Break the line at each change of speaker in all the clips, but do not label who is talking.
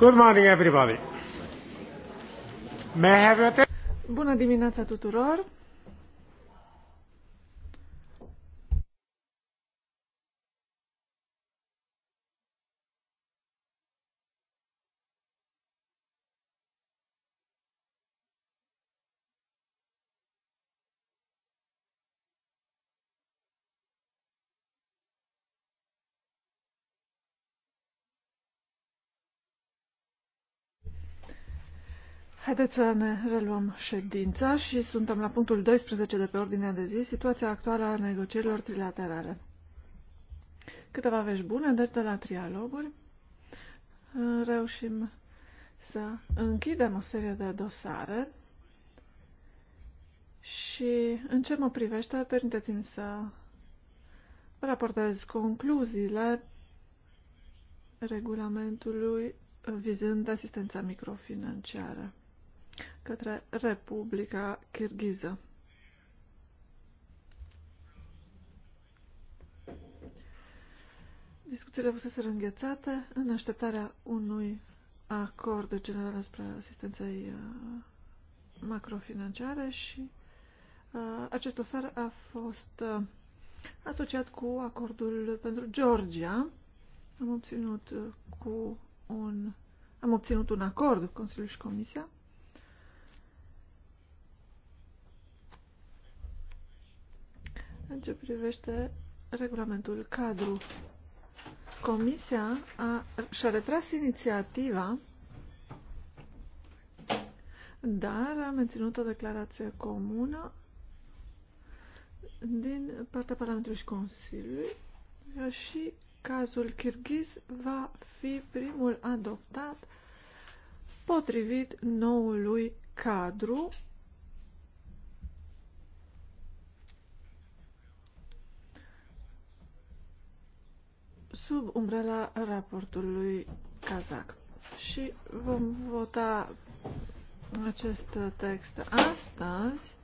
Good morning, everybody. May I have your
Bună dimineața tuturor! Haideți să ne reluăm ședința și suntem la punctul 12 de pe ordinea de zi, situația actuală a negocierilor trilaterale. Câteva vești bune, deci, de la trialoguri reușim să închidem o serie de dosare și în ce mă privește, permiteți-mi să raportez concluziile regulamentului vizând asistența microfinanciară către Republica Kirghiză. Discuțiile fuseseră înghețate în așteptarea unui acord general asupra asistenței uh, macrofinanciare și uh, acest dosar a fost uh, asociat cu acordul pentru Georgia. Am obținut cu un am obținut un acord Consiliul și Comisia În ce privește regulamentul cadru, Comisia a, și-a retras inițiativa, dar a menținut o declarație comună din partea Parlamentului și Consiliului și cazul Kirghiz va fi primul adoptat potrivit noului cadru sub umbrela raportului Kazak. Și vom vota acest text astăzi,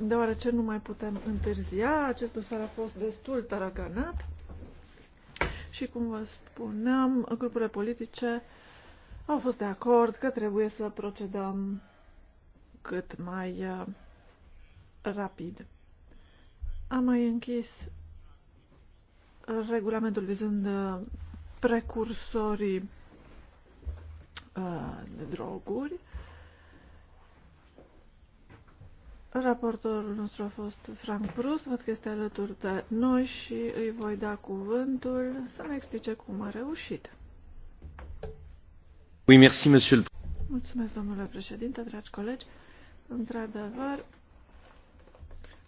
deoarece nu mai putem întârzia. Acest dosar a fost destul taraganat și, cum vă spuneam, grupurile politice au fost de acord că trebuie să procedăm cât mai uh, rapid. Am mai închis Regulamentul vizând uh, precursorii uh, de droguri. Raportorul nostru a fost Frank Prus, văd că este alături de noi și îi voi da cuvântul să ne explice cum a reușit. Oui, merci, monsieur. Mulțumesc, domnule președinte, dragi colegi. Într-adevăr,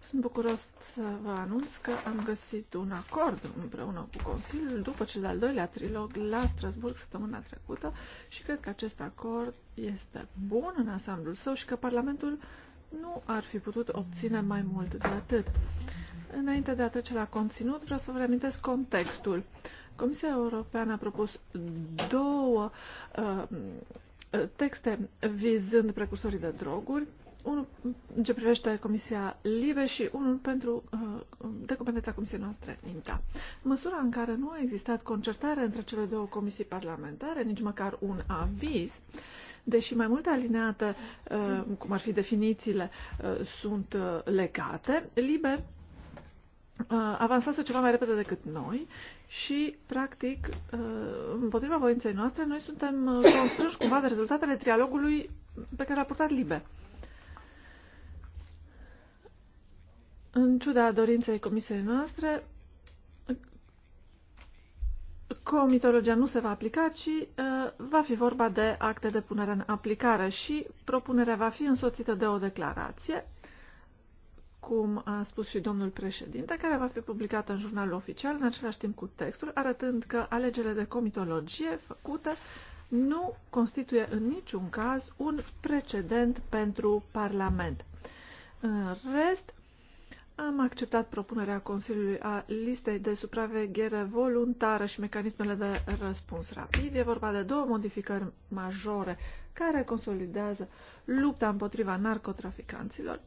sunt bucuros să vă anunț că am găsit un acord împreună cu Consiliul după cel de-al doilea trilog la Strasburg săptămâna trecută și cred că acest acord este bun în ansamblul său și că Parlamentul nu ar fi putut obține mai mult de atât. Înainte de a trece la conținut, vreau să vă reamintesc contextul. Comisia Europeană a propus două uh, texte vizând precursorii de droguri, unul în ce privește Comisia Libe și unul pentru uh, de competența Comisiei noastre INTA. Măsura în care nu a existat concertare între cele două comisii parlamentare, nici măcar un aviz, deși mai multe alineate, uh, cum ar fi definițiile, uh, sunt legate, Libe avansase ceva mai repede decât noi și, practic, împotriva voinței noastre, noi suntem constrânși cumva de rezultatele trialogului pe care l-a purtat Libe. În ciuda dorinței comisiei noastre, comitologia nu se va aplica, ci uh, va fi vorba de acte de punere în aplicare și propunerea va fi însoțită de o declarație, cum a spus și domnul președinte, care va fi publicată în jurnalul oficial, în același timp cu textul, arătând că alegerile de comitologie făcute nu constituie în niciun caz un precedent pentru Parlament. În rest, am acceptat propunerea Consiliului a listei de supraveghere voluntară și mecanismele de răspuns rapid. E vorba de două modificări majore care consolidează lupta împotriva narcotraficanților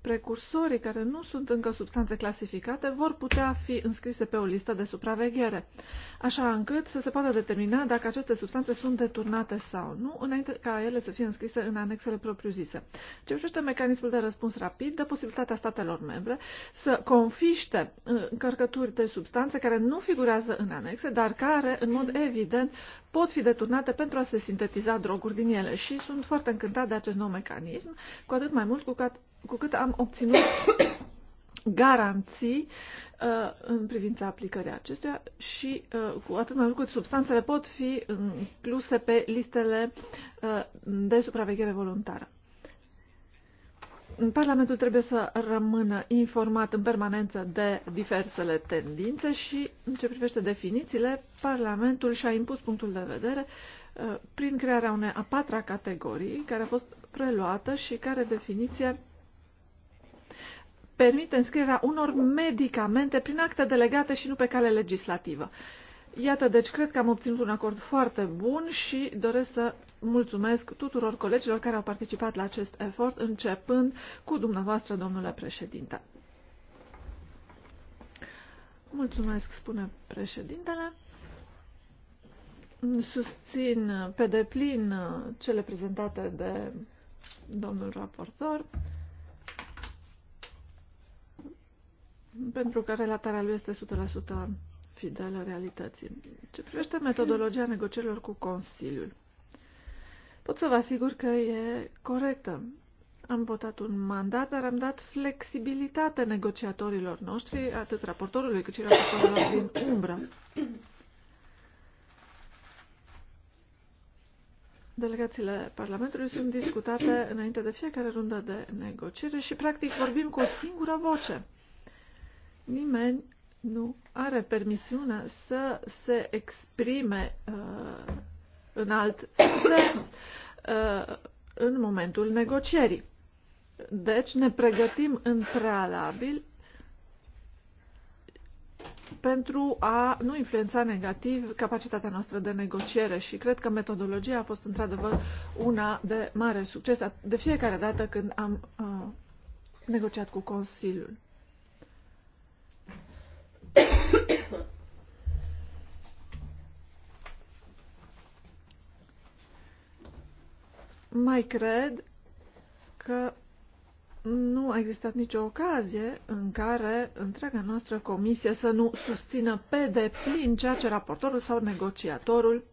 precursorii care nu sunt încă substanțe clasificate vor putea fi înscrise pe o listă de supraveghere, așa încât să se poată determina dacă aceste substanțe sunt deturnate sau nu, înainte ca ele să fie înscrise în anexele propriu-zise. Ce privește mecanismul de răspuns rapid, dă posibilitatea statelor membre să confiște uh, încărcături de substanțe care nu figurează în anexe, dar care, în mod evident, pot fi deturnate pentru a se sintetiza droguri din ele și sunt foarte încântat de acest nou mecanism, cu atât mai mult cu cât cu cât am obținut garanții uh, în privința aplicării acestuia și uh, cu atât mai mult cât substanțele pot fi incluse pe listele uh, de supraveghere voluntară. Parlamentul trebuie să rămână informat în permanență de diversele tendințe și, în ce privește definițiile, Parlamentul și-a impus punctul de vedere uh, prin crearea unei a patra categorii, care a fost preluată și care definiție permite înscrierea unor medicamente prin acte delegate și nu pe cale legislativă. Iată, deci cred că am obținut un acord foarte bun și doresc să mulțumesc tuturor colegilor care au participat la acest efort, începând cu dumneavoastră, domnule președinte. Mulțumesc, spune președintele. Susțin pe deplin cele prezentate de domnul raportor. pentru că relatarea lui este 100% fidelă realității. Ce privește metodologia negocierilor cu Consiliul, pot să vă asigur că e corectă. Am votat un mandat, dar am dat flexibilitate negociatorilor noștri, atât raportorului cât și raportorilor din umbră. Delegațiile Parlamentului sunt discutate înainte de fiecare rundă de negociere și, practic, vorbim cu o singură voce. Nimeni nu are permisiunea să se exprime uh, în alt sens uh, în momentul negocierii. Deci ne pregătim în prealabil pentru a nu influența negativ capacitatea noastră de negociere și cred că metodologia a fost într-adevăr una de mare succes de fiecare dată când am uh, negociat cu Consiliul. Mai cred că nu a existat nicio ocazie în care întreaga noastră comisie să nu susțină pe deplin ceea ce raportorul sau negociatorul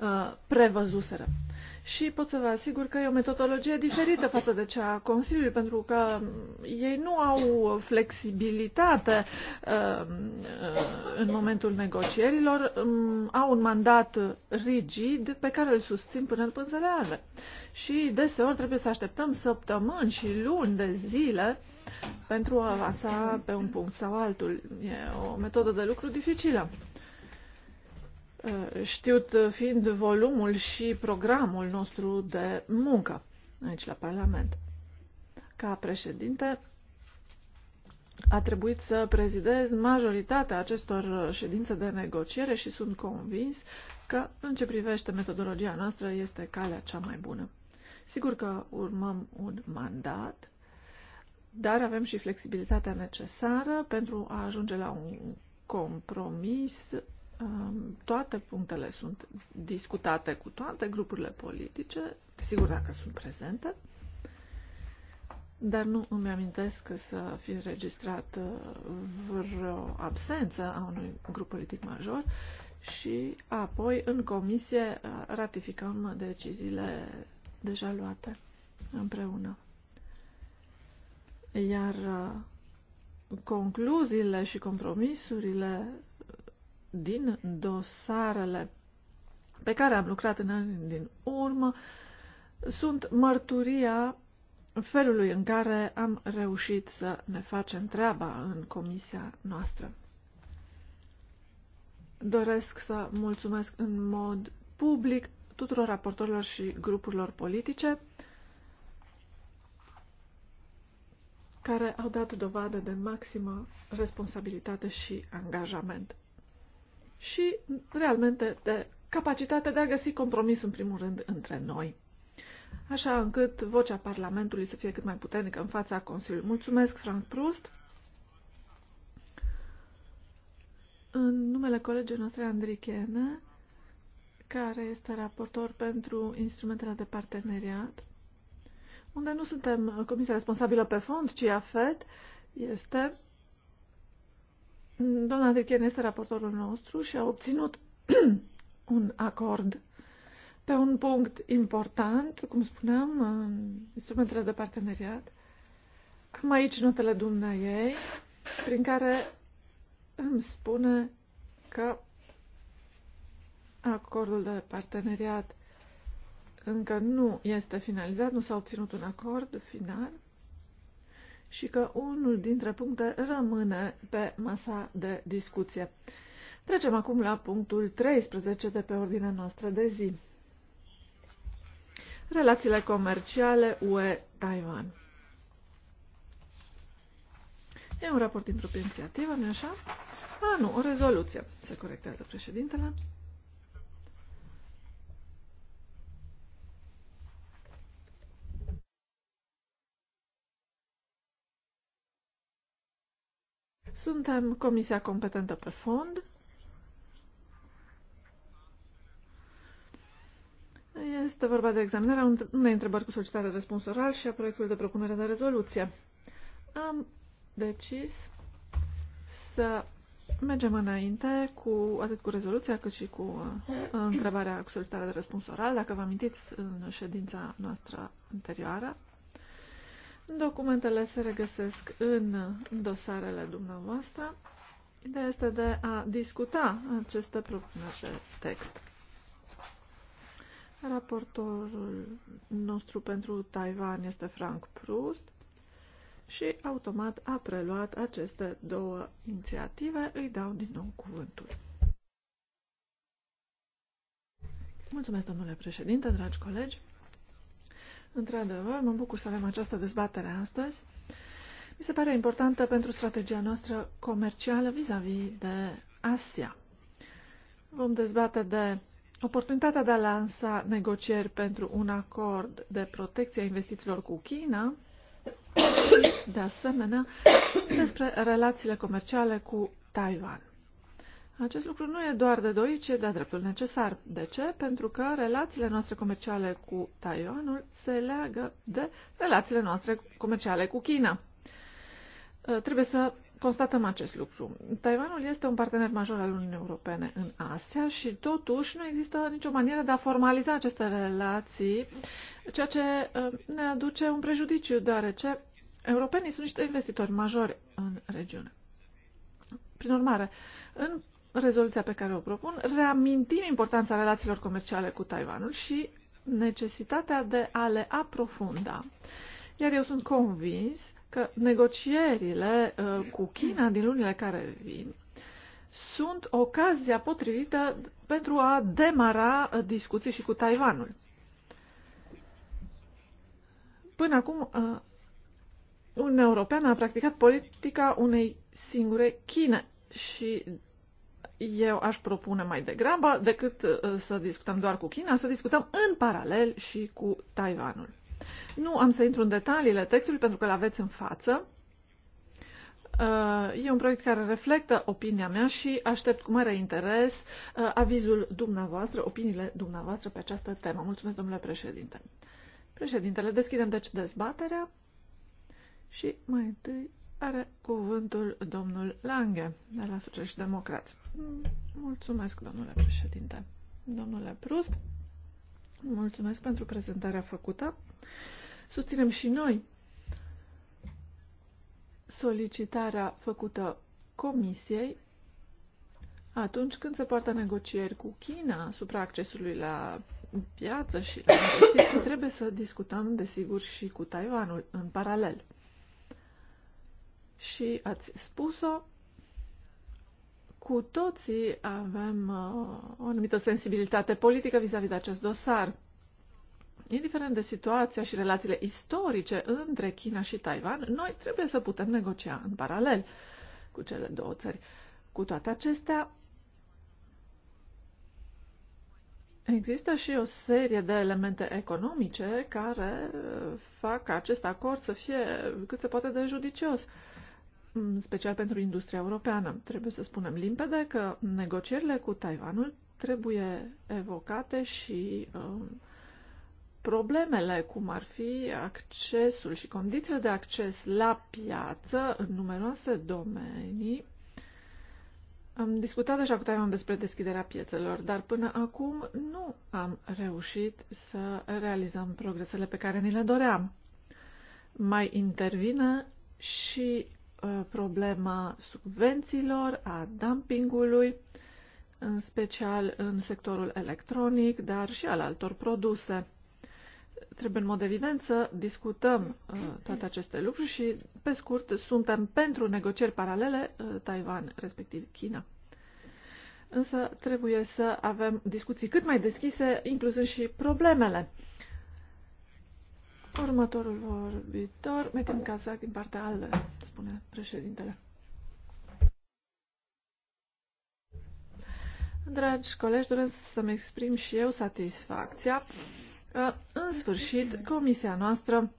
uh, prevăzuseră. Uh, și pot să vă asigur că e o metodologie diferită față de cea a Consiliului, pentru că um, ei nu au flexibilitate um, uh, în momentul negocierilor, um, au un mandat rigid pe care îl susțin până în pânzele albe. Și deseori trebuie să așteptăm săptămâni și luni de zile pentru a avansa pe un punct sau altul. E o metodă de lucru dificilă. Uh, știut uh, fiind volumul și programul nostru de muncă aici la Parlament. Ca președinte, a trebuit să prezidez majoritatea acestor uh, ședințe de negociere și sunt convins că, în ce privește metodologia noastră, este calea cea mai bună. Sigur că urmăm un mandat, dar avem și flexibilitatea necesară pentru a ajunge la un compromis Um, toate punctele sunt discutate cu toate grupurile politice, desigur dacă sunt prezente, dar nu îmi amintesc să fi înregistrat uh, vreo absență a unui grup politic major și apoi în comisie uh, ratificăm deciziile deja luate împreună. Iar uh, concluziile și compromisurile din dosarele pe care am lucrat în anii din urmă sunt mărturia felului în care am reușit să ne facem treaba în comisia noastră. Doresc să mulțumesc în mod public tuturor raportorilor și grupurilor politice care au dat dovadă de maximă responsabilitate și angajament și realmente de capacitatea de a găsi compromis în primul rând între noi așa încât vocea Parlamentului să fie cât mai puternică în fața Consiliului. Mulțumesc, Frank Prust! În numele colegii noastre, Andrei Chene, care este raportor pentru instrumentele de parteneriat, unde nu suntem comisia responsabilă pe fond, ci AFET, este Doamna Trichien este raportorul nostru și a obținut un acord pe un punct important, cum spuneam, instrumentele de parteneriat. Am aici notele dumneiei, prin care îmi spune că acordul de parteneriat încă nu este finalizat, nu s-a obținut un acord final și că unul dintre puncte rămâne pe masa de discuție. Trecem acum la punctul 13 de pe ordinea noastră de zi. Relațiile comerciale UE-Taiwan. E un raport într-o inițiativă, nu așa? A, nu, o rezoluție, se corectează președintele. Suntem comisia competentă pe fond. Este vorba de examinarea unei întrebări cu solicitare răspuns oral și a proiectului de propunere de rezoluție. Am decis să mergem înainte cu, atât cu rezoluția cât și cu uh, întrebarea cu solicitarea de răspuns oral. Dacă vă amintiți în ședința noastră anterioară, Documentele se regăsesc în dosarele dumneavoastră. Ideea este de a discuta aceste propuneri de text. Raportorul nostru pentru Taiwan este Frank Proust și automat a preluat aceste două inițiative. Îi dau din nou cuvântul. Mulțumesc, domnule președinte, dragi colegi. Într-adevăr, mă bucur să avem această dezbatere astăzi. Mi se pare importantă pentru strategia noastră comercială vis-a-vis -vis de Asia. Vom dezbate de oportunitatea de a lansa negocieri pentru un acord de protecție a investițiilor cu China, de asemenea despre relațiile comerciale cu Taiwan. Acest lucru nu e doar de dorit, ci e de dreptul necesar. De ce? Pentru că relațiile noastre comerciale cu Taiwanul se leagă de relațiile noastre comerciale cu China. Uh, trebuie să constatăm acest lucru. Taiwanul este un partener major al Uniunii Europene în Asia și totuși nu există nicio manieră de a formaliza aceste relații, ceea ce uh, ne aduce un prejudiciu, deoarece europenii sunt niște investitori majori în regiune. Prin urmare, în rezoluția pe care o propun, reamintim importanța relațiilor comerciale cu Taiwanul și necesitatea de a le aprofunda. Iar eu sunt convins că negocierile uh, cu China din lunile care vin sunt ocazia potrivită pentru a demara uh, discuții și cu Taiwanul. Până acum, uh, Uniunea Europeană a practicat politica unei singure Chine și eu aș propune mai degrabă, decât uh, să discutăm doar cu China, să discutăm în paralel și cu Taiwanul. Nu am să intru în detaliile textului pentru că îl aveți în față. Uh, e un proiect care reflectă opinia mea și aștept cu mare interes uh, avizul dumneavoastră, opiniile dumneavoastră pe această temă. Mulțumesc, domnule președinte. Președintele, deschidem deci dezbaterea și mai întâi are cuvântul domnul Lange de la Socialiști Democrați. Mulțumesc, domnule președinte. Domnule Prust, mulțumesc pentru prezentarea făcută. Susținem și noi solicitarea făcută Comisiei atunci când se poartă negocieri cu China asupra accesului la piață și la investiții, trebuie să discutăm, desigur, și cu Taiwanul în paralel. Și ați spus-o, cu toții avem uh, o anumită sensibilitate politică vis-a-vis -vis de acest dosar. Indiferent de situația și relațiile istorice între China și Taiwan, noi trebuie să putem negocia în paralel cu cele două țări. Cu toate acestea, Există și o serie de elemente economice care fac ca acest acord să fie cât se poate de judicios în mm, special pentru industria europeană. Trebuie să spunem limpede că negocierile cu Taiwanul trebuie evocate și um, problemele, cum ar fi accesul și condițiile de acces la piață în numeroase domenii. Am discutat deja cu Taiwan despre deschiderea piețelor, dar până acum nu am reușit să realizăm progresele pe care ni le doream. Mai intervine și Uh, problema subvențiilor, a dumpingului, în special în sectorul electronic, dar și al altor produse. Trebuie în mod evident să discutăm uh, toate aceste lucruri și, pe scurt, suntem pentru negocieri paralele uh, Taiwan, respectiv China. Însă trebuie să avem discuții cât mai deschise, inclusiv și problemele. Următorul vorbitor, Metin Cazac din partea ALDE, spune președintele. Dragi colegi, doresc să-mi exprim și eu satisfacția. În sfârșit, comisia noastră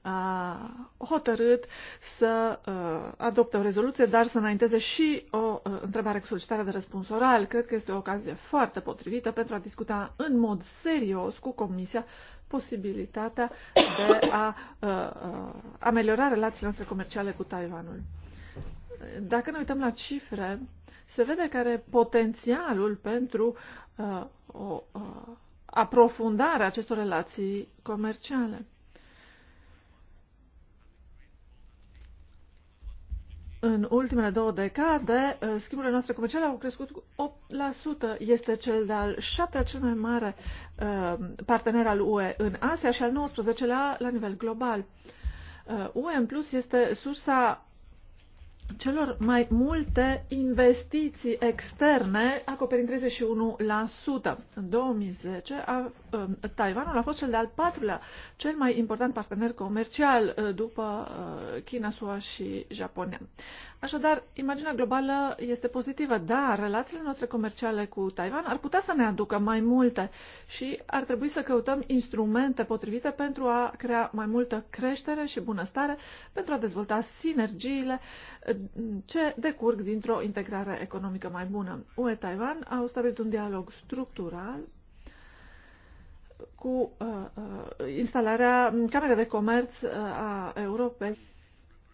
a hotărât să uh, adopte o rezoluție, dar să înainteze și o uh, întrebare cu solicitare de răspuns oral. Cred că este o ocazie foarte potrivită pentru a discuta în mod serios cu Comisia posibilitatea de a uh, uh, ameliora relațiile noastre comerciale cu Taiwanul. Dacă ne uităm la cifre, se vede care are potențialul pentru uh, o uh, aprofundare a acestor relații comerciale În ultimele două decade, eh, schimburile noastre comerciale au crescut cu 8%. Este cel de-al șaptea cel mai mare eh, partener al UE în Asia și al 19-lea la nivel global. Eh, UE în plus este sursa celor mai multe investiții externe, acoperind 31%. În 2010 a Ehm, Taiwanul a fost cel de-al patrulea, cel mai important partener comercial eh, după eh, China, SUA și Japonia. Așadar, imaginea globală este pozitivă, dar relațiile noastre comerciale cu Taiwan ar putea să ne aducă mai multe și ar trebui să căutăm instrumente potrivite pentru a crea mai multă creștere și bunăstare, pentru a dezvolta sinergiile eh, ce decurg dintr-o integrare economică mai bună. UE-Taiwan au stabilit un dialog structural cu uh, uh, instalarea Camerei de Comerț uh, a Europei,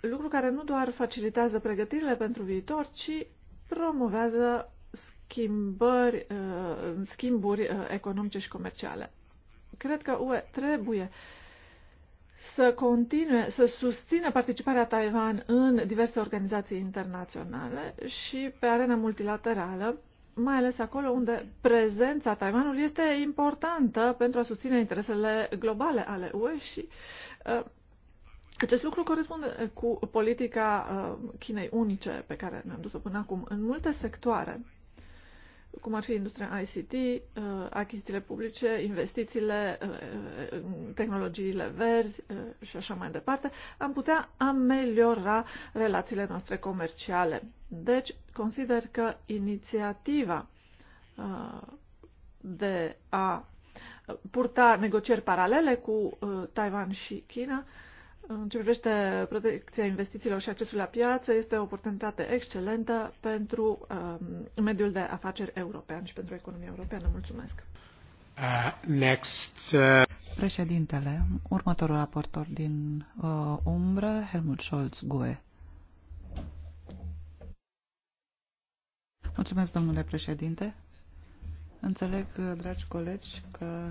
lucru care nu doar facilitează pregătirile pentru viitor, ci promovează schimbări, uh, schimburi uh, economice și comerciale. Cred că UE trebuie să continue, să susțină participarea Taiwan în diverse organizații internaționale și pe arena multilaterală, mai ales acolo unde prezența Taiwanului este importantă pentru a susține interesele globale ale UE și uh, acest lucru corespunde cu politica uh, Chinei unice pe care ne-am dus-o până acum. În multe sectoare cum ar fi industria ICT, uh, achizițiile publice, investițiile, uh, uh, tehnologiile verzi și așa mai departe, am putea ameliora relațiile noastre comerciale. Deci, consider că inițiativa de a purta negocieri paralele cu Taiwan și China în ce privește protecția investițiilor și accesul la piață, este o oportunitate excelentă pentru um, mediul de afaceri european și pentru economia europeană. Mulțumesc!
Uh, next, uh... Președintele, următorul raportor din uh, umbră, Helmut Scholz, GUE. Mulțumesc, domnule președinte. Înțeleg, dragi colegi, că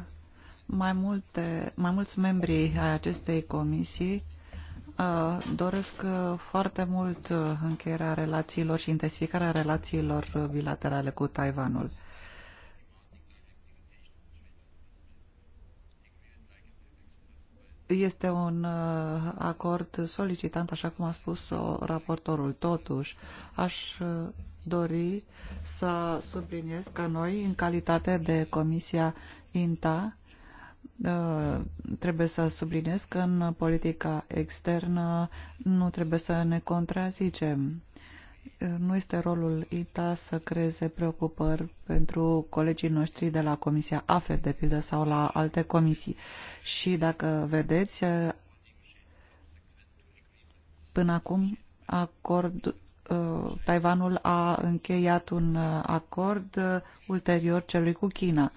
mai, multe, mai mulți membri ai acestei comisii uh, doresc uh, foarte mult uh, încheierea relațiilor și intensificarea relațiilor bilaterale cu Taiwanul. Este un acord solicitant, așa cum a spus raportorul. Totuși, aș dori să subliniez că noi, în calitate de Comisia INTA, da, trebuie să subliniez că în politica externă nu trebuie să ne contrazicem. Nu este rolul ITA să creeze preocupări pentru colegii noștri de la Comisia AFE, de pildă, sau la alte comisii. Și dacă vedeți, până acum acord, uh, Taiwanul a încheiat un uh, acord uh, ulterior celui cu China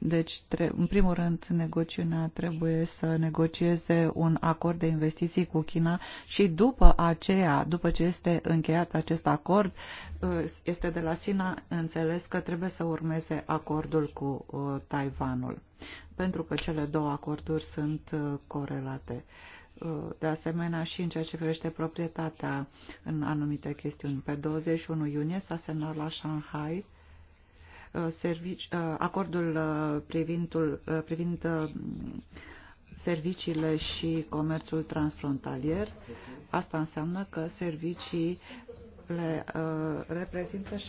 deci, în primul rând, negociunea trebuie să negocieze un acord de investiții cu China și după aceea, după ce este încheiat acest acord, uh, este de la Sina înțeles că trebuie să urmeze acordul cu uh, Taiwanul, pentru că cele două acorduri sunt uh, corelate. De asemenea, și în ceea ce privește proprietatea în anumite chestiuni. Pe 21 iunie s-a semnat la Shanghai uh, Uh, servici, uh, acordul uh, privind serviciile și comerțul transfrontalier. Asta înseamnă că serviciile reprezintă 68%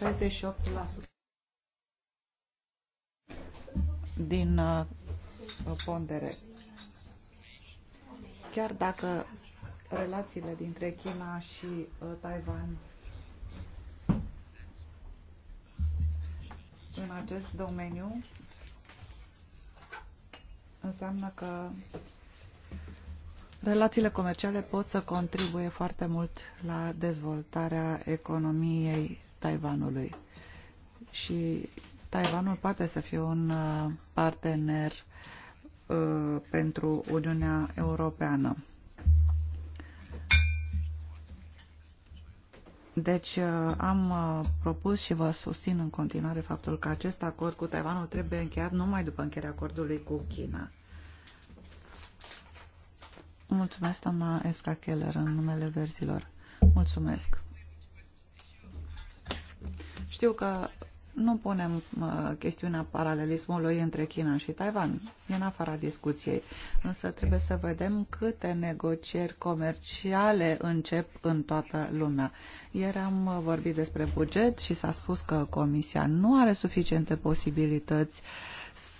din pondere. Chiar dacă relațiile dintre China și Taiwan în acest domeniu înseamnă că relațiile comerciale pot să contribuie foarte mult la dezvoltarea economiei Taiwanului. Și Taiwanul poate să fie un uh, partener uh, pentru Uniunea Europeană. Deci uh, am uh, propus și vă susțin în continuare faptul că acest acord cu Taiwanul trebuie încheiat numai după încheierea acordului cu China. Mulțumesc, doamna Esca Keller, în numele verzilor. Mulțumesc. Știu că nu punem chestiunea paralelismului între China și Taiwan, e în afara discuției, însă trebuie să vedem câte negocieri comerciale încep în toată lumea. Ieri am vorbit despre buget și s-a spus că Comisia nu are suficiente posibilități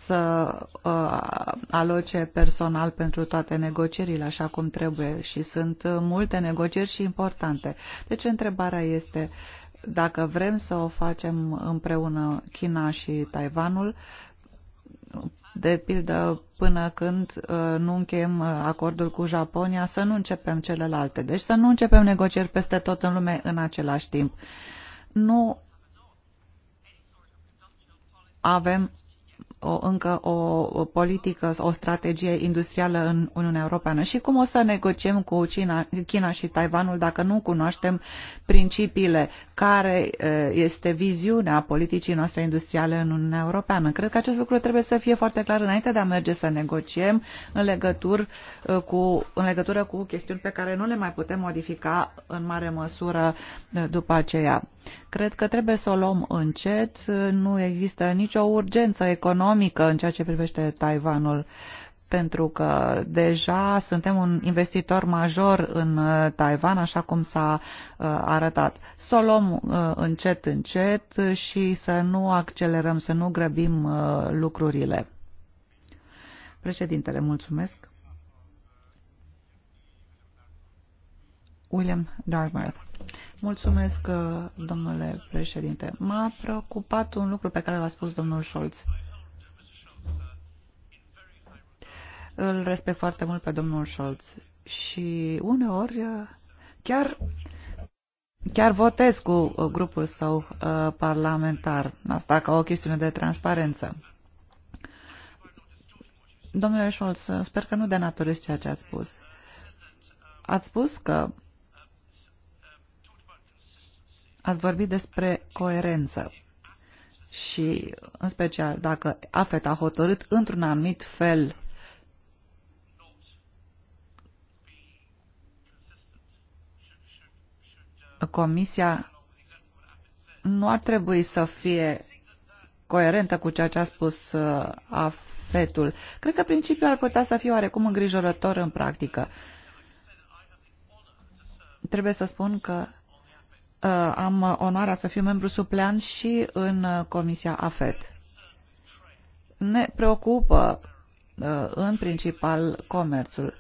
să uh, aloce personal pentru toate negocierile așa cum trebuie și sunt multe negocieri și importante. Deci întrebarea este uh, dacă vrem să o facem împreună China și Taiwanul, de pildă până când uh, nu încheiem uh, acordul cu Japonia, să nu începem celelalte. Deci să nu începem negocieri peste tot în lume în același timp. Nu avem o, încă o politică, o strategie industrială în Uniunea Europeană și cum o să negociem cu China, China și Taiwanul dacă nu cunoaștem principiile care este viziunea politicii noastre industriale în Uniunea Europeană. Cred că acest lucru trebuie să fie foarte clar înainte de a merge să negociem în, legătur cu, în legătură cu chestiuni pe care nu le mai putem modifica în mare măsură după aceea. Cred că trebuie să o luăm încet, nu există nicio urgență economică economică în ceea ce privește Taiwanul, pentru că deja suntem un investitor major în uh, Taiwan, așa cum s-a uh, arătat. Să o luăm uh, încet, încet și să nu accelerăm, să nu grăbim lucrurile. Președintele, mulțumesc. William Dartmouth. Mulțumesc, domnule președinte. M-a preocupat un lucru pe care l-a spus domnul Scholz. Îl respect foarte mult pe domnul Scholz și uneori uh, chiar, chiar votez cu uh, grupul său uh, parlamentar. Asta ca o chestiune de transparență. Domnule Scholz, sper că nu denaturez ceea ce ați spus. Ați spus că ați vorbit despre coerență și, în special, dacă AFET a hotărât într-un anumit fel Comisia nu ar trebui să fie coerentă cu ceea ce a spus uh, AFET-ul. Cred că principiul ar putea să fie oarecum îngrijorător în practică. Trebuie să spun că uh, am onoarea să fiu membru suplean și în uh, Comisia AFET. Ne preocupă în principal comerțul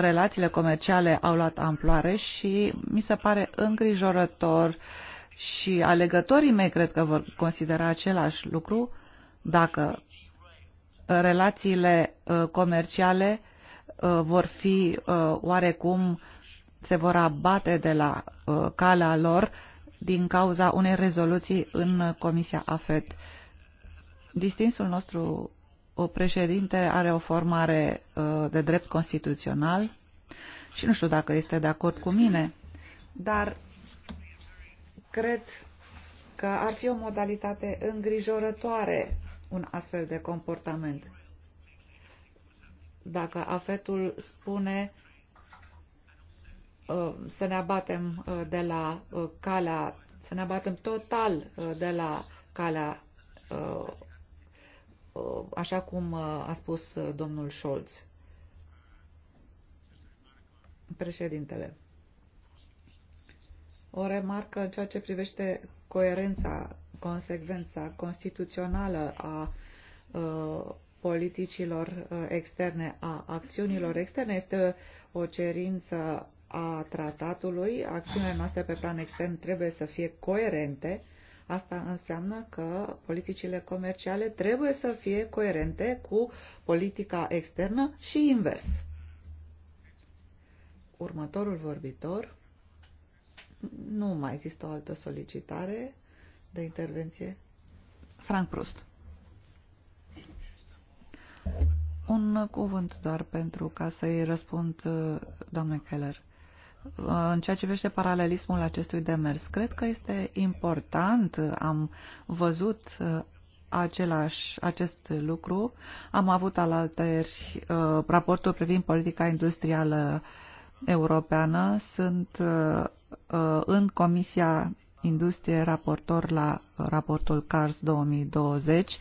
relațiile comerciale au luat amploare și mi se pare îngrijorător și alegătorii mei cred că vor considera același lucru dacă relațiile uh, comerciale uh, vor fi uh, oarecum se vor abate de la calea lor din cauza unei rezoluții în Comisia AFET. Distinsul nostru o președinte are o formare uh, de drept constituțional și nu știu dacă este de acord cu mine, dar cred că ar fi o modalitate îngrijorătoare un astfel de comportament. Dacă afetul spune uh, să ne abatem uh, de la calea, să ne abatem total de la calea Uh, așa cum uh, a spus uh, domnul Scholz. Președintele. O remarcă în ceea ce privește coerența, consecvența constituțională a politicilor externe, a acțiunilor externe. Este o cerință a tratatului. Acțiunile noastre pe plan extern trebuie să fie coerente uh, Asta înseamnă că politicile comerciale trebuie să fie coerente cu politica externă și invers. Următorul vorbitor. Nu mai există o altă solicitare de intervenție. Frank Prost. Un cuvânt doar pentru ca să-i răspund uh, doamne Keller în ceea ce privește paralelismul acestui demers. Cred că este important, am văzut uh, același, acest lucru, am avut alaltăieri uh, raportul privind politica industrială europeană, sunt uh, în Comisia Industrie raportor la raportul CARS 2020,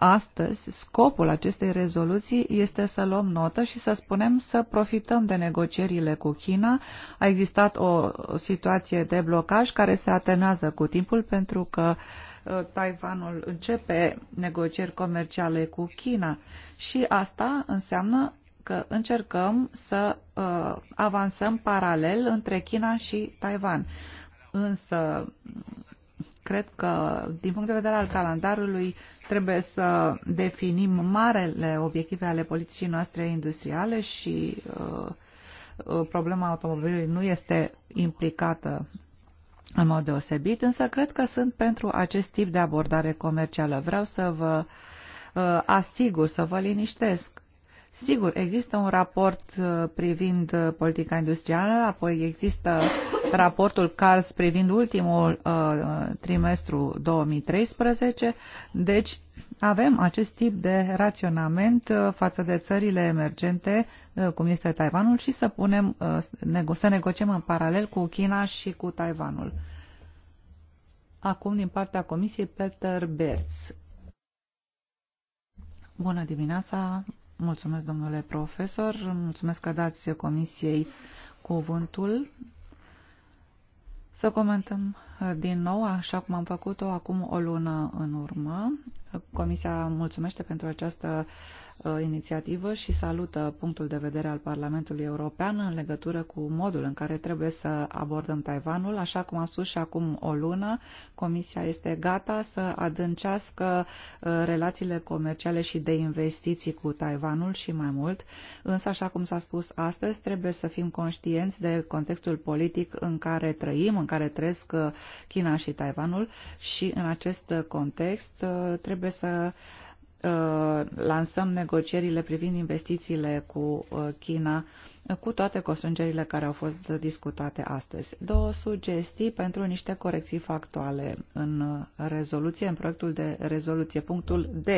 Astăzi, scopul acestei rezoluții este să luăm notă și să spunem să profităm de negocierile cu China. A existat o situație de blocaj care se atenuează cu timpul pentru că uh, Taiwanul începe negocieri comerciale cu China și asta înseamnă că încercăm să uh, avansăm paralel între China și Taiwan. Însă Cred că, din punct de vedere al calendarului, trebuie să definim marele obiective ale politicii noastre industriale și uh, uh, problema automobilului nu este implicată în mod deosebit, însă cred că sunt pentru acest tip de abordare comercială. Vreau să vă uh, asigur, să vă liniștesc Sigur, există un raport uh, privind uh, politica industrială, apoi există raportul CARS privind ultimul uh, trimestru 2013, deci avem acest tip de raționament uh, față de țările emergente, uh, cum este Taiwanul, și să, punem, uh, să negociem în paralel cu China și cu Taiwanul. Acum, din partea Comisiei, Peter Berz. Bună dimineața, Mulțumesc, domnule profesor. Mulțumesc că dați comisiei cuvântul. Să comentăm din nou, așa cum am făcut-o acum o lună în urmă. Comisia mulțumește pentru această Uh, inițiativă și salută punctul de vedere al Parlamentului European în legătură cu modul în care trebuie să abordăm Taiwanul. Așa cum am spus și acum o lună, Comisia este gata să adâncească uh, relațiile comerciale și de investiții cu Taiwanul și mai mult, însă, așa cum s-a spus astăzi, trebuie să fim conștienți de contextul politic în care trăim, în care trăiesc uh, China și Taiwanul și în acest context trebuie să Uh, lansăm negocierile privind investițiile cu uh, China, uh, cu toate constrângerile care au fost discutate astăzi. Două sugestii pentru niște corecții factuale în rezoluție, în proiectul de rezoluție, punctul D.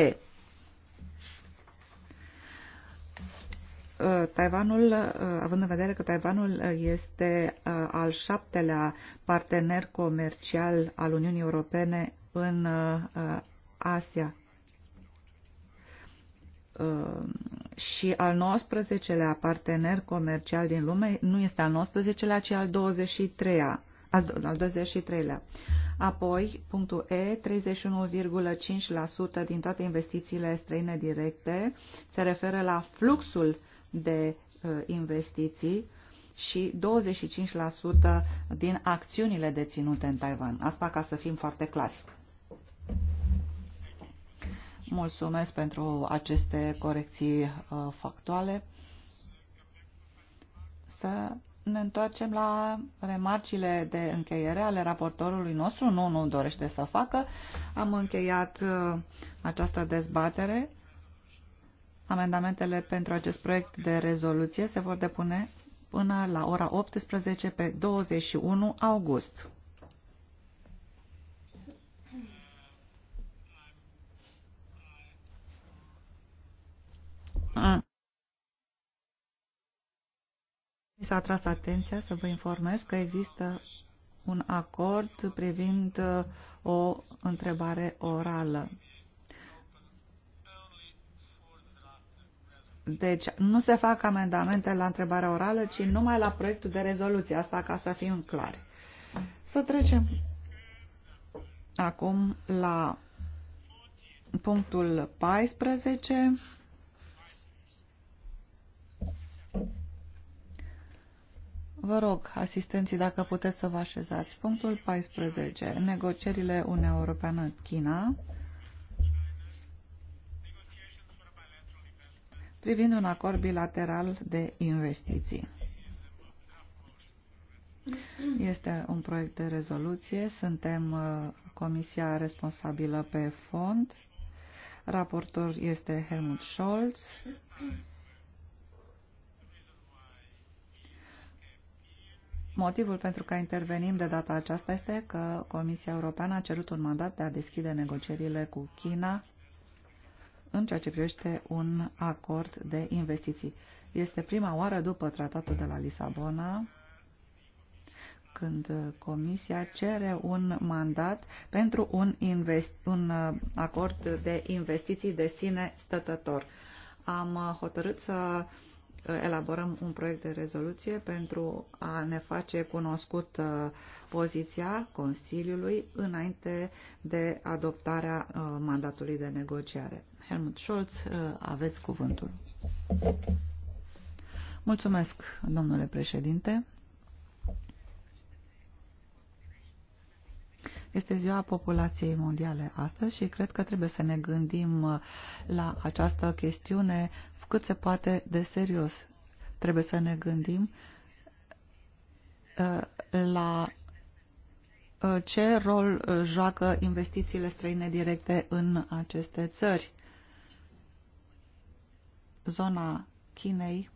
Taiwanul, având în vedere că Taiwanul este al șaptelea partener comercial al Uniunii Europene în Asia, Uh, și al 19-lea partener comercial din lume nu este al 19-lea, ci al 23-lea. Al, al 23-lea. Apoi, punctul E, 31,5% din toate investițiile străine directe se referă la fluxul de uh, investiții și 25% din acțiunile deținute în Taiwan. Asta ca să fim foarte clari. Mulțumesc pentru aceste corecții uh, factuale. Să ne întoarcem la remarcile de încheiere ale raportorului nostru. Nu, nu dorește să facă. Am încheiat uh, această dezbatere. Amendamentele pentru acest proiect de rezoluție se vor depune până la ora 18 pe 21 august. Mi s-a atras atenția să vă informez că există un acord privind uh, o întrebare orală. Deci nu se fac amendamente la întrebarea orală, ci numai la proiectul de rezoluție. Asta ca să fim clari. Să trecem acum la punctul 14. Vă rog, asistenții, dacă puteți să vă așezați. Punctul 14. Negocierile Uniunea Europeană-China privind un acord bilateral de investiții. Este un proiect de rezoluție. Suntem uh, comisia responsabilă pe fond. Raportor este Helmut Scholz. Motivul pentru care intervenim de data aceasta este că Comisia Europeană a cerut un mandat de a deschide negocierile cu China în ceea ce privește un acord de investiții. Este prima oară după tratatul de la Lisabona când Comisia cere un mandat pentru un, un uh, acord de investiții de sine stătător. Am uh, hotărât să uh, elaborăm un proiect de rezoluție pentru a ne face cunoscut uh, poziția Consiliului înainte de adoptarea uh, mandatului de negociare. Helmut Scholz, uh, aveți cuvântul. Mulțumesc, domnule președinte. Este ziua populației mondiale astăzi și cred că trebuie să ne gândim la această chestiune cât se poate de serios. Trebuie să ne gândim uh, la uh, ce rol uh, joacă investițiile străine directe în aceste țări. Zona Chinei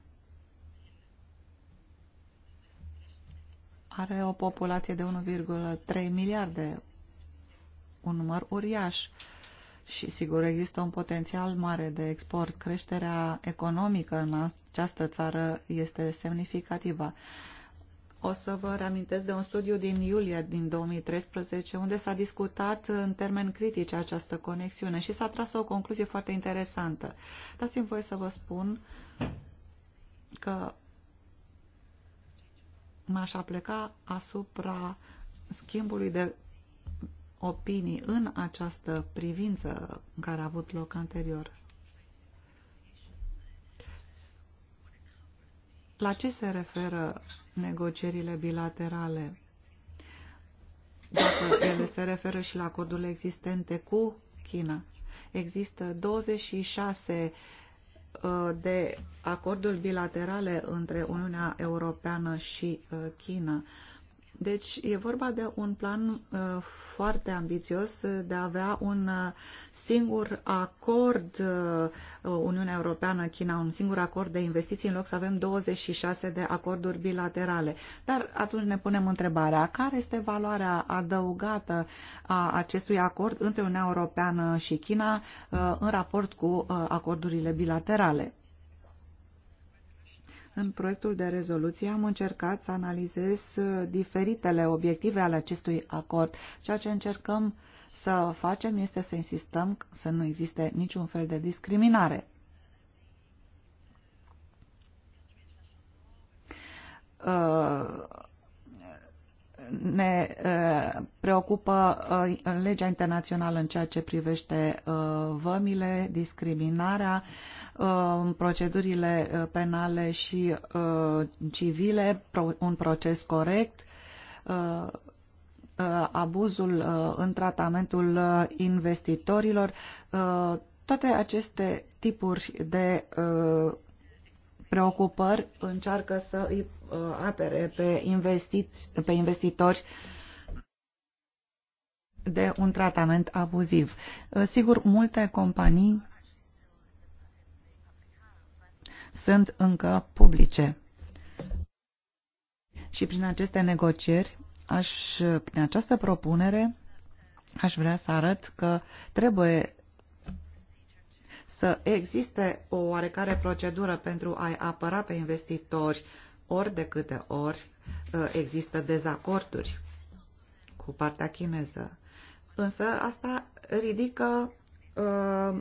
are o populație de 1,3 miliarde, un număr uriaș și sigur există un potențial mare de export. Creșterea economică în această țară este semnificativă. O să vă reamintesc de un studiu din iulie din 2013 unde s-a discutat în termeni critici această conexiune și s-a tras o concluzie foarte interesantă. Dați-mi voie să vă spun că m-aș apleca asupra schimbului de opinii în această privință în care a avut loc anterior. La ce se referă negocierile bilaterale? Dacă ele se referă și la acordurile existente cu China. Există 26 uh, de acorduri bilaterale între Uniunea Europeană și uh, China. Deci e vorba de un plan uh, foarte ambițios de a avea un uh, singur acord uh, Uniunea Europeană-China, un singur acord de investiții în loc să avem 26 de acorduri bilaterale. Dar atunci ne punem întrebarea, care este valoarea adăugată a acestui acord între Uniunea Europeană și China în raport cu acordurile bilaterale? În proiectul de rezoluție am încercat să analizez uh, diferitele obiective ale acestui acord. Ceea ce încercăm să facem este să insistăm să nu existe niciun fel de discriminare. Uh, ne eh, preocupă eh, legea internațională în ceea ce privește eh, vămile, discriminarea, procedurile penale și civile, un proces corect, abuzul în tratamentul investitorilor, toate aceste tipuri de preocupări încearcă să îi uh, apere pe, investiți, pe investitori de un tratament abuziv. Uh, sigur, multe companii sunt încă publice. Și prin aceste negocieri, aș, prin această propunere, aș vrea să arăt că trebuie să existe o oarecare procedură pentru a-i apăra pe investitori ori de câte ori ă, există dezacorduri cu partea chineză. Însă asta ridică ă,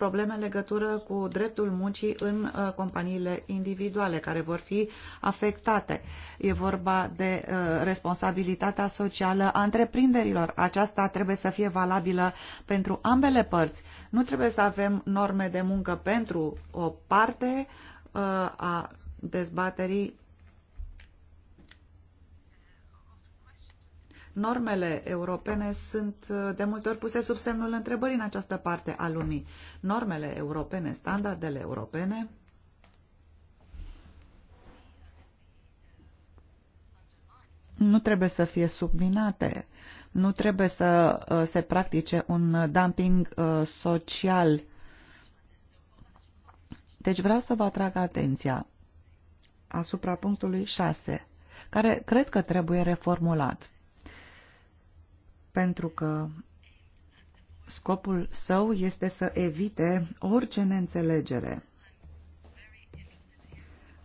probleme în legătură cu dreptul muncii în uh, companiile individuale care vor fi afectate. E vorba de uh, responsabilitatea socială a întreprinderilor. Aceasta trebuie să fie valabilă pentru ambele părți. Nu trebuie să avem norme de muncă pentru o parte uh, a dezbaterii Normele europene sunt uh, de multe ori puse sub semnul întrebării în această parte a lumii. Normele europene, standardele europene nu trebuie să fie subminate, nu trebuie să uh, se practice un dumping uh, social. Deci vreau să vă atrag atenția asupra punctului 6, care cred că trebuie reformulat pentru că scopul său este să evite orice neînțelegere.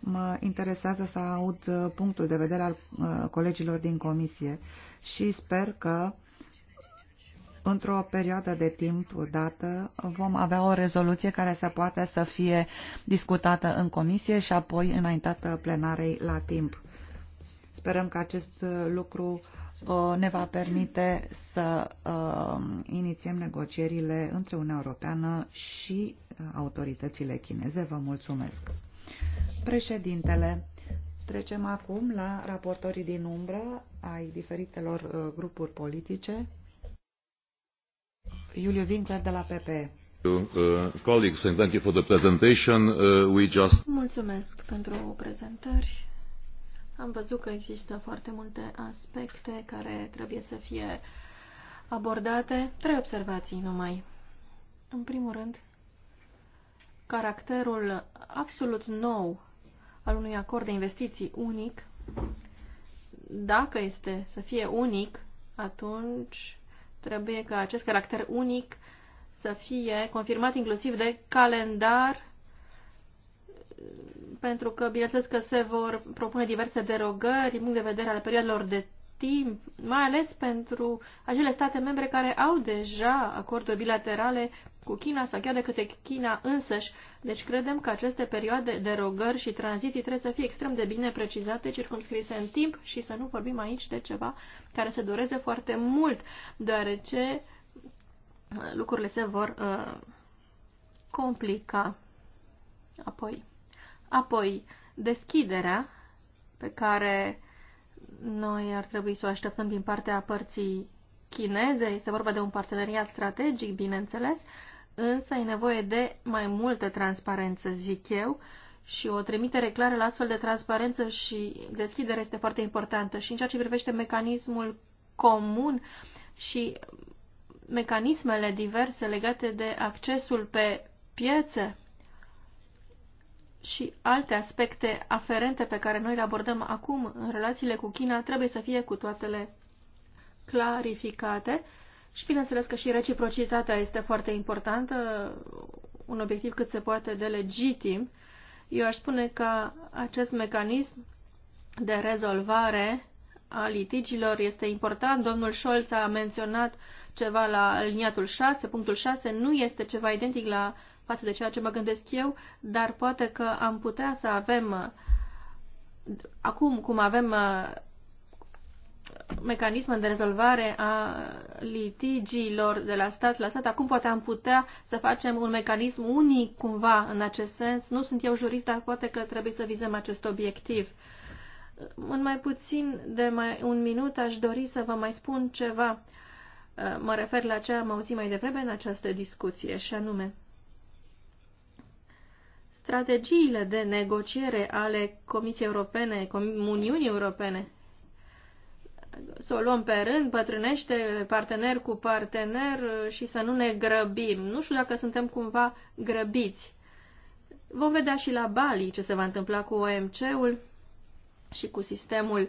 Mă interesează să aud punctul de vedere al uh, colegilor din comisie și sper că într-o perioadă de timp dată vom avea o rezoluție care să poată să fie discutată în comisie și apoi înaintată plenarei la timp. Sperăm că acest lucru uh, Uh, ne va permite să uh, inițiem negocierile între Uniunea Europeană și uh, autoritățile chineze. Vă mulțumesc. Președintele, trecem acum la raportorii din umbră ai diferitelor grupuri politice. Iuliu Winkler de la PPE.
Mulțumesc pentru prezentări. Am văzut că există foarte multe aspecte care trebuie să fie abordate. Trei observații numai. În primul rând, caracterul absolut nou al unui acord de investiții unic, dacă este să fie unic, atunci trebuie ca acest caracter unic să fie confirmat inclusiv de calendar pentru că, bineînțeles că se vor propune diverse derogări din punct de vedere al perioadelor de timp, mai ales pentru acele state membre care au deja acorduri bilaterale cu China sau chiar de câte China însăși. Deci credem că aceste perioade de rogări și tranziții trebuie să fie extrem de bine precizate, circumscrise în timp și să nu vorbim aici de ceva care se dureze foarte mult, deoarece uh, lucrurile se vor uh, complica apoi. Apoi, deschiderea pe care noi ar trebui să o așteptăm din partea părții chineze. Este vorba de un parteneriat strategic, bineînțeles, însă e nevoie de mai multă transparență, zic eu, și o trimitere clară la astfel de transparență și deschidere este foarte importantă. Și în ceea ce privește mecanismul comun și mecanismele diverse legate de accesul pe piețe, și alte aspecte aferente pe care noi le abordăm acum în relațiile cu China trebuie să fie cu toatele clarificate și bineînțeles că și reciprocitatea este foarte importantă, un obiectiv cât se poate de legitim. Eu aș spune că acest mecanism de rezolvare a litigilor este important. Domnul Scholz a menționat ceva la liniatul 6, punctul 6 nu este ceva identic la față de ceea ce mă gândesc eu, dar poate că am putea să avem, acum cum avem uh, mecanisme de rezolvare a litigiilor de la stat la stat, acum poate am putea să facem un mecanism unic cumva în acest sens. Nu sunt eu jurist, dar poate că trebuie să vizăm acest obiectiv. În mai puțin de mai un minut aș dori să vă mai spun ceva. Uh, mă refer la ce am auzit mai devreme în această discuție, și anume strategiile de negociere ale Comisiei Europene, Uniunii Europene. Să o luăm pe rând, bătrânește partener cu partener și să nu ne grăbim. Nu știu dacă suntem cumva grăbiți. Vom vedea și la Bali ce se va întâmpla cu OMC-ul și cu sistemul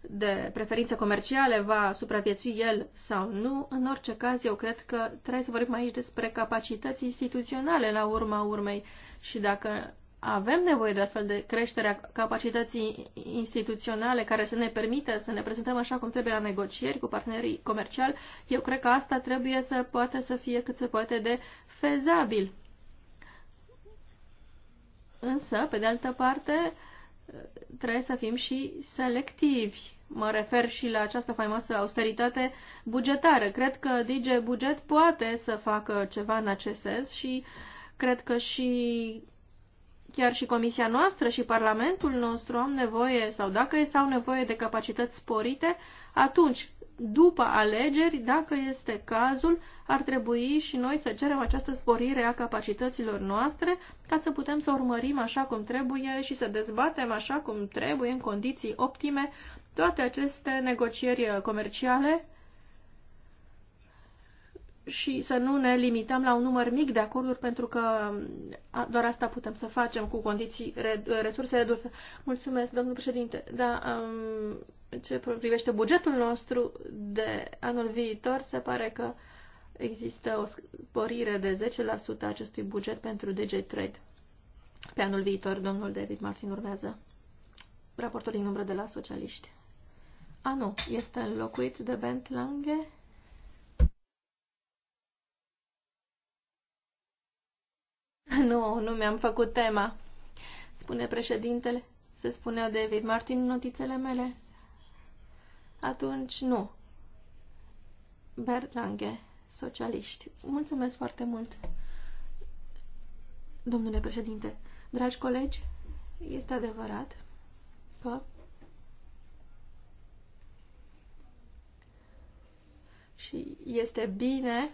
de preferințe comerciale, va supraviețui el sau nu. În orice caz, eu cred că trebuie să vorbim aici despre capacități instituționale la urma urmei și dacă avem nevoie de astfel de creșterea capacității instituționale care să ne permită să ne prezentăm așa cum trebuie la negocieri cu partenerii comerciali, eu cred că asta trebuie să poată să fie cât se poate de fezabil. Însă, pe de altă parte, trebuie să fim și selectivi. Mă refer și la această faimoasă austeritate bugetară. Cred că DG Buget poate să facă ceva în acest sens și uh, cred că și chiar și Comisia noastră și Parlamentul nostru au nevoie, sau dacă au nevoie de capacități sporite, atunci, după alegeri, dacă este cazul, ar trebui și noi să cerem această sporire a capacităților noastre ca să putem să urmărim așa cum trebuie și să dezbatem așa cum trebuie, în condiții optime, toate aceste negocieri comerciale și să nu ne limităm la un număr mic de acorduri, pentru că doar asta putem să facem cu condiții, resurse reduse. Mulțumesc, domnul președinte. Da, um, ce privește bugetul nostru de anul viitor, se pare că există o sporire de 10% a acestui buget pentru DG Trade. Pe anul viitor, domnul David Martin urmează raportul din umbră de la socialiști. A, nu, este înlocuit de Bent Lange. Nu, nu mi-am făcut tema, spune președintele. Se spunea David Martin notițele mele. Atunci nu. Berlange, socialiști. Mulțumesc foarte mult, domnule președinte. Dragi colegi, este adevărat că și este bine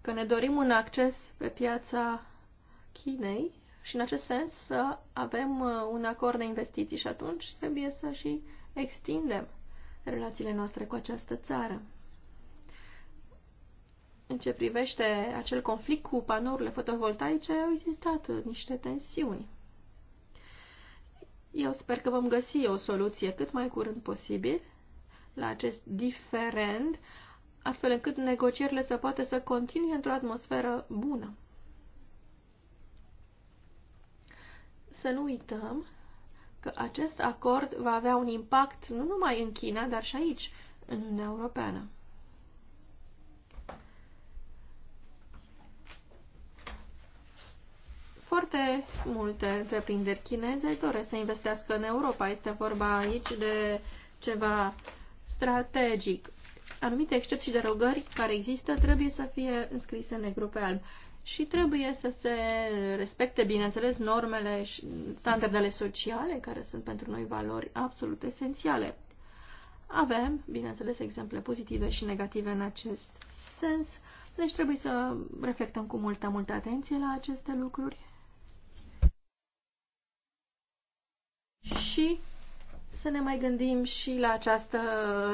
că ne dorim un acces pe piața Chinei și în acest sens să avem uh, un acord de investiții și atunci trebuie să și extindem relațiile noastre cu această țară. În ce privește acel conflict cu panourile fotovoltaice, au existat niște tensiuni. Eu sper că vom găsi o soluție cât mai curând posibil la acest diferend, astfel încât negocierile să poată să continue într-o atmosferă bună. să nu uităm că acest acord va avea un impact nu numai în China, dar și aici, în Uniunea Europeană. Foarte multe întreprinderi chineze doresc să investească în Europa. Este vorba aici de ceva strategic. Anumite excepții de rogări care există trebuie să fie înscrise în negru pe alb și trebuie să se respecte, bineînțeles, normele și standardele sociale, care sunt pentru noi valori absolut esențiale. Avem, bineînțeles, exemple pozitive și negative în acest sens, deci trebuie să reflectăm cu multă, multă atenție la aceste lucruri. Și să ne mai gândim și la această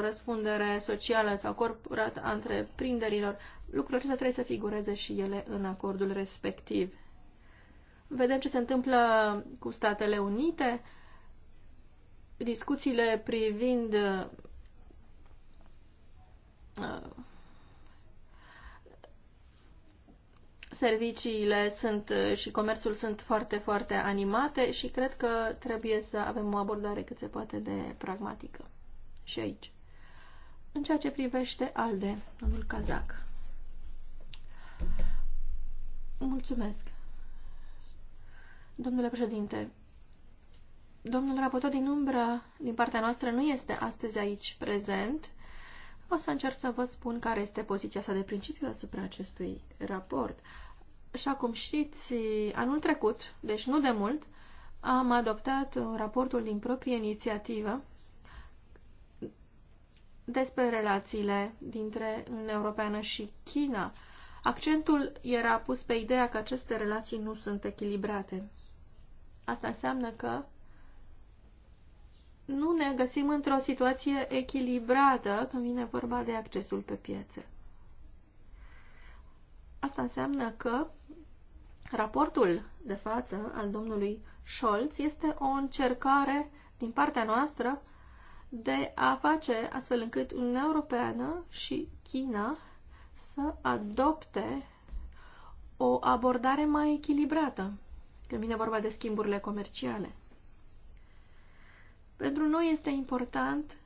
răspundere socială sau corporat a întreprinderilor. Lucrurile acestea trebuie să figureze și ele în acordul respectiv. Vedem ce se întâmplă cu Statele Unite. Discuțiile privind uh, serviciile sunt, eh, și comerțul sunt foarte, foarte animate și cred că trebuie să avem o abordare cât se poate de pragmatică și aici. În ceea ce privește ALDE, domnul Kazak. Mulțumesc. Domnule președinte, domnul raportor din umbră din partea noastră nu este astăzi aici prezent. O să încerc să vă spun care este poziția sa de principiu asupra acestui raport. Așa cum știți, anul trecut, deci nu de mult, am adoptat raportul din proprie inițiativă despre relațiile dintre Uniunea Europeană și China. Accentul era pus pe ideea că aceste relații nu sunt echilibrate. Asta înseamnă că nu ne găsim într-o situație echilibrată când vine vorba de accesul pe piețe. Asta înseamnă că Raportul de față al domnului Scholz este o încercare din partea noastră de a face astfel încât Uniunea Europeană și China să adopte o abordare mai echilibrată când vine vorba de schimburile comerciale. Pentru noi este important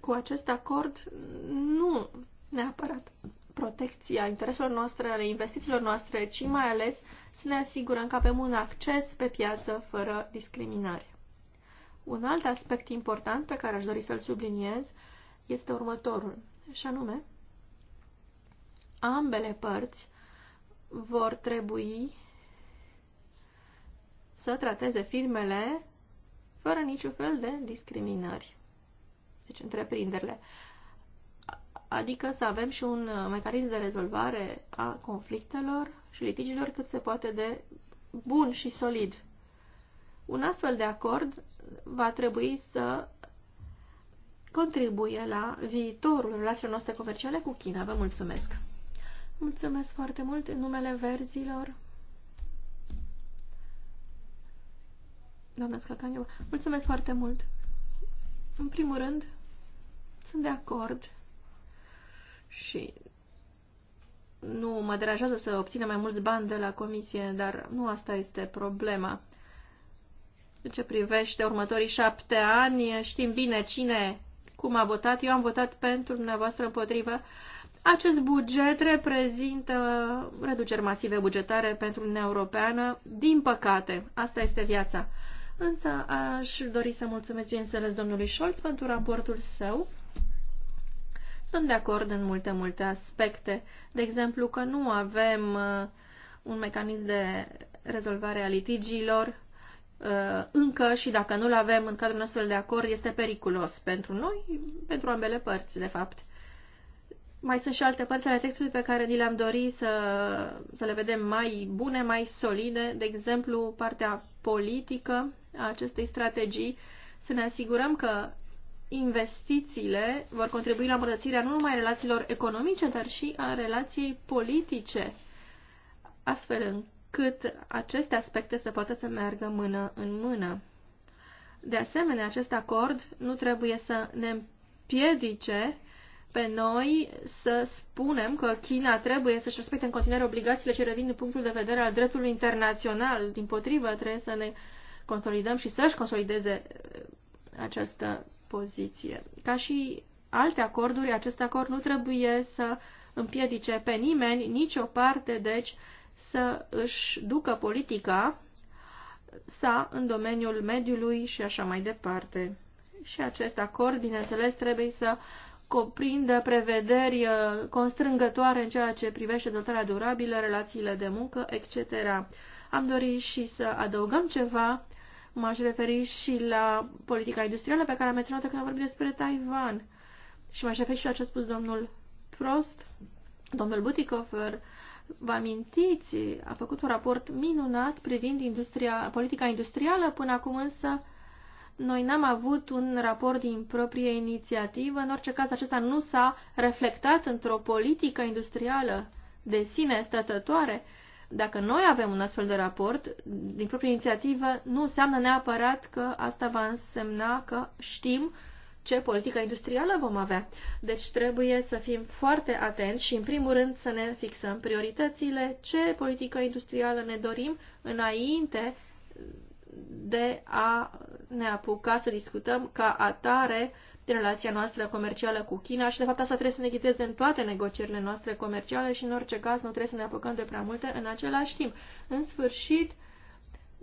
cu acest acord nu neapărat protecția intereselor noastre, ale investițiilor noastre, ci mai ales să ne asigurăm că avem un acces pe piață fără discriminare. Un alt aspect important pe care aș dori să-l subliniez este următorul, și anume, ambele părți vor trebui să trateze firmele fără niciun fel de discriminări. Deci, întreprinderile adică să avem și un uh, mecanism de rezolvare a conflictelor și litigiilor cât se poate de bun și solid. Un astfel de acord va trebui să contribuie la viitorul relațiilor noastre comerciale cu China. Vă mulțumesc! Mulțumesc foarte mult în numele verzilor. Doamna Scacaniu, mulțumesc foarte mult! În primul rând, sunt de acord și nu mă deranjează să obțină mai mulți bani de la comisie, dar nu asta este problema. În ce privește următorii șapte ani, știm bine cine, cum a votat. Eu am votat pentru dumneavoastră împotrivă. Acest buget reprezintă reduceri masive bugetare pentru Uniunea Europeană. Din păcate, asta este viața. Însă aș dori să mulțumesc, bineînțeles, domnului Scholz pentru raportul său. Sunt de acord în multe, multe aspecte. De exemplu, că nu avem uh, un mecanism de rezolvare a litigiilor uh, încă și dacă nu-l avem în cadrul nostru de acord, este periculos pentru noi, pentru ambele părți, de fapt. Mai sunt și alte părți ale textului pe care ni le-am dorit să, să le vedem mai bune, mai solide, de exemplu, partea politică a acestei strategii, să ne asigurăm că investițiile vor contribui la îmbunătățirea nu numai relațiilor economice, dar și a relației politice, astfel încât aceste aspecte să poată să meargă mână în mână. De asemenea, acest acord nu trebuie să ne împiedice pe noi să spunem că China trebuie să-și respecte în continuare obligațiile ce revin din punctul de vedere al dreptului internațional. Din potrivă, trebuie să ne consolidăm și să-și consolideze uh, această poziție. Ca și alte acorduri, acest acord nu trebuie să împiedice pe nimeni, nicio parte, deci, să își ducă politica sa în domeniul mediului și așa mai departe. Și acest acord, bineînțeles, trebuie să cuprindă prevederi uh, constrângătoare în ceea ce privește dezvoltarea durabilă, relațiile de muncă, etc. Am dorit și să adăugăm ceva M-aș referi și la politica industrială pe care am menționat-o când am vorbit despre Taiwan. Și m-aș referi și la ce a spus domnul Prost, domnul Butikofer, vă amintiți, a făcut un raport minunat privind industria, politica industrială, până acum însă noi n-am avut un raport din proprie inițiativă, în orice caz acesta nu s-a reflectat într-o politică industrială de sine stătătoare dacă noi avem un astfel de raport din proprie inițiativă, nu înseamnă neapărat că asta va însemna că știm ce politică industrială vom avea. Deci trebuie să fim foarte atenți și, în primul rând, să ne fixăm prioritățile, ce politică industrială ne dorim înainte de a ne apuca să discutăm ca atare uh, din relația noastră comercială cu China și, de fapt, asta trebuie să ne ghideze în toate negocierile noastre comerciale și, în orice caz, nu trebuie să ne apucăm de prea multe în același timp. În sfârșit,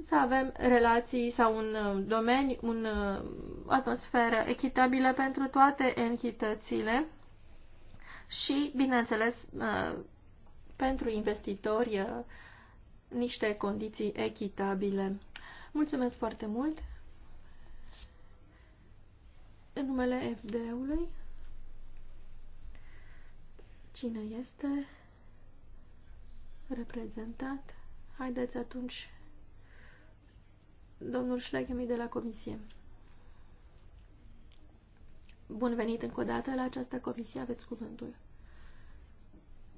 să avem relații sau un uh, domeniu, un uh, atmosferă echitabilă pentru toate entitățile și, bineînțeles, uh, pentru investitori niște condiții echitabile. Mulțumesc foarte mult! în numele FD-ului. Cine este reprezentat? Haideți atunci, domnul Șlechemi de la Comisie. Bun venit încă o dată la această comisie, aveți cuvântul.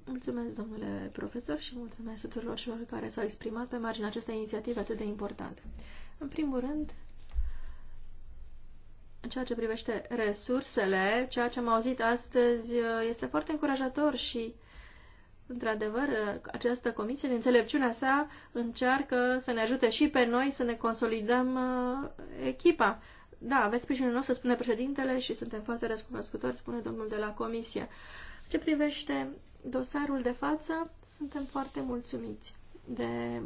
Mulțumesc, domnule profesor, și mulțumesc tuturor celor care s-au exprimat pe marginea acestei inițiative atât de importante. În primul rând, în ceea ce privește resursele, ceea ce am auzit astăzi uh, este foarte încurajator și, într-adevăr, uh, această comisie, din înțelepciunea sa, încearcă să ne ajute și pe noi să ne consolidăm uh, echipa. Da, aveți sprijinul nostru, spune președintele, și suntem foarte recunoscători, spune domnul de la comisie. Ce privește dosarul de față, suntem foarte mulțumiți de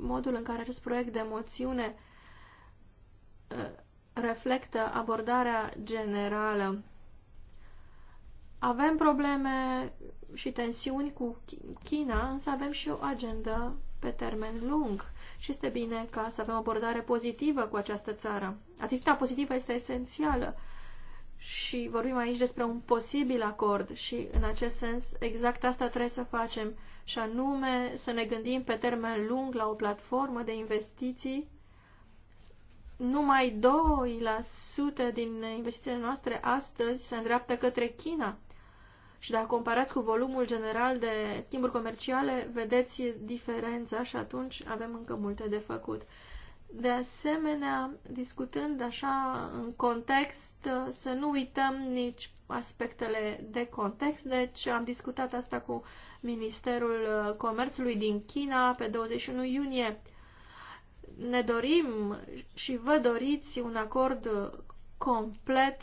modul în care acest proiect de moțiune reflectă abordarea generală. Avem probleme și tensiuni cu China, însă avem și o agendă pe termen lung și este bine ca să avem o abordare pozitivă cu această țară. Atitudinea pozitivă este esențială și vorbim aici despre un posibil acord și în acest sens exact asta trebuie să facem și anume să ne gândim pe termen lung la o platformă de investiții numai 2% din investițiile noastre astăzi se îndreaptă către China. Și dacă comparați cu volumul general de schimburi comerciale, vedeți diferența și atunci avem încă multe de făcut. De asemenea, discutând așa în context, să nu uităm nici aspectele de context. Deci am discutat asta cu Ministerul Comerțului din China pe 21 iunie ne dorim și vă doriți un acord complet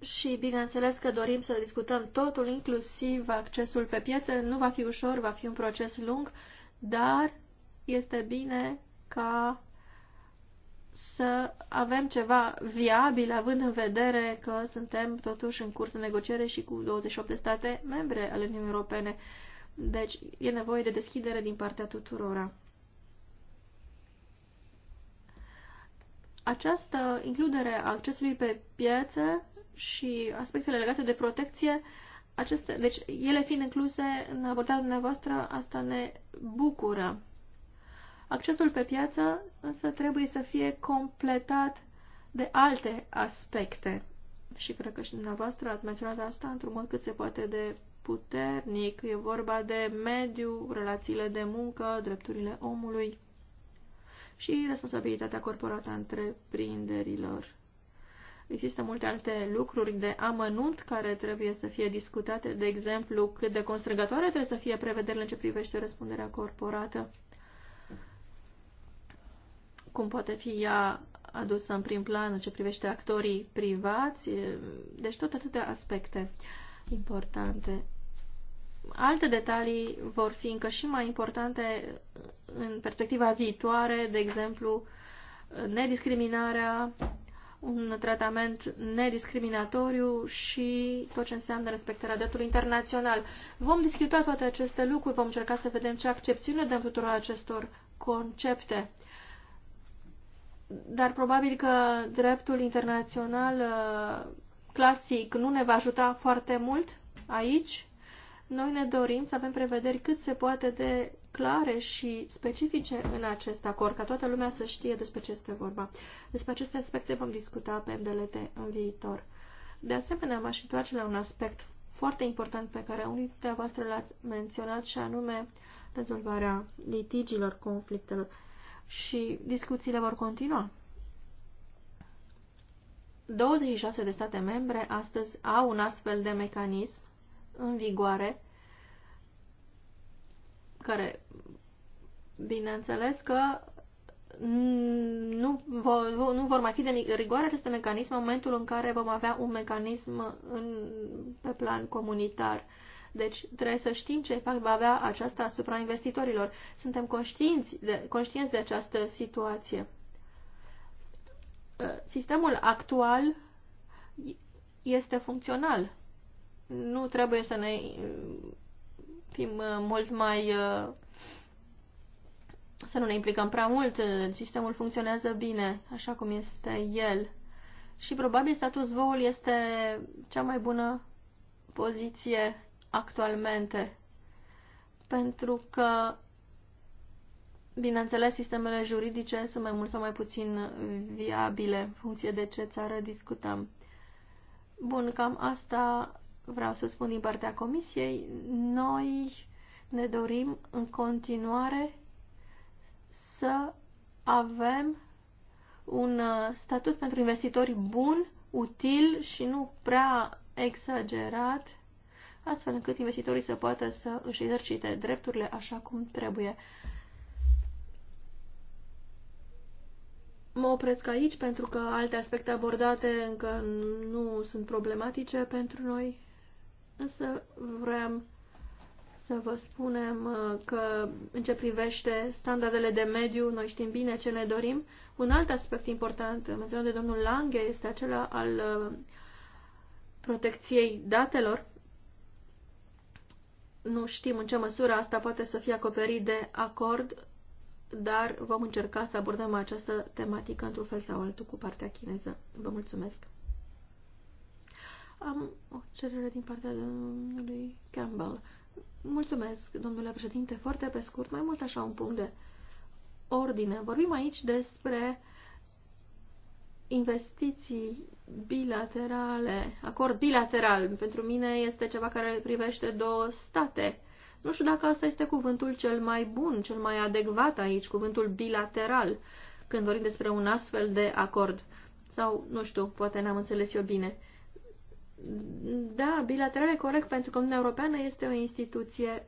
și bineînțeles că dorim să discutăm totul, inclusiv accesul pe piețe. Nu va fi ușor, va fi un proces lung, dar este bine ca să avem ceva viabil, având în vedere că suntem totuși în curs de negociere și cu 28 de state membre ale Uniunii Europene. Deci e nevoie de deschidere din partea tuturora. Această includere a accesului pe piețe și aspectele legate de protecție, aceste, deci ele fiind incluse în abordarea dumneavoastră, asta ne bucură. Accesul pe piață însă trebuie să fie completat de alte aspecte. Și cred că și dumneavoastră ați menționat asta într-un mod cât se poate de puternic. E vorba de mediu, relațiile de muncă, drepturile omului și responsabilitatea corporată a întreprinderilor. Există multe alte lucruri de amănunt care trebuie să fie discutate, de exemplu, cât de constrângătoare trebuie să fie prevederile în ce privește răspunderea corporată, cum poate fi ea adusă în prim plan în ce privește actorii privați, deci tot atâtea aspecte importante. Alte detalii vor fi încă și mai importante în perspectiva viitoare, de exemplu, nediscriminarea, un tratament nediscriminatoriu și tot ce înseamnă respectarea dreptului internațional. Vom discuta toate aceste lucruri, vom încerca să vedem ce accepțiune dăm tuturor acestor concepte. Dar probabil că dreptul internațional uh, clasic nu ne va ajuta foarte mult aici, noi ne dorim să avem prevederi cât se poate de clare și specifice în acest acord, ca toată lumea să știe despre ce este vorba. Despre aceste aspecte vom discuta pe MDLT în viitor. De asemenea, m-aș întoarce la un aspect foarte important pe care unii dintre voastre l-ați menționat și anume rezolvarea litigilor, conflictelor și discuțiile vor continua. 26 de state membre astăzi au un astfel de mecanism în vigoare, care, bineînțeles că nu vor, nu vor mai fi de rigoare aceste mecanisme în momentul în care vom avea un mecanism în, pe plan comunitar. Deci trebuie să știm ce fac va avea aceasta asupra investitorilor. Suntem conștienți de, conștienți de această situație. Ă, sistemul actual este funcțional nu trebuie să ne fim uh, mult mai uh, să nu ne implicăm prea mult, uh, sistemul funcționează bine, așa cum este el. Și probabil status voul este cea mai bună poziție actualmente, pentru că, bineînțeles, sistemele juridice sunt mai mult sau mai puțin viabile, în funcție de ce țară discutăm. Bun, cam asta vreau să spun din partea Comisiei, noi ne dorim în continuare să avem un uh, statut pentru investitori bun, util și nu prea exagerat, astfel încât investitorii să poată să își exercite drepturile așa cum trebuie. Mă opresc aici pentru că alte aspecte abordate încă nu sunt problematice pentru noi Însă vrem să vă spunem uh, că în ce privește standardele de mediu, noi știm bine ce ne dorim. Un alt aspect important menționat de domnul Lange este acela al uh, protecției datelor. Nu știm în ce măsură asta poate să fie acoperit de acord, dar vom încerca să abordăm această tematică într-un fel sau altul cu partea chineză. Vă mulțumesc! Am o cerere din partea domnului Campbell. Mulțumesc, domnule președinte, foarte pe scurt, mai mult așa un punct de ordine. Vorbim aici despre investiții bilaterale. Acord bilateral, pentru mine, este ceva care privește două state. Nu știu dacă asta este cuvântul cel mai bun, cel mai adecvat aici, cuvântul bilateral, când vorbim despre un astfel de acord. Sau, nu știu, poate n-am înțeles eu bine. Da, bilaterale corect, pentru că Uniunea Europeană este o instituție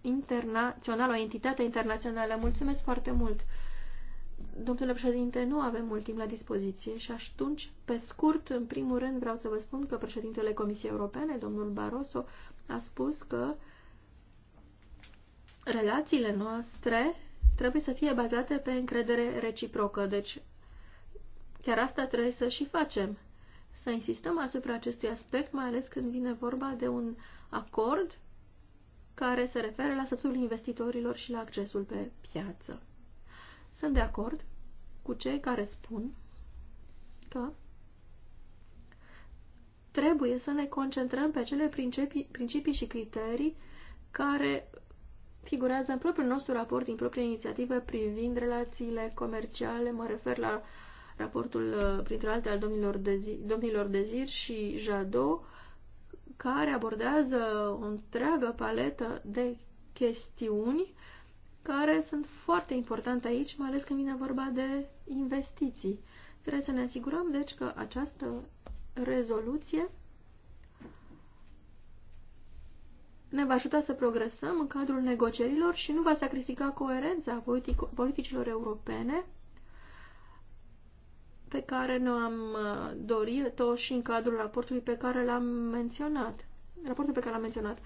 internațională, o entitate internațională. Mulțumesc foarte mult! Domnule președinte, nu avem mult timp la dispoziție și atunci, pe scurt, în primul rând vreau să vă spun că președintele Comisiei Europene, domnul Barroso, a spus că relațiile noastre trebuie să fie bazate pe încredere reciprocă. Deci, chiar asta trebuie să și facem să insistăm asupra acestui aspect, mai ales când vine vorba de un acord care se referă la statutul investitorilor și la accesul pe piață. Sunt de acord cu cei care spun că trebuie să ne concentrăm pe acele principii, principii și criterii care figurează în propriul nostru raport din proprie inițiativă privind relațiile comerciale, mă refer la raportul, uh, printre alte, al domnilor, Dezi, domnilor Dezir și Jadot, care abordează o întreagă paletă de chestiuni care sunt foarte importante aici, mai ales când vine vorba de investiții. Trebuie să ne asigurăm, deci, că această rezoluție ne va ajuta să progresăm în cadrul negocierilor și nu va sacrifica coerența politicilor europene pe care ne-am uh, dorit-o și în cadrul raportului pe care l-am menționat. Raportul pe care l-am menționat.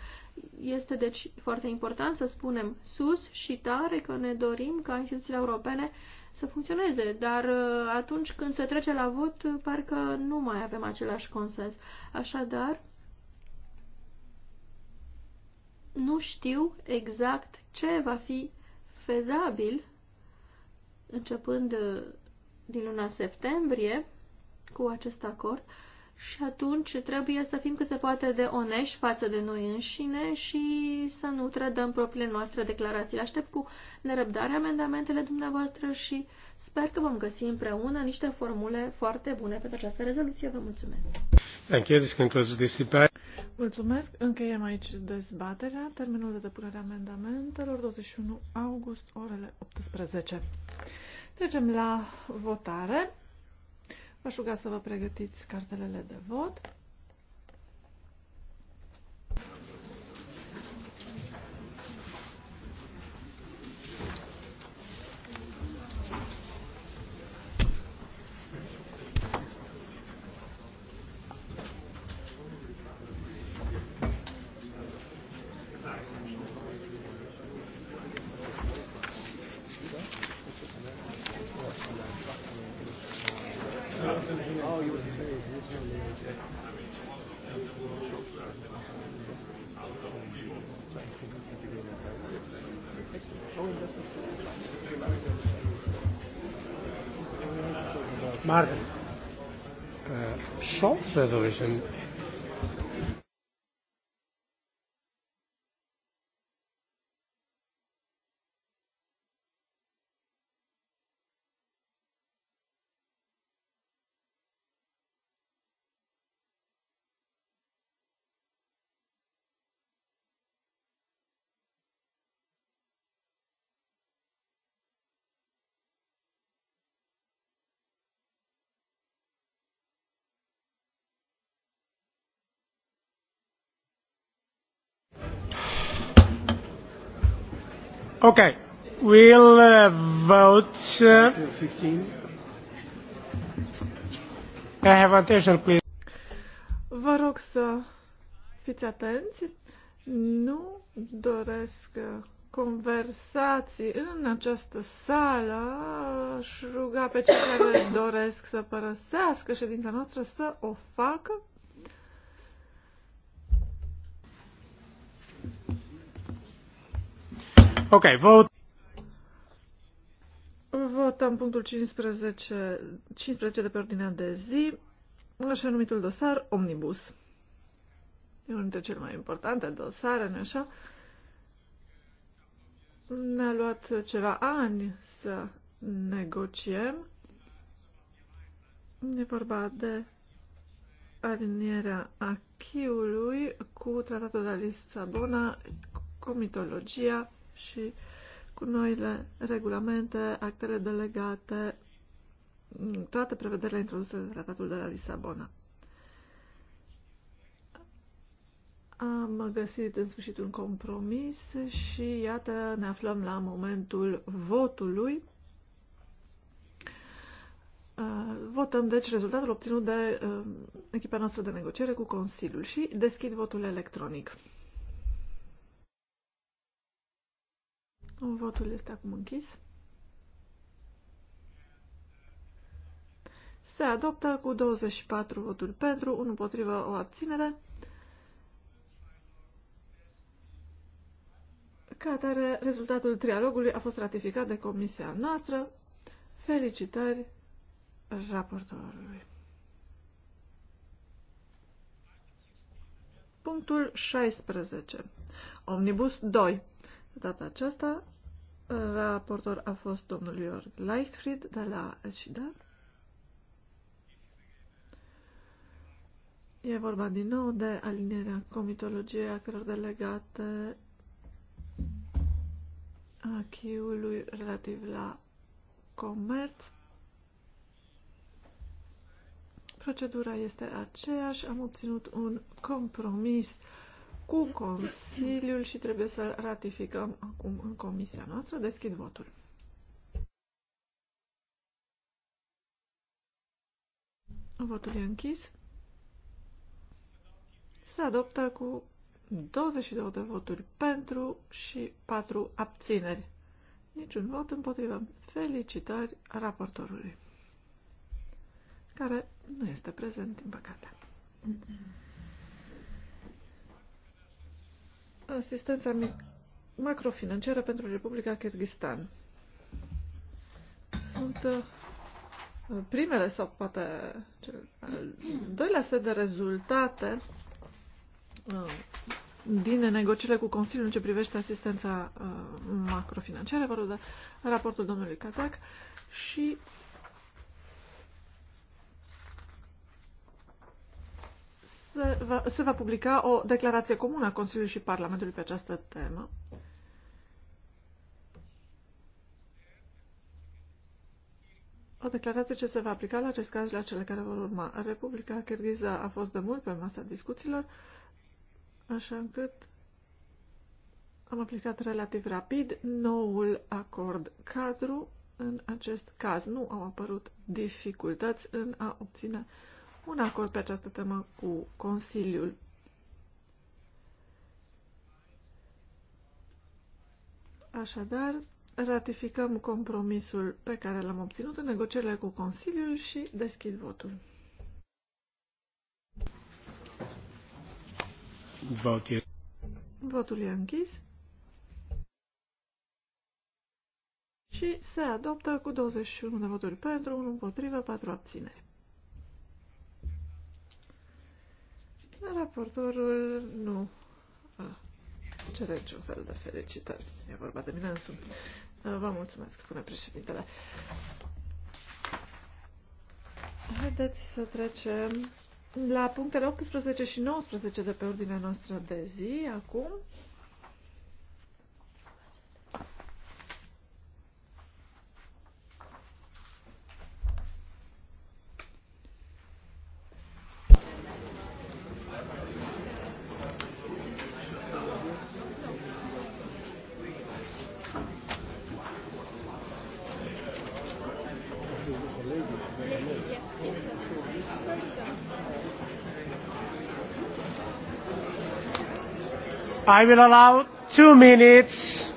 Este deci foarte important să spunem sus și tare că ne dorim ca instituțiile europene să funcționeze, dar uh, atunci când se trece la vot, parcă nu mai avem același consens. Așadar, nu știu exact ce va fi fezabil începând uh, din luna septembrie cu acest acord și atunci trebuie să fim cât se poate de onești față de noi înșine și să nu trădăm propriile noastre declarații. Aștept cu nerăbdare amendamentele dumneavoastră și sper că vom găsi împreună niște formule foarte bune pentru această rezoluție. Vă mulțumesc! Thank you. This concludes this Mulțumesc! Încheiem aici dezbaterea. Termenul de
depunere a amendamentelor 21 august, orele 18. Trecem la votare. Vă aș ruga să vă pregătiți cartelele de vot.
resolution. Okay, we'll uh, vote. Uh, I have attention, please.
Vă rog să fiți atenți. Nu doresc uh, conversații în această sală. Aș ruga pe cei care doresc să părăsească ședința noastră să o facă Ok, vote. Votăm punctul 15, 15 de pe ordinea de zi, așa numitul dosar Omnibus. E unul dintre cele mai importante dosare, nu așa? Ne-a luat ceva ani să negociem. E vorba de alinierea achiului cu tratatul de la Lisabona, comitologia și cu noile regulamente, actele delegate, mm, toate prevederile introduse în tratatul de la Lisabona. Am găsit în sfârșit un compromis și iată ne aflăm la momentul votului. Uh, votăm deci rezultatul obținut de uh, echipa noastră de negociere cu Consiliul și deschid votul electronic. Votul este acum închis. Se adoptă cu 24 voturi pentru, 1 împotrivă, o abținere. Ca atare, rezultatul trialogului a fost ratificat de comisia noastră. Felicitări raportorului. Punctul 16. Omnibus 2 data aceasta raportor a fost domnul Jörg Leichtfried de la SIDA. E vorba din nou de alinierea comitologiei actelor delegate a chiului relativ la comerț. Procedura este aceeași. Am obținut un compromis uh, cu Consiliul și trebuie să ratificăm acum în comisia noastră. Deschid votul. Votul e închis. Se adoptă cu 22 de voturi pentru și 4 abțineri. Niciun vot împotrivă. Felicitări raportorului, care nu este prezent, din păcate. Mm-hmm. asistența macrofinanciară pentru Republica Kyrgyzstan. Sunt uh, primele sau poate al doilea set de rezultate uh, din negocierile cu Consiliul în ce privește asistența uh, macrofinanciară, vă rog, raportul domnului Kazak și se va, se va publica o declarație comună a Consiliului și Parlamentului pe această temă. O declarație ce se va aplica la acest caz și la cele care vor urma. Republica Kirghiza a fost de mult pe masa discuțiilor, așa încât am aplicat relativ rapid noul acord cadru în acest caz. Nu au apărut dificultăți în a obține un acord pe această temă cu Consiliul. Așadar, ratificăm compromisul pe care l-am obținut în negocierile cu Consiliul și deschid votul. Vot e... Votul e închis. Și se adoptă cu 21 de voturi pentru, 1 împotrivă, 4 abțineri. Raportorul nu A, cere niciun fel de felicitări. E vorba de mine însumi. Uh, vă mulțumesc, spune președintele. Haideți să trecem la punctele 18 și 19 de pe ordinea noastră de zi acum.
I will allow two minutes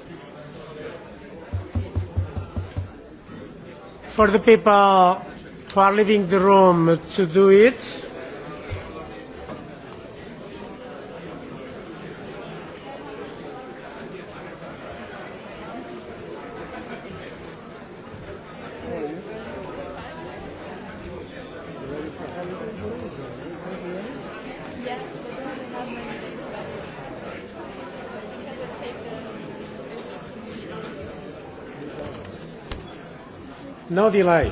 for the people who are leaving the room to do it. no delay.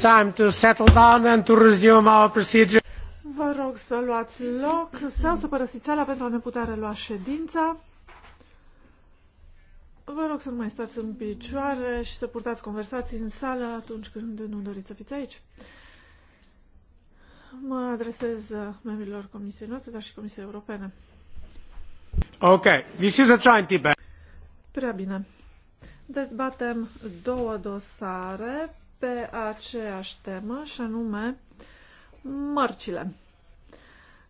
time to settle down and to resume our procedure. Vă rog să luați loc sau să părăsiți sala pentru a ne putea relua ședința. Vă rog să nu mai stați în picioare și să purtați conversații în sală atunci când nu doriți să fiți aici. Mă adresez membrilor Comisiei noastre, dar și Comisiei Europene.
Ok, this is a trying
Prea bine. Dezbatem două dosare pe aceeași temă, și anume mărcile.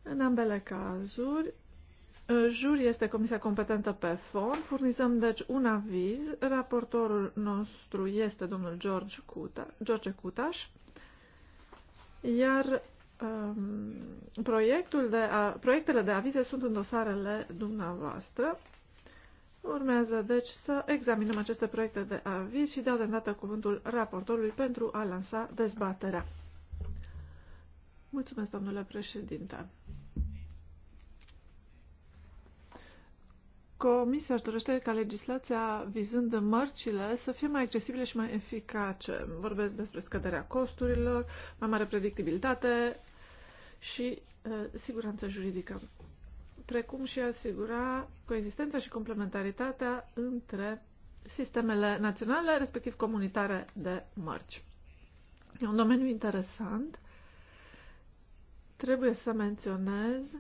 În ambele cazuri, uh, Jur este comisia competentă pe fond. Furnizăm, deci, un aviz. Raportorul nostru este domnul George, Cuta, George Cutaș. Iar um, proiectul de a, proiectele de avize sunt în dosarele dumneavoastră. Urmează, deci, să examinăm aceste proiecte de aviz și dau de îndată cuvântul raportorului pentru a lansa dezbaterea. Mulțumesc, domnule președinte. Comisia își dorește ca legislația vizând mărcile să fie mai accesibile și mai eficace. Vorbesc despre scăderea costurilor, mai mare predictibilitate și uh, siguranță juridică precum și asigura coexistența și complementaritatea între sistemele naționale, respectiv comunitare de mărci. E un domeniu interesant. Trebuie să menționez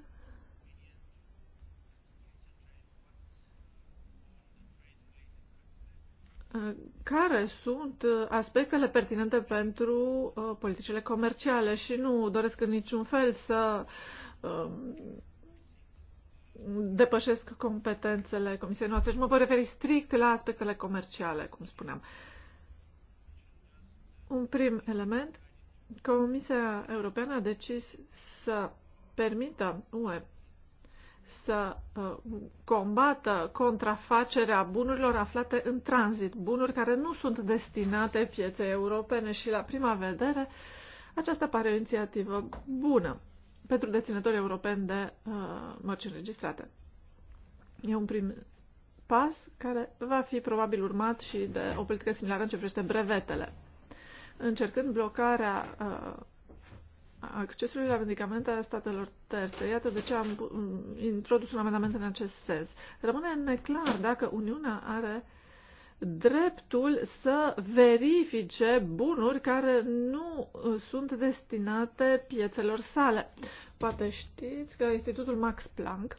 care sunt aspectele pertinente pentru uh, politicile comerciale și nu doresc în niciun fel să um, depășesc competențele Comisiei noastre și mă voi referi strict la aspectele comerciale, cum spuneam. Un prim element, Comisia Europeană a decis să permită UE să uh, combată contrafacerea bunurilor aflate în tranzit, bunuri care nu sunt destinate pieței europene și la prima vedere aceasta pare o inițiativă bună pentru deținători europeni de uh, mărci înregistrate. E un prim pas care va fi probabil urmat și de o politică similară în ce privește brevetele, încercând blocarea uh, accesului la medicamente a statelor terțe. Iată de ce am introdus un amendament în acest sens. Rămâne neclar dacă Uniunea are uh, dreptul să verifice bunuri care nu uh, sunt destinate piețelor sale. Poate știți că Institutul Max Planck,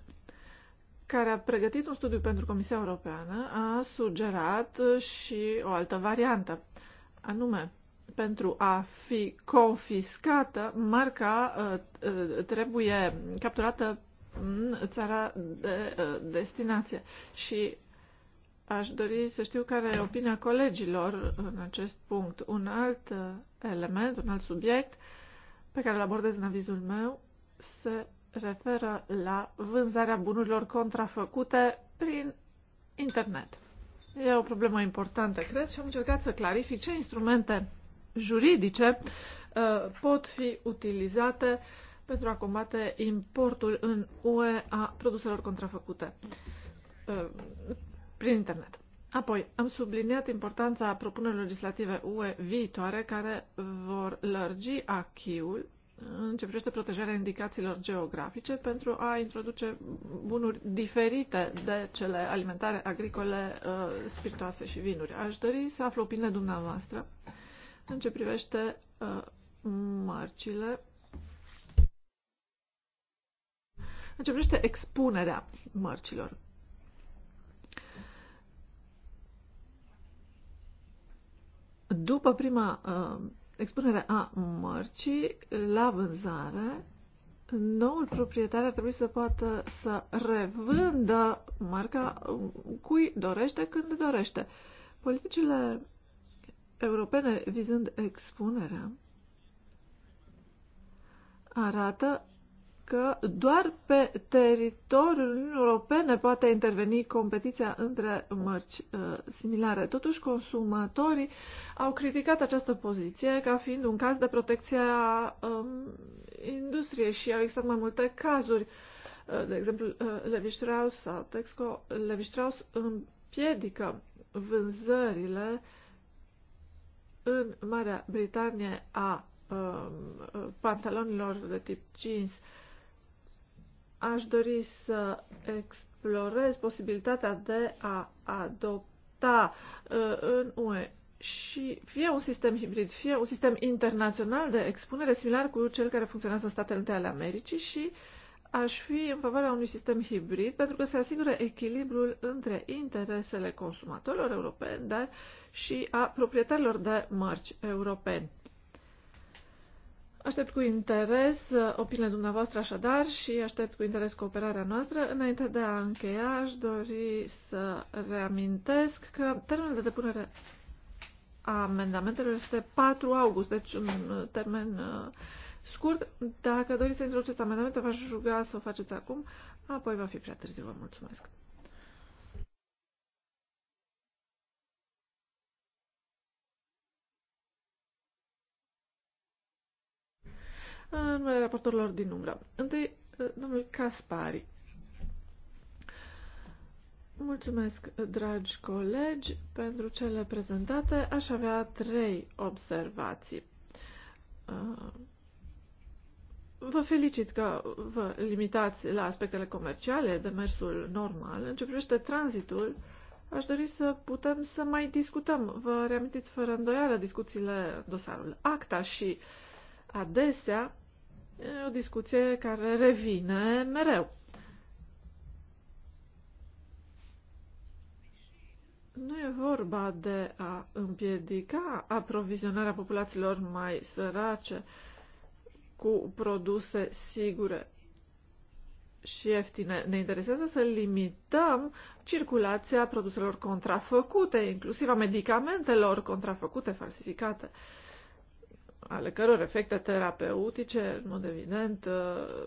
care a pregătit un studiu pentru Comisia Europeană, a sugerat uh, și o altă variantă, anume pentru a fi confiscată, marca uh, trebuie capturată în țara de destinație și Aș dori să știu care e opinia colegilor în acest punct. Un alt uh, element, un alt subiect pe care îl abordez în avizul meu se referă la vânzarea bunurilor contrafăcute prin internet. E o problemă importantă, cred, și am încercat să clarific ce instrumente juridice uh, pot fi utilizate pentru a combate importul în UE a produselor contrafăcute uh, prin internet. Apoi, am subliniat importanța propunerilor legislative UE viitoare care vor lărgi achiul în ce privește protejarea indicațiilor geografice pentru a introduce bunuri diferite de cele alimentare, agricole, uh, spiritoase și vinuri. Aș dori să aflu opinia dumneavoastră în ce privește uh, mărcile, în ce privește expunerea mărcilor. După prima uh, expunere a mărcii la vânzare, noul proprietar ar trebui să poată să revândă marca cui dorește, când dorește. Politicile europene vizând expunerea arată că doar pe teritoriul Uniunii Europene poate interveni competiția între mărci uh, similare. Totuși, consumatorii au criticat această poziție ca fiind un caz de protecție a um, industriei și au existat mai multe cazuri. Uh, de exemplu, uh, Levi Strauss sau Texco, Levi Strauss împiedică vânzările în Marea Britanie a um, pantalonilor de tip jeans Aș dori să explorez posibilitatea de a adopta uh, în UE și fie un sistem hibrid, fie un sistem internațional de expunere similar cu cel care funcționează în Statele Unite ale Americii și aș fi în favoarea unui sistem hibrid pentru că se asigură echilibrul între interesele consumatorilor europeni, dar și a proprietarilor de mărci europeni. Aștept cu interes uh, opiniile dumneavoastră așadar și aștept cu interes cooperarea noastră. Înainte de a încheia, aș dori să reamintesc că termenul de depunere a amendamentelor este 4 august, deci un uh, termen uh, scurt. Dacă doriți să introduceți amendamente, v-aș ruga să o faceți acum, apoi va fi prea târziu. Vă mulțumesc! în numele raportorilor din umbră. Întâi, eh, domnul Caspari. Mulțumesc, eh, dragi colegi, pentru cele prezentate. Aș avea trei observații. Eh, vă felicit că vă limitați la aspectele comerciale, demersul normal. În ce privește tranzitul, aș dori să putem să mai discutăm. Vă reamintiți fără îndoială discuțiile dosarul ACTA și adesea E o discuție care revine mereu. Nu e vorba de a împiedica aprovizionarea populațiilor mai sărace cu produse sigure și ieftine. Ne interesează să limităm circulația produselor contrafăcute, inclusiv a medicamentelor contrafăcute, falsificate. Uh, ale căror efecte terapeutice, în mod evident, uh,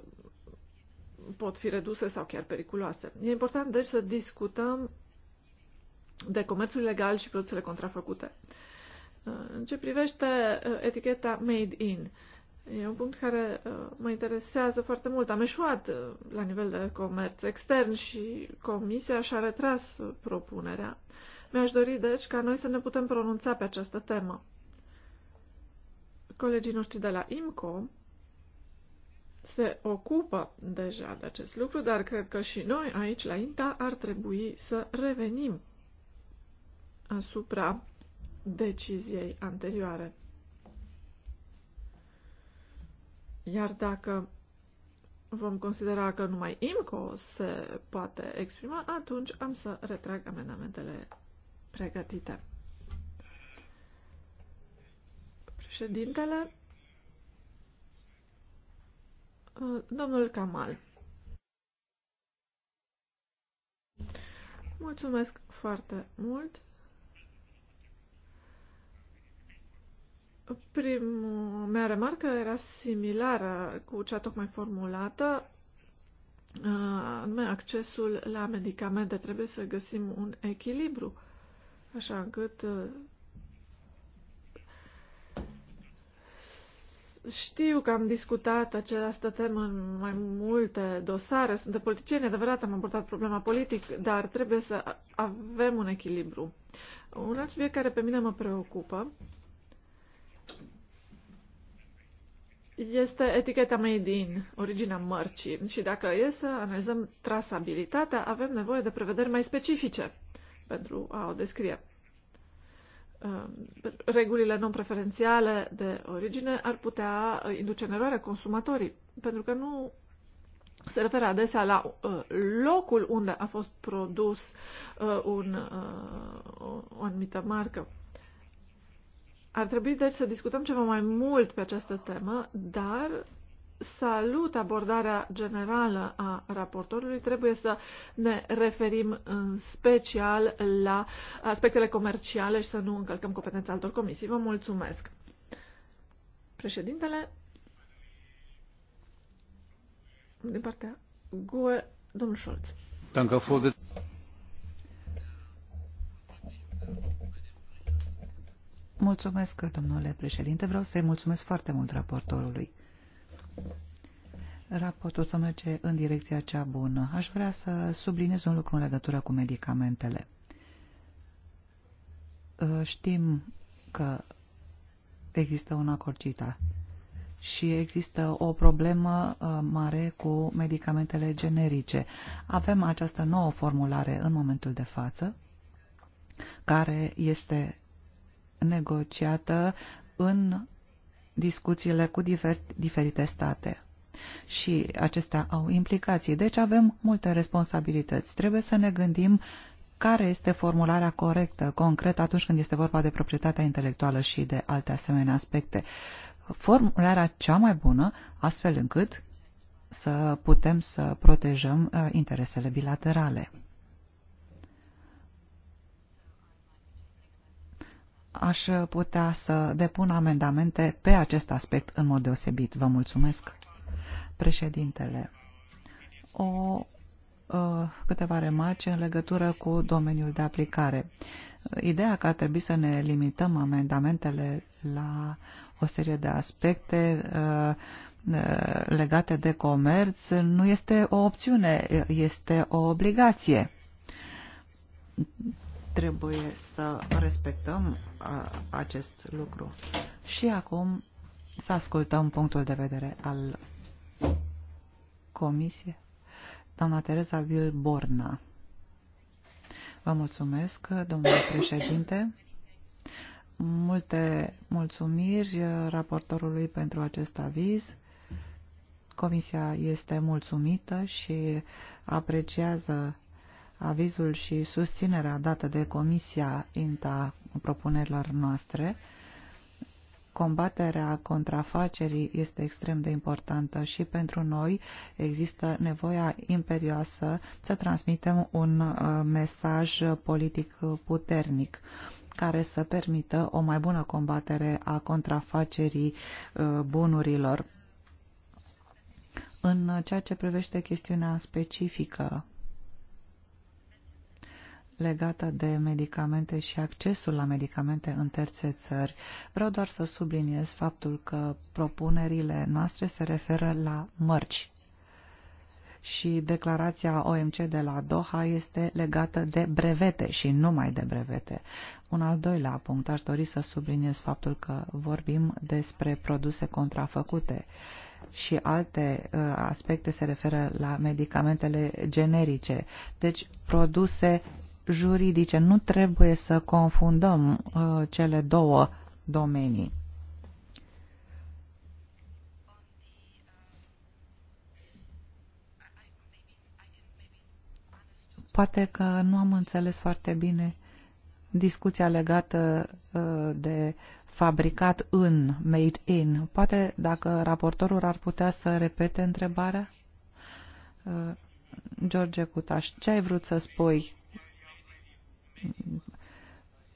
pot fi reduse sau chiar periculoase. E important, deci, să discutăm de comerțul ilegal și produsele contrafăcute. Uh, în ce privește uh, eticheta Made In, e un punct care mă interesează foarte mult. Am eșuat la nivel de comerț extern și Comisia și-a retras propunerea. Mi-aș dori, deci, ca noi să ne putem pronunța pe această temă. Colegii noștri de la IMCO se ocupă deja de acest lucru, dar cred că și noi aici la INTA ar trebui să revenim asupra deciziei anterioare. Iar dacă vom considera că numai IMCO se poate exprima, atunci am să retrag amendamentele pregătite. Președintele, uh, domnul Kamal. Mulțumesc foarte mult. Prima mea remarcă era similară cu cea tocmai formulată, uh, anume accesul la medicamente. Trebuie să găsim un echilibru, așa încât uh, Știu că am discutat această temă în mai multe dosare, de politicieni, adevărat, am abordat problema politic, dar trebuie să avem un echilibru. Un alt subiect care pe mine mă preocupă este eticheta made in, originea mărcii. Și dacă e să analizăm trasabilitatea, avem nevoie de prevederi mai specifice pentru a o descrie. Um, regulile non-preferențiale de origine ar putea uh, induce în eroare consumatorii, pentru că nu se referă adesea la uh, locul unde a fost produs uh, un, o anumită marcă. Ar trebui, deci, să discutăm ceva mai mult pe această temă, dar salut abordarea generală a raportorului. Trebuie să ne referim în special la aspectele comerciale și să nu încălcăm competența altor comisii. Vă mulțumesc. Președintele, din partea GUE, domnul Scholz.
Mulțumesc, domnule președinte. Vreau să-i mulțumesc foarte mult raportorului. Raportul să merge în direcția cea bună. Aș vrea să subliniez un lucru în legătură cu medicamentele. Ă, știm că există un acord CITA și există o problemă ă, mare cu medicamentele generice. Avem această nouă formulare în momentul de față, care este negociată în discuțiile cu diferite state. Și acestea au implicații, deci avem multe responsabilități. Trebuie să ne gândim care este formularea corectă, concret, atunci când este vorba de proprietatea intelectuală și de alte asemenea aspecte. Formularea cea mai bună, astfel încât să putem să protejăm uh, interesele bilaterale. aș putea să depun amendamente pe acest aspect în mod deosebit. Vă mulțumesc, președintele. O uh, câteva remarci în legătură cu domeniul de aplicare. Ideea că ar trebui să ne limităm amendamentele la o serie de aspecte uh, uh, legate de comerț nu este o opțiune, este o obligație Trebuie să respectăm acest lucru. Și acum să ascultăm punctul de vedere al Comisiei. Doamna Teresa Vilborna. Vă mulțumesc, domnule președinte. Multe mulțumiri raportorului pentru acest aviz. Comisia este mulțumită și apreciază avizul și susținerea dată de Comisia INTA propunerilor noastre. Combaterea contrafacerii este extrem de importantă și pentru noi există nevoia imperioasă să transmitem un uh, mesaj politic puternic care să permită o mai bună combatere a contrafacerii uh, bunurilor. În ceea ce privește chestiunea specifică legată de medicamente și accesul la medicamente în terțe țări. Vreau doar să subliniez faptul că propunerile noastre se referă la mărci și declarația OMC de la Doha este legată de brevete și numai de brevete. Un al doilea punct, aș dori să subliniez faptul că vorbim despre produse contrafăcute și alte uh, aspecte se referă la medicamentele generice, deci produse juridice. Nu trebuie să confundăm uh, cele două domenii. Poate că nu am înțeles foarte bine discuția legată uh, de fabricat în, made in. Poate dacă raportorul ar putea să repete întrebarea? Uh, George Cutaș, ce ai vrut să spui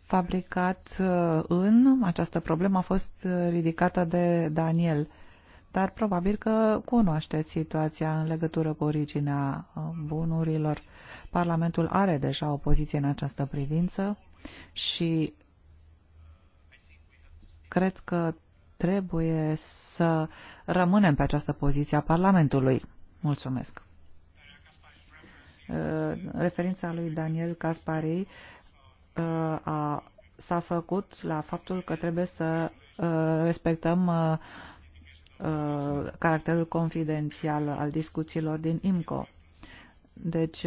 fabricat uh, în, această problemă a fost uh, ridicată de Daniel, dar probabil că cunoașteți situația în legătură cu originea uh, bunurilor. Parlamentul are deja o poziție în această privință și cred că trebuie să rămânem pe această poziție a Parlamentului. Mulțumesc! Uh, referința lui Daniel Caspari uh, s-a făcut la faptul că trebuie să uh, respectăm caracterul confidențial al discuțiilor din IMCO. Deci,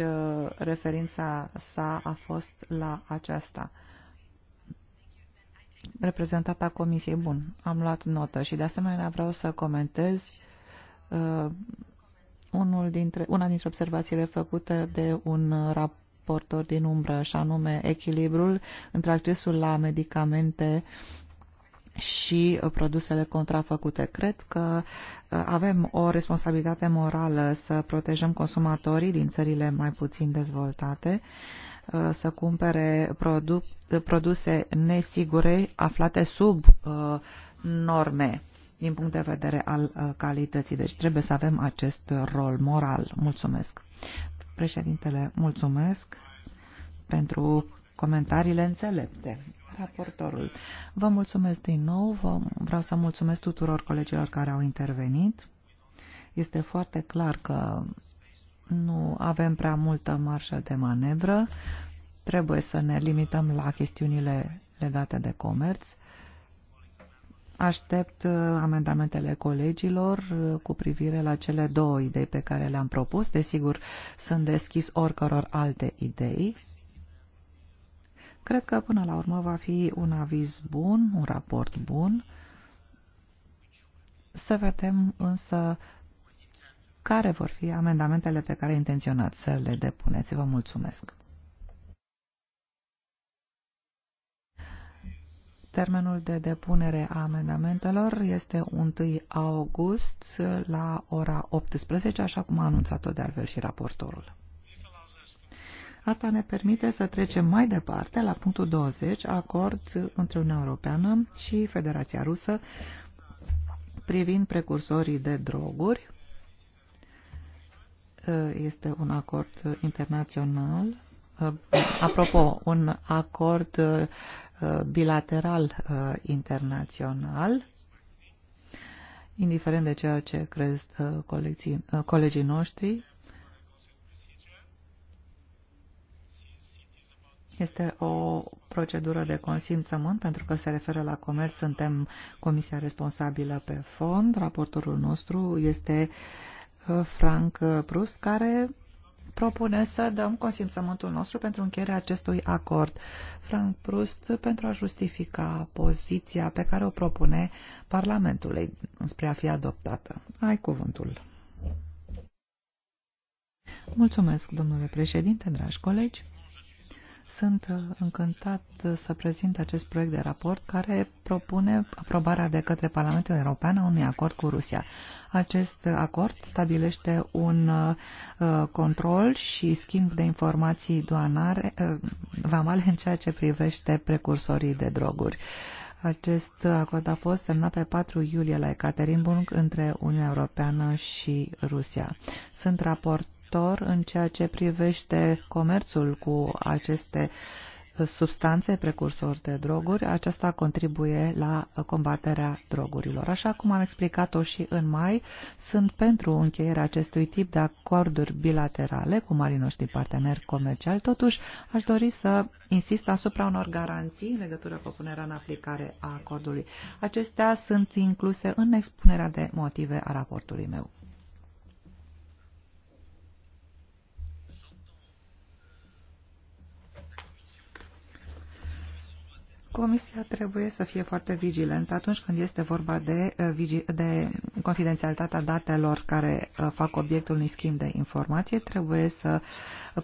referința sa a fost la aceasta. Reprezentata Comisiei, bun, am luat notă și de asemenea vreau să comentez unul dintre, una dintre observațiile făcute de un raportor din umbră, și anume echilibrul între accesul la medicamente și produsele contrafăcute. Cred că uh, avem o responsabilitate morală să protejăm consumatorii din țările mai puțin dezvoltate, uh, să cumpere produ produse nesigure aflate sub uh, norme din punct de vedere al uh, calității. Deci trebuie să avem acest rol moral. Mulțumesc. Președintele, mulțumesc pentru comentariile înțelepte. Raportorul. Vă mulțumesc din nou, vă, vreau să mulțumesc tuturor colegilor care au intervenit. Este foarte clar că nu avem prea multă marșă de manevră, trebuie să ne limităm la chestiunile legate de comerț Aștept uh, amendamentele colegilor uh, cu privire la cele două idei pe care le-am propus. Desigur, sunt deschis oricăror alte idei. Cred că până la urmă va fi un aviz bun, un raport bun. Să vedem însă care vor fi amendamentele pe care intenționați să le depuneți. Vă mulțumesc. Termenul de depunere a amendamentelor este 1 august la ora 18, așa cum a anunțat-o de altfel și raportorul. Asta ne permite să trecem mai departe la punctul 20, acord între Uniunea Europeană și Federația Rusă privind precursorii de droguri. Este un acord internațional Apropo, un acord Uh, bilateral uh, internațional, indiferent de ceea ce crezi uh, colegii, noștri, Este o procedură de consimțământ pentru că se referă la comerț. Suntem comisia responsabilă pe fond. Raportorul nostru este Frank Prus, care propune să dăm consimțământul nostru pentru încheierea acestui acord. Frank Prust, pentru a justifica poziția pe care o propune Parlamentului spre a fi adoptată. Ai cuvântul. Mulțumesc, domnule președinte, dragi colegi. Sunt uh, încântat uh, să prezint acest proiect de raport care propune aprobarea de către Parlamentul European a unui acord cu Rusia. Acest acord stabilește un uh, control și schimb de informații duanare, vamale în ceea ce privește precursorii de droguri. Acest acord a fost semnat pe 4 iulie la Ekaterinburg între Uniunea Europeană și Rusia. Sunt raport sector în ceea ce privește comerțul cu aceste substanțe, precursori de droguri. Aceasta contribuie la combaterea drogurilor. Așa cum am explicat-o și în mai, sunt pentru încheierea acestui tip de acorduri bilaterale cu marii noștri parteneri comerciali. Totuși, aș dori să insist asupra unor garanții în legătură cu punerea în aplicare a acordului. Acestea sunt incluse în expunerea de motive a raportului meu. Comisia trebuie să fie foarte vigilentă atunci când este vorba de, uh, de confidențialitatea datelor care uh, fac obiectul unui schimb de informație. Trebuie să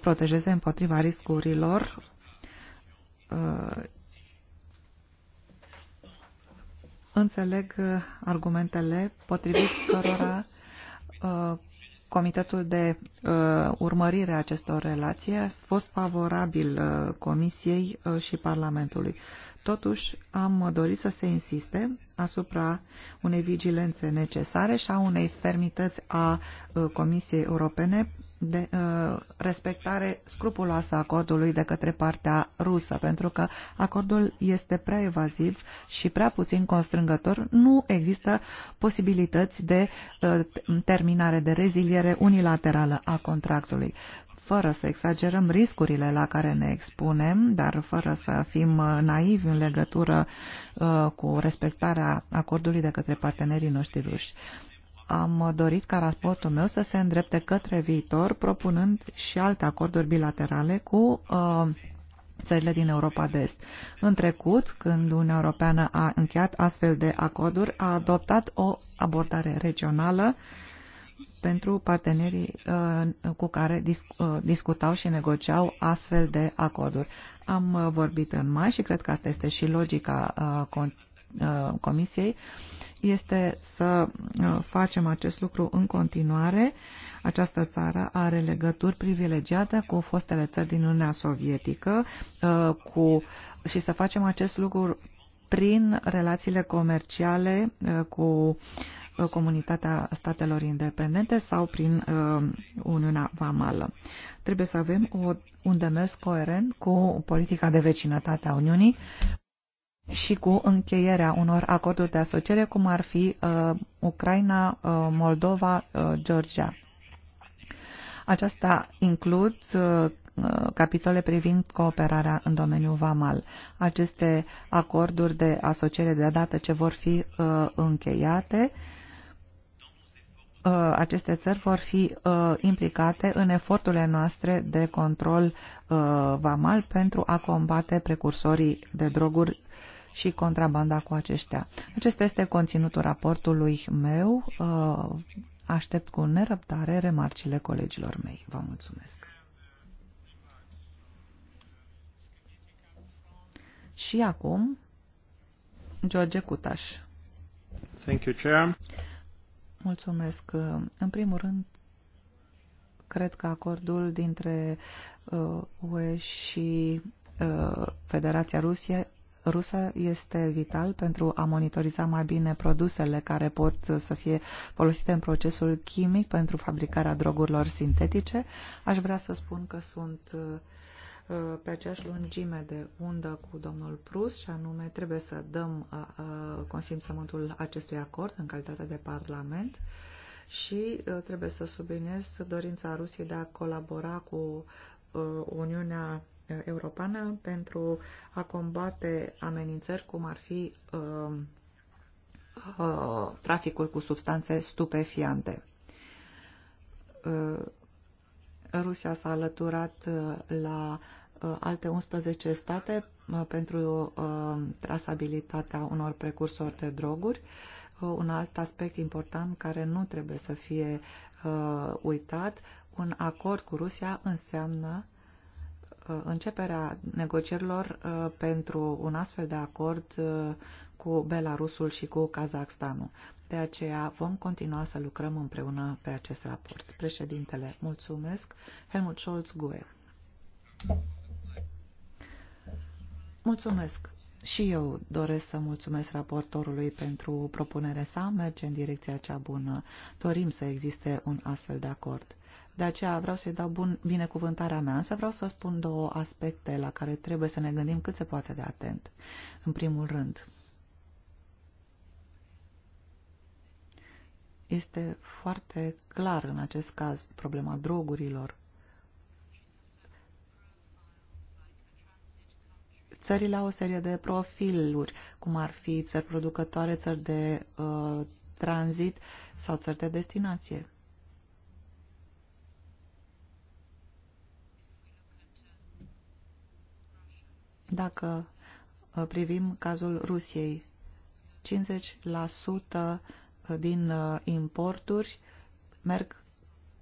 protejeze împotriva riscurilor uh, Înțeleg argumentele potrivit cărora Comitetul de urmărire a acestor relații a fost favorabil Comisiei și Parlamentului. Totuși, am dorit să se insiste asupra unei vigilențe necesare și a unei fermități a uh, Comisiei Europene de uh, respectare scrupuloasă a acordului de către partea rusă, pentru că acordul este prea evaziv și prea puțin constrângător. Nu există posibilități de uh, terminare, de reziliere unilaterală a contractului fără să exagerăm riscurile la care ne expunem, dar fără să fim uh, naivi în legătură uh, cu respectarea acordului de către partenerii noștri ruși am dorit ca raportul meu să se îndrepte către viitor, propunând și alte acorduri bilaterale cu uh, țările din Europa de Est. În trecut, când Uniunea Europeană a încheiat astfel de acorduri, a adoptat o abordare regională uh, pentru partenerii uh, cu care uh, discutau și negociau astfel de acorduri. Am uh, vorbit în mai și cred că asta este și logica Comisiei, este să facem acest lucru în continuare. Această țară are legături privilegiate cu fostele țări din Uniunea Sovietică cu, și să facem acest lucru prin relațiile comerciale cu comunitatea statelor independente sau prin uh, Uniunea Vamală. Trebuie să avem o, un demers coerent cu politica de vecinătate a Uniunii și cu încheierea unor acorduri de asociere, cum ar fi uh, Ucraina, uh, Moldova, uh, Georgia. Aceasta includ uh, capitole privind cooperarea în domeniul VAMAL. Aceste acorduri de asociere de dată ce vor fi uh, încheiate uh, Uh, aceste țări vor fi uh, implicate în eforturile noastre de control uh, vamal pentru a combate precursorii de droguri și contrabanda cu aceștia. Acesta este conținutul raportului meu. Aștept cu nerăbdare remarcile colegilor mei. Vă mulțumesc. Și acum, George Cutaș.
Thank you, Chair.
Mulțumesc. În primul rând, cred că acordul dintre UE uh, și uh, Federația Rusie rusă este vital pentru a monitoriza mai bine produsele care pot să fie folosite în procesul chimic pentru fabricarea drogurilor sintetice. Aș vrea să spun că sunt uh, Uh, pe aceeași lungime de undă cu domnul Prus și anume trebuie să dăm uh, uh, consimțământul acestui acord în calitate de Parlament și trebuie să subliniez dorința Rusiei de a colabora cu Uniunea Europeană pentru a combate amenințări cum ar fi traficul cu substanțe stupefiante. Rusia s-a alăturat la Uh, alte 11 state uh, pentru uh, trasabilitatea unor precursori de droguri. Un alt aspect important care nu trebuie să fie uitat, un acord cu Rusia înseamnă începerea negocierilor pentru un astfel de acord cu Belarusul și cu Kazakhstanul. De aceea vom continua să lucrăm împreună pe acest raport. Președintele, mulțumesc. Helmut Scholz, GUE. Mulțumesc. Și eu doresc să mulțumesc raportorului pentru propunerea sa, merge în direcția cea bună. Dorim să existe un astfel de acord. De aceea vreau să-i dau bun, binecuvântarea mea, însă vreau să spun două aspecte la care trebuie să ne gândim cât se poate de atent. În primul rând, este foarte clar în acest caz problema drogurilor țările au o serie de profiluri, cum ar fi țări producătoare, țări de uh, tranzit sau țări de destinație. Dacă uh, privim cazul Rusiei, 50% uh, din uh, importuri merg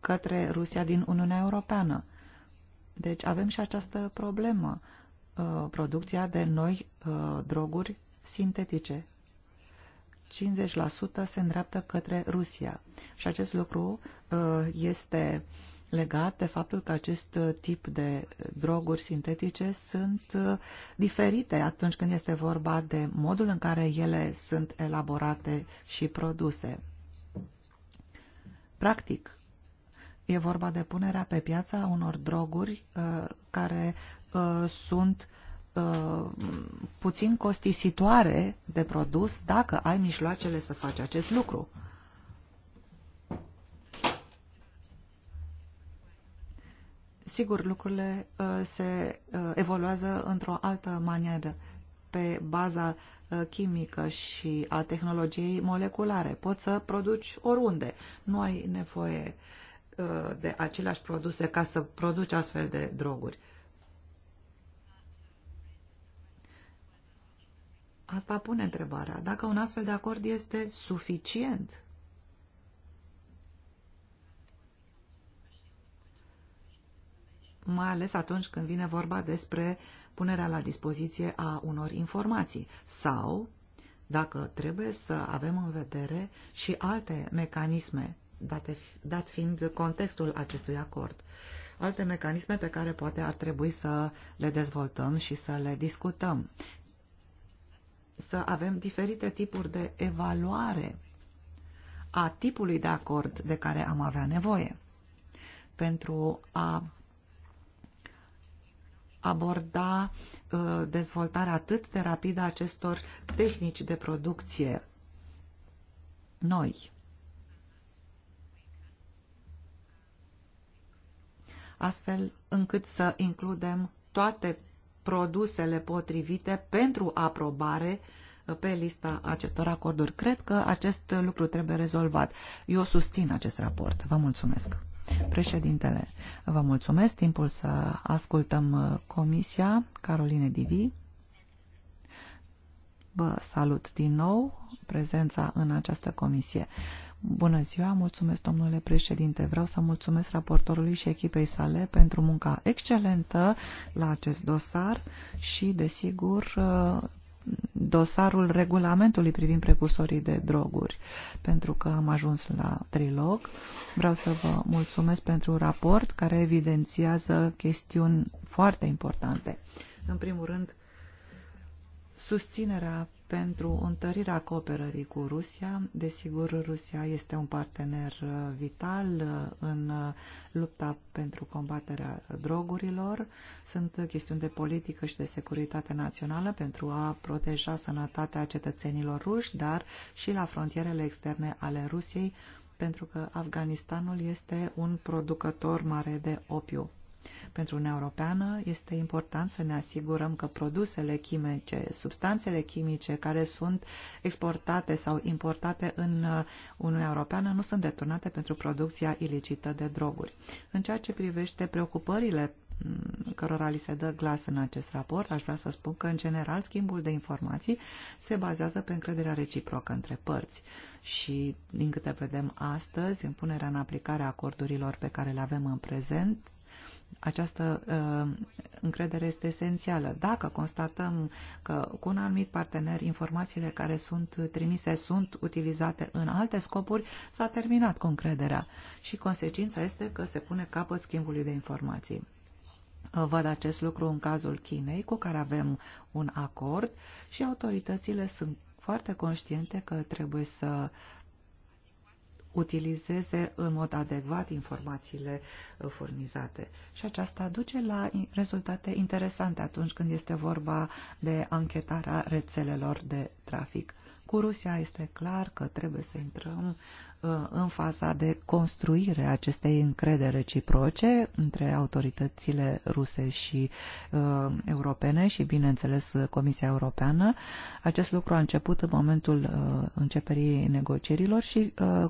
către Rusia din Uniunea Europeană. Deci avem și această problemă Uh, producția de noi uh, droguri sintetice. 50% se îndreaptă către Rusia. Și acest lucru uh, este legat de faptul că acest tip de droguri sintetice sunt diferite atunci când este vorba de modul în care ele sunt elaborate și produse. Practic, e vorba de punerea pe piața unor droguri care Uh, sunt uh, puțin costisitoare de produs dacă ai mijloacele să faci acest lucru. Sigur, lucrurile uh, se evoluează într-o altă manieră pe baza chimică și a tehnologiei moleculare. Poți să produci oriunde. Nu ai nevoie de aceleași produse ca să produci astfel de droguri. Asta pune întrebarea. Dacă un astfel de acord este suficient mai ales atunci când vine vorba despre punerea la dispoziție a unor informații sau dacă trebuie să avem în vedere și alte mecanisme, date, dat fiind contextul acestui acord, alte mecanisme pe care poate ar trebui să le dezvoltăm și să le discutăm să avem diferite tipuri de evaluare a tipului de acord de care am avea nevoie pentru a aborda uh, dezvoltarea atât de rapidă a acestor tehnici de producție noi. Astfel încât să includem toate produsele potrivite pentru aprobare uh, pe lista acestor acorduri. Cred că acest lucru trebuie rezolvat. Eu susțin acest raport. Vă mulțumesc. Președintele, vă mulțumesc. Timpul să ascultăm uh, comisia. Caroline Divi. Vă salut din nou prezența în această comisie. Bună ziua, mulțumesc domnule președinte. Vreau să mulțumesc raportorului și echipei sale pentru munca excelentă la acest dosar și, desigur, dosarul regulamentului privind precursorii de droguri, pentru că am ajuns la trilog. Vreau să vă mulțumesc pentru un raport care evidențiază chestiuni foarte importante. În primul rând, susținerea pentru întărirea cooperării cu Rusia. Desigur, Rusia este un partener uh, vital uh, în uh, lupta pentru combaterea drogurilor. Sunt chestiuni de politică și de securitate națională pentru a proteja sănătatea cetățenilor ruși, dar și la frontierele externe ale Rusiei, pentru că Afganistanul este un producător mare de opiu. Pentru Uniunea Europeană este important să ne asigurăm că produsele chimice, substanțele chimice care sunt exportate sau importate în uh, Uniunea Europeană nu sunt deturnate pentru producția ilicită de droguri. În ceea ce privește preocupările mm, cărora li se dă glas în acest raport, aș vrea să spun că, în general, schimbul de informații se bazează pe încrederea reciprocă între părți și, din câte vedem astăzi, în punerea în aplicare a acordurilor pe care le avem în prezent, această uh, încredere este esențială. Dacă constatăm că cu un anumit partener informațiile care sunt trimise sunt utilizate în alte scopuri, s-a terminat cu încrederea și consecința este că se pune capăt schimbului de informații. Uh, văd acest lucru în cazul Chinei, cu care avem un acord și autoritățile sunt foarte conștiente că trebuie să utilizeze în mod adecvat informațiile uh, furnizate. Și aceasta duce la rezultate interesante atunci când este vorba de anchetarea rețelelor de trafic. Cu Rusia este clar că trebuie să intrăm uh, în faza de construire acestei încredere reciproce între autoritățile ruse și uh, europene și, bineînțeles, Comisia Europeană. Acest lucru a început în momentul uh, începerii negocierilor și uh,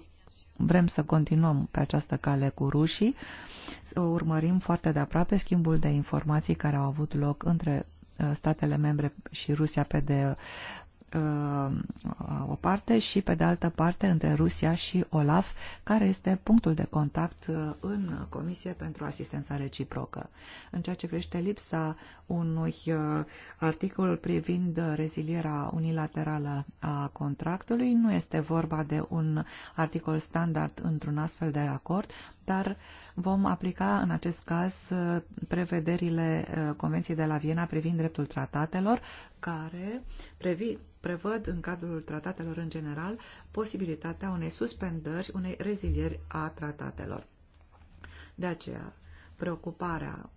vrem să continuăm pe această cale cu rușii. Urmărim foarte de aproape schimbul de informații care au avut loc între uh, statele membre și Rusia pe de Uh, o parte și pe de altă parte între Rusia și OLAF, care este punctul de contact uh, în Comisie pentru Asistența Reciprocă. În ceea ce privește lipsa unui uh, articol privind rezilierea unilaterală a contractului, nu este vorba de un articol standard într-un astfel de acord, dar vom aplica în acest caz prevederile Convenției de la Viena privind dreptul tratatelor, care previ, prevăd în cadrul tratatelor în general posibilitatea unei suspendări, unei rezilieri a tratatelor. De aceea, preocuparea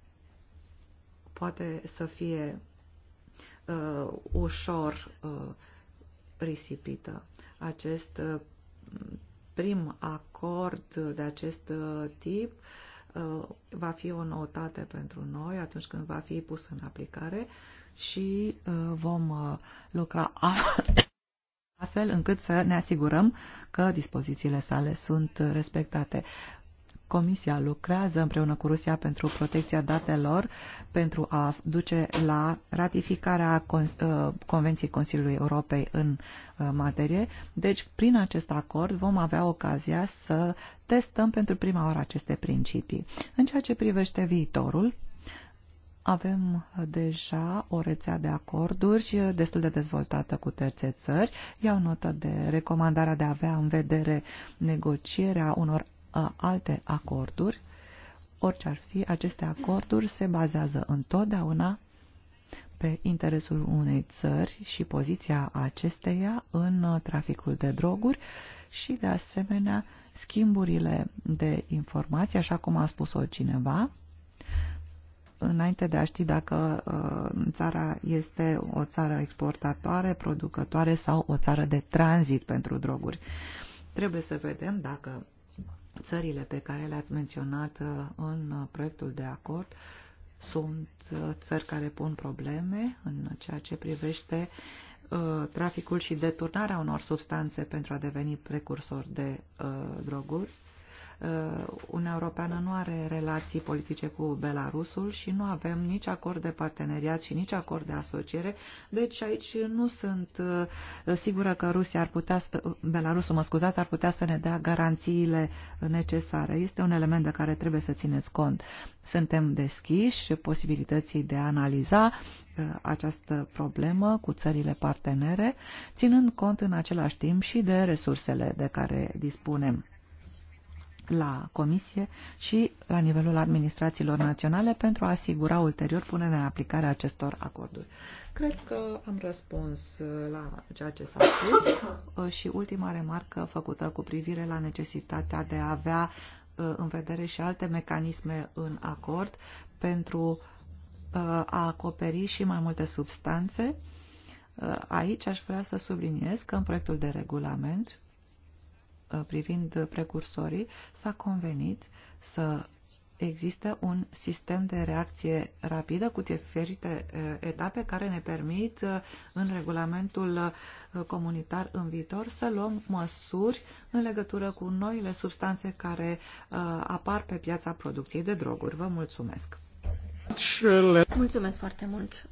poate să fie uh, ușor uh, risipită. Acest uh, prim acord de acest uh, tip uh, va fi o noutate pentru noi atunci când va fi pus în aplicare uh, și uh, vom uh, lucra astfel încât să ne asigurăm că dispozițiile sale sunt respectate. Comisia lucrează împreună cu Rusia pentru protecția datelor pentru a duce la ratificarea uh, Convenției Consiliului Europei în materie. Deci, prin acest acord vom avea ocazia să testăm pentru prima oară aceste principii. În ceea ce privește viitorul, avem uh, deja o rețea de acorduri uh, destul de dezvoltată cu terțe țări. Iau notă de recomandarea de a avea în vedere negocierea unor uh, alte acorduri. Orice ar fi, aceste acorduri se bazează întotdeauna pe interesul unei țări și poziția acesteia în traficul de droguri și, de asemenea, schimburile de informații, așa cum a spus-o cineva, înainte de a ști dacă uh, țara este o țară exportatoare, producătoare sau o țară de tranzit pentru droguri. Trebuie să vedem dacă țările pe care le-ați menționat uh, în proiectul de acord sunt uh, țări care pun probleme în ceea ce privește traficul și deturnarea unor substanțe pentru a deveni precursori de droguri Uh, Uniunea Europeană nu are relații politice cu Belarusul și nu avem nici acord de parteneriat și nici acord de asociere, deci aici nu sunt uh, sigură că Rusia ar putea, uh, Belarusul, mă scuzați, ar putea să ne dea garanțiile necesare. Este un element de care trebuie să țineți cont. Suntem deschiși posibilității de a analiza această problemă cu țările partenere, ținând cont în același timp și de resursele de care dispunem la Comisie și la nivelul administrațiilor naționale pentru a asigura ulterior punerea în aplicare a acestor acorduri. Cred că am răspuns uh, la ceea ce s-a spus uh, și ultima remarcă făcută cu privire la necesitatea de a avea uh, în vedere și alte mecanisme în acord pentru a acoperi și mai multe substanțe. Aici aș vrea să subliniez că în proiectul de regulament Uh, privind precursorii, s-a convenit să există un sistem de reacție rapidă cu diferite uh, etape care ne permit uh, în regulamentul comunitar în viitor să luăm măsuri în legătură cu noile substanțe care apar pe piața producției de droguri. Vă mulțumesc!
Mulțumesc foarte mult!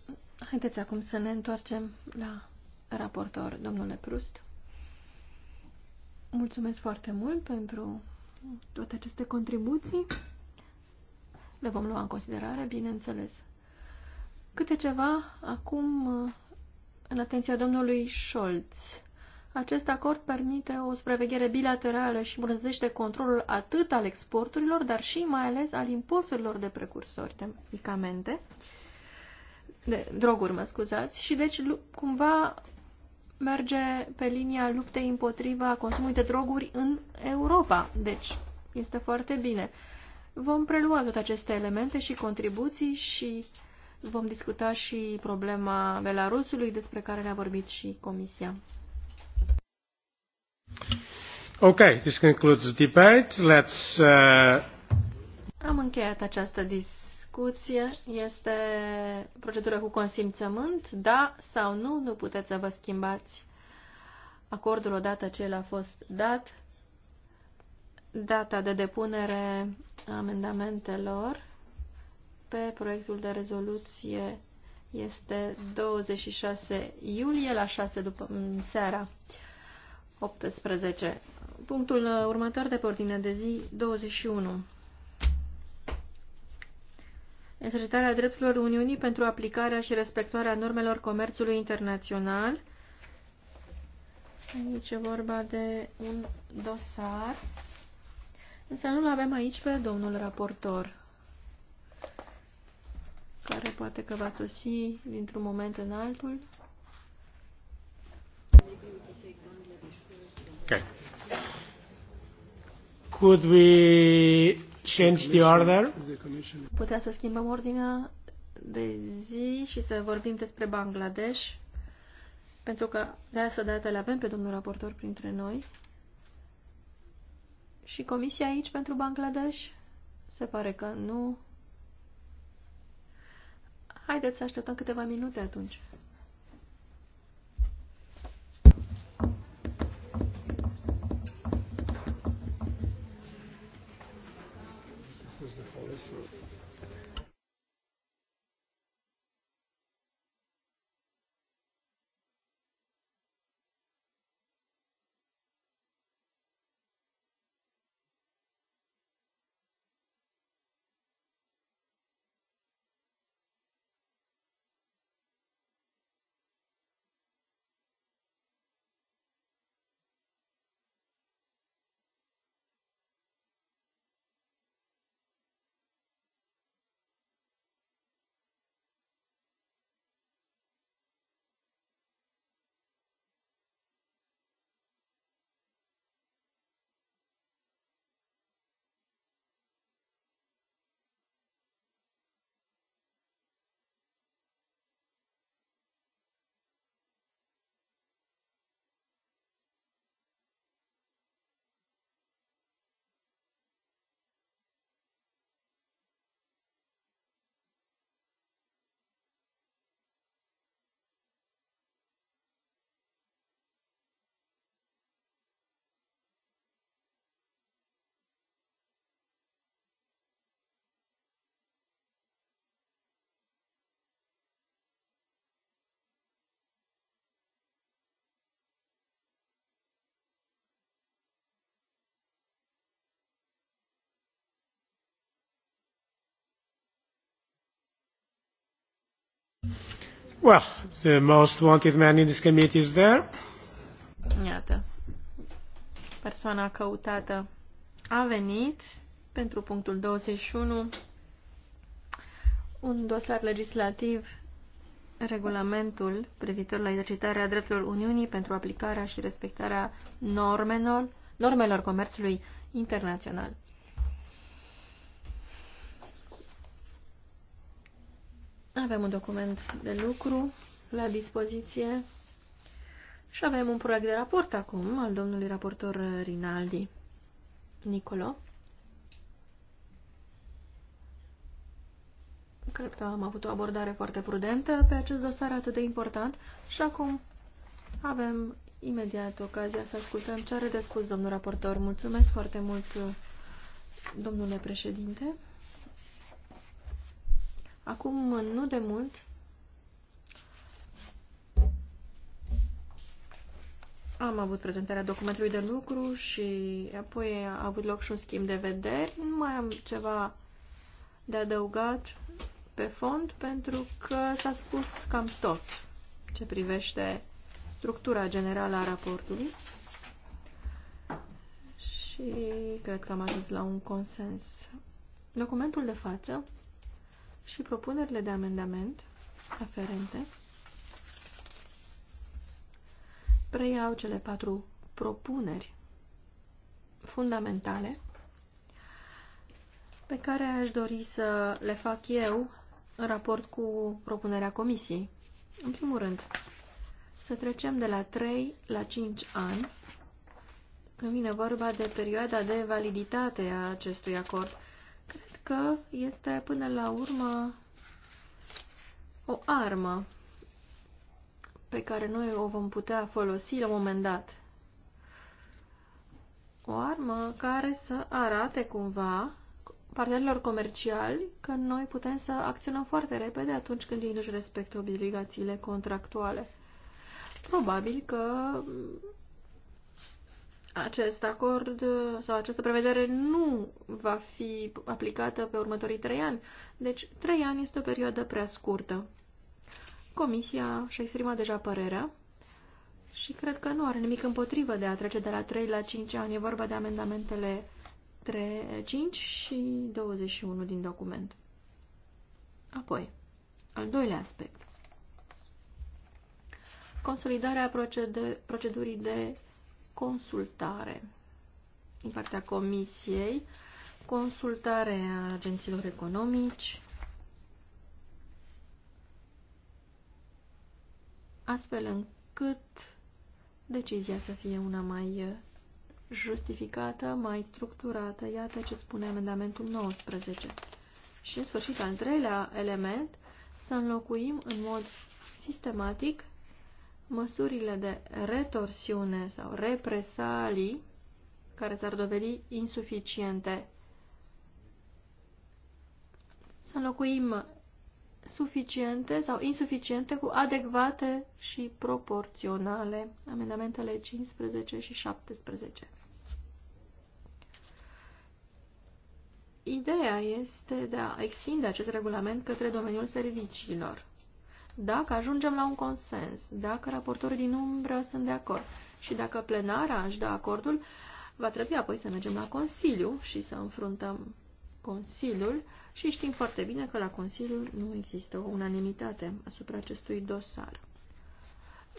Haideți acum să ne întoarcem la raportor, domnule Prust. Mulțumesc foarte mult pentru toate aceste contribuții. Le vom lua în considerare, bineînțeles. Câte ceva acum uh, în atenția domnului Scholz. Acest acord permite o supraveghere bilaterală și îmbunătățește controlul atât al exporturilor, dar și mai ales al importurilor de precursori de medicamente, de droguri, mă scuzați, și deci cumva merge pe linia luptei împotriva consumului de droguri în Europa. Deci, este foarte bine. Vom prelua toate aceste elemente și contribuții și vom discuta și problema Belarusului despre care ne-a vorbit și Comisia. Ok, this concludes the debate. Let's, uh... Am încheiat această dis discuție este procedură cu consimțământ, da sau nu, nu puteți să vă schimbați acordul odată ce el a fost dat, data de depunere a amendamentelor pe proiectul de rezoluție este 26 iulie la 6 după seara 18. Punctul uh, următor de pe ordine de zi 21 exercitarea drepturilor Uniunii pentru aplicarea și respectarea normelor comerțului internațional. Aici e vorba de un dosar, însă nu-l avem aici pe domnul raportor, care poate că va sosi dintr-un moment în altul. Okay. Could we change the order? Putem să schimbăm ordinea de zi și să vorbim despre Bangladesh, pentru că de asta dată le avem pe domnul raportor printre noi. Și comisia aici pentru Bangladesh? Se pare că nu. Haideți să așteptăm câteva minute atunci. Well, the most wanted man in this committee is there. Iată. Persoana căutată a venit pentru punctul 21, un dosar legislativ, regulamentul privitor la exercitarea drepturilor Uniunii pentru aplicarea și respectarea normelor, normelor comerțului internațional. Avem un document de lucru la dispoziție și avem un proiect de raport acum al domnului raportor Rinaldi. Nicolo? Cred că am avut o abordare foarte prudentă pe acest dosar atât de important și acum avem imediat ocazia să ascultăm ce are de spus domnul raportor. Mulțumesc foarte mult, domnule președinte. Acum, nu de mult, am avut prezentarea documentului de lucru și apoi a avut loc și un schimb de vederi. Nu mai am ceva de adăugat pe fond pentru că s-a spus cam tot ce privește structura generală a raportului și cred că am ajuns la un consens. Documentul de față și propunerile de amendament aferente preiau cele patru propuneri fundamentale pe care aș dori să le fac eu în raport cu propunerea comisiei. În primul rând, să trecem de la 3 la 5 ani când vine vorba de perioada de validitate a acestui acord că este până la urmă o armă pe care noi o vom putea folosi la un moment dat. O armă care să arate cumva partenerilor comerciali că noi putem să acționăm foarte repede atunci când ei nu-și respectă obligațiile contractuale. Probabil că acest acord uh, sau această prevedere nu va fi aplicată pe următorii trei ani. Deci, trei ani este o perioadă prea scurtă. Comisia și-a exprimat deja părerea și cred că nu are nimic împotrivă de a trece de la 3 la 5 ani. E vorba de amendamentele 3, 5 și 21 din document. Apoi, al doilea aspect. Consolidarea procedurii de consultare din partea Comisiei, consultare a agenților economici, astfel încât decizia să fie una mai justificată, mai structurată. Iată ce spune amendamentul 19. Și, în sfârșit, al treilea element, să înlocuim în mod sistematic măsurile de retorsiune sau represalii care s-ar dovedi insuficiente. Să înlocuim suficiente sau insuficiente cu adecvate și proporționale. Amendamentele 15 și 17. Ideea este de a extinde acest regulament către domeniul serviciilor dacă ajungem la un consens, dacă raportorii din umbră sunt de acord și dacă plenara își dă acordul, va trebui apoi să mergem la Consiliu și să înfruntăm Consiliul și știm foarte bine că la Consiliu nu există o unanimitate asupra acestui dosar.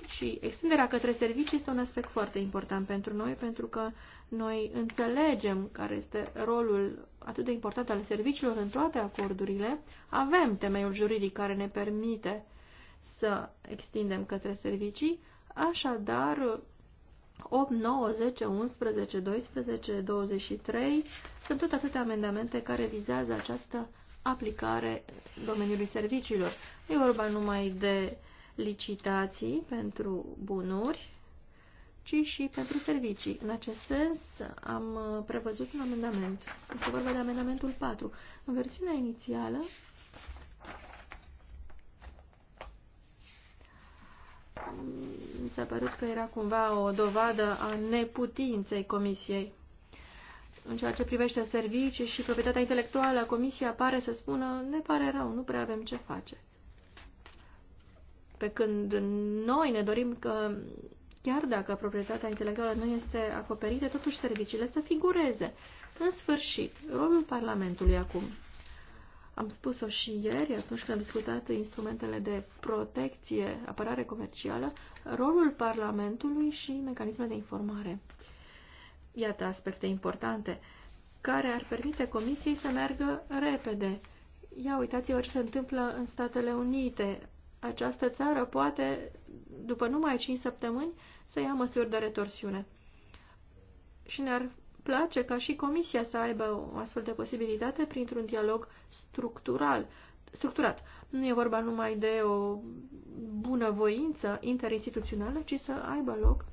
Și extinderea către servicii este un aspect foarte important pentru noi, pentru că noi înțelegem care este rolul atât de important al serviciilor în toate acordurile. Avem temeiul juridic care ne permite să extindem către servicii, așadar 8, 9, 10, 11, 12, 23 sunt tot atâtea amendamente care vizează această aplicare domeniului serviciilor. E vorba numai de licitații pentru bunuri, ci și pentru servicii. În acest sens am prevăzut un amendament. Este vorba de amendamentul 4. În versiunea inițială, mi s-a părut că era cumva o dovadă a neputinței Comisiei. În ceea ce privește servicii și proprietatea intelectuală, Comisia pare să spună, ne pare rău, nu prea avem ce face. Pe când noi ne dorim că, chiar dacă proprietatea intelectuală nu este acoperită, totuși serviciile să figureze. În sfârșit, rolul Parlamentului acum. Am spus-o și ieri, atunci când am discutat instrumentele de protecție, apărare comercială, rolul Parlamentului și mecanismele de informare. Iată aspecte importante care ar permite Comisiei să meargă repede. Ia uitați-vă ce se întâmplă în Statele Unite. Această țară poate, după numai 5 săptămâni, să ia măsuri de retorsiune. Și ne-ar place ca și Comisia să aibă o astfel de posibilitate printr-un dialog structural, structurat. Nu e vorba numai de o bunăvoință interinstituțională, ci să aibă loc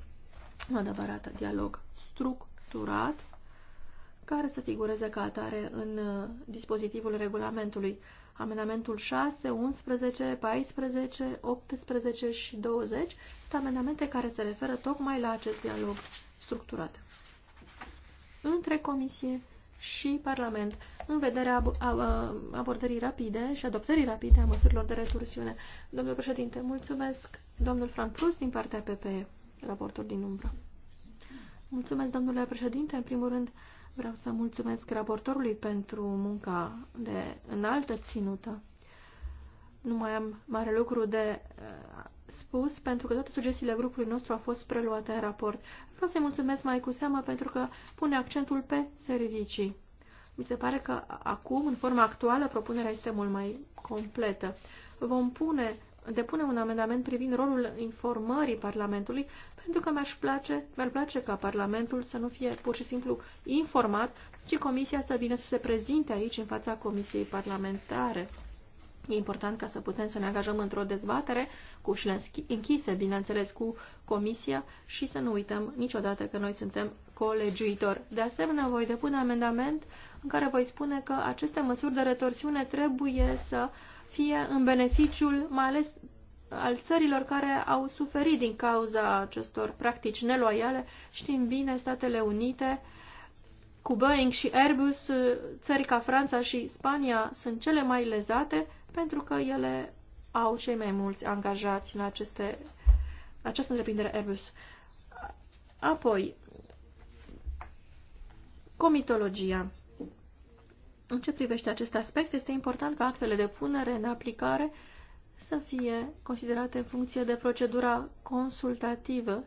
un adevărat dialog structurat care să figureze ca atare în uh, dispozitivul regulamentului. Amendamentul 6, 11, 14, 18 și 20 sunt amendamente care se referă tocmai la acest dialog structurat între Comisie și Parlament în vederea abordării rapide și adoptării rapide a măsurilor de retursiune. Domnul președinte, mulțumesc. Domnul Frank Prus din partea PPE, raportul din umbră. Mulțumesc, domnule președinte. În primul rând, vreau să mulțumesc raportorului pentru munca de înaltă ținută. Nu mai am mare lucru de spus, pentru că toate sugestiile grupului nostru au fost preluate în raport. Vreau să-i mulțumesc mai cu seamă pentru că pune accentul pe servicii. Mi se pare că acum, în forma actuală, propunerea este mult mai completă. Vom pune, depune un amendament privind rolul informării Parlamentului, pentru că mi ar place, mi place ca Parlamentul să nu fie pur și simplu informat, ci Comisia să vină să se prezinte aici în fața Comisiei Parlamentare E important ca să putem să ne angajăm într-o dezbatere cu ușile închise, bineînțeles, cu Comisia și să nu uităm niciodată că noi suntem colegiuitori. De asemenea, voi depune amendament în care voi spune că aceste măsuri de retorsiune trebuie să fie în beneficiul mai ales al țărilor care au suferit din cauza acestor practici neloiale. Știm bine, Statele Unite cu Boeing și Airbus, țări ca Franța și Spania sunt cele mai lezate pentru că ele au cei mai mulți angajați în aceste, această întreprindere Airbus. Apoi, comitologia. În ce privește acest aspect, este important ca actele de punere în aplicare să fie considerate în funcție de procedura consultativă.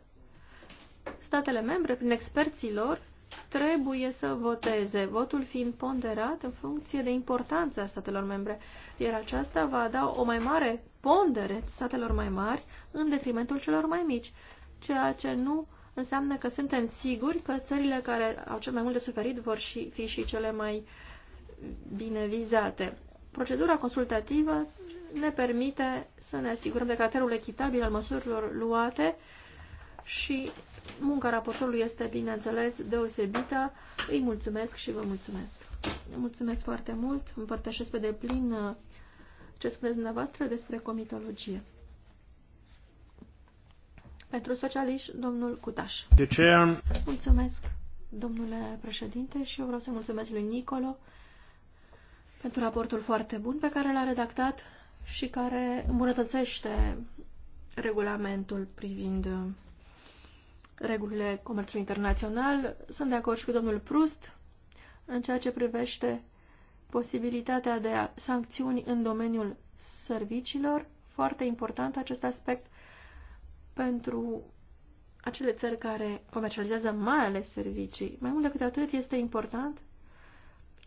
Statele membre, prin experții lor, trebuie să voteze, votul fiind ponderat în funcție de importanța statelor membre, iar aceasta va da o mai mare pondere statelor mai mari în detrimentul celor mai mici, ceea ce nu înseamnă că suntem siguri că țările care au cel mai mult de suferit vor și, fi și cele mai bine vizate. Procedura consultativă ne permite să ne asigurăm de caracterul echitabil al măsurilor luate și Munca raportorului este, bineînțeles, deosebită. Îi mulțumesc și vă mulțumesc. Mulțumesc foarte mult. Împărtășesc pe deplin uh, ce spuneți dumneavoastră despre comitologie. Pentru socialiști, domnul Cutaș. De ce? Mulțumesc, domnule președinte, și eu vreau să mulțumesc lui Nicolo pentru raportul foarte bun pe care l-a redactat și care îmbunătățește regulamentul privind uh, regulile comerțului internațional. Sunt de acord și cu domnul Prust în ceea ce privește posibilitatea de a sancțiuni în domeniul serviciilor. Foarte important acest aspect pentru acele țări care comercializează mai ales servicii. Mai mult decât atât, este important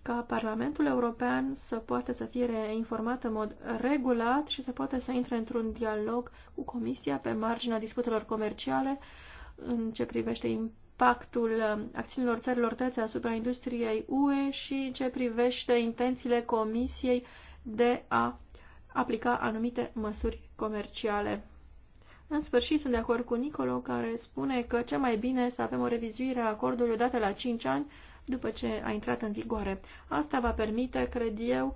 ca Parlamentul European să poată să fie informat în mod regulat și să poată să intre într-un dialog cu Comisia pe marginea disputelor comerciale în ce privește impactul um, acțiunilor țărilor terțe asupra industriei UE și în ce privește intențiile Comisiei de a aplica anumite măsuri comerciale. În sfârșit, sunt de acord cu Nicolo, care spune că cel mai bine să avem o revizuire a acordului odată la 5 ani după ce a intrat în vigoare. Asta va permite, cred eu,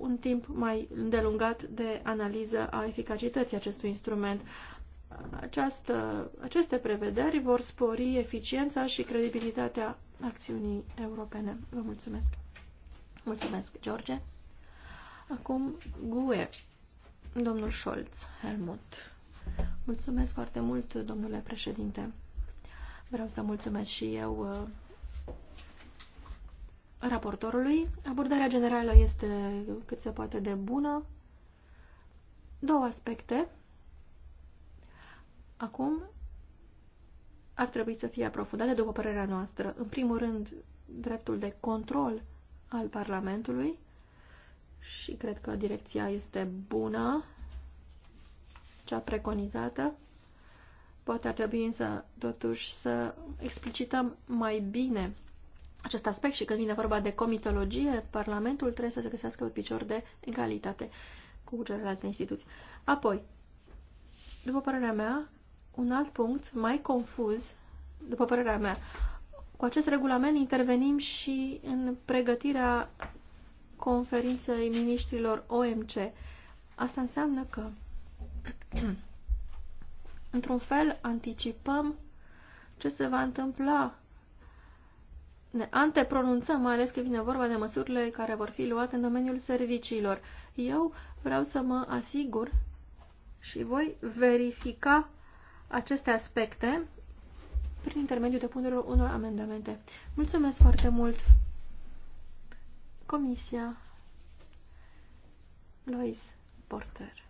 un timp mai îndelungat de analiză a eficacității acestui instrument această, aceste prevederi vor spori eficiența și credibilitatea acțiunii europene. Vă mulțumesc. Mulțumesc, George. Acum, GUE, domnul Scholz, Helmut. Mulțumesc foarte mult, domnule președinte. Vreau să mulțumesc și eu uh, raportorului. Abordarea generală este cât se poate de bună. Două aspecte acum ar trebui să fie aprofundate, după părerea noastră, în primul rând, dreptul de control al Parlamentului și cred că direcția este bună, cea preconizată. Poate ar trebui însă, totuși, să explicităm mai bine acest aspect și când vine vorba de comitologie, Parlamentul trebuie să se găsească pe picior de egalitate cu celelalte instituții. Apoi, după părerea mea, un alt punct mai confuz, după părerea mea, cu acest regulament intervenim și în pregătirea conferinței ministrilor OMC. Asta înseamnă că, într-un fel, anticipăm ce se va întâmpla. Ne antepronunțăm, mai ales că vine vorba de măsurile care vor fi luate în domeniul serviciilor. Eu vreau să mă asigur și voi verifica aceste aspecte prin intermediul depunerilor unor amendamente. Mulțumesc foarte mult, Comisia Lois Porter.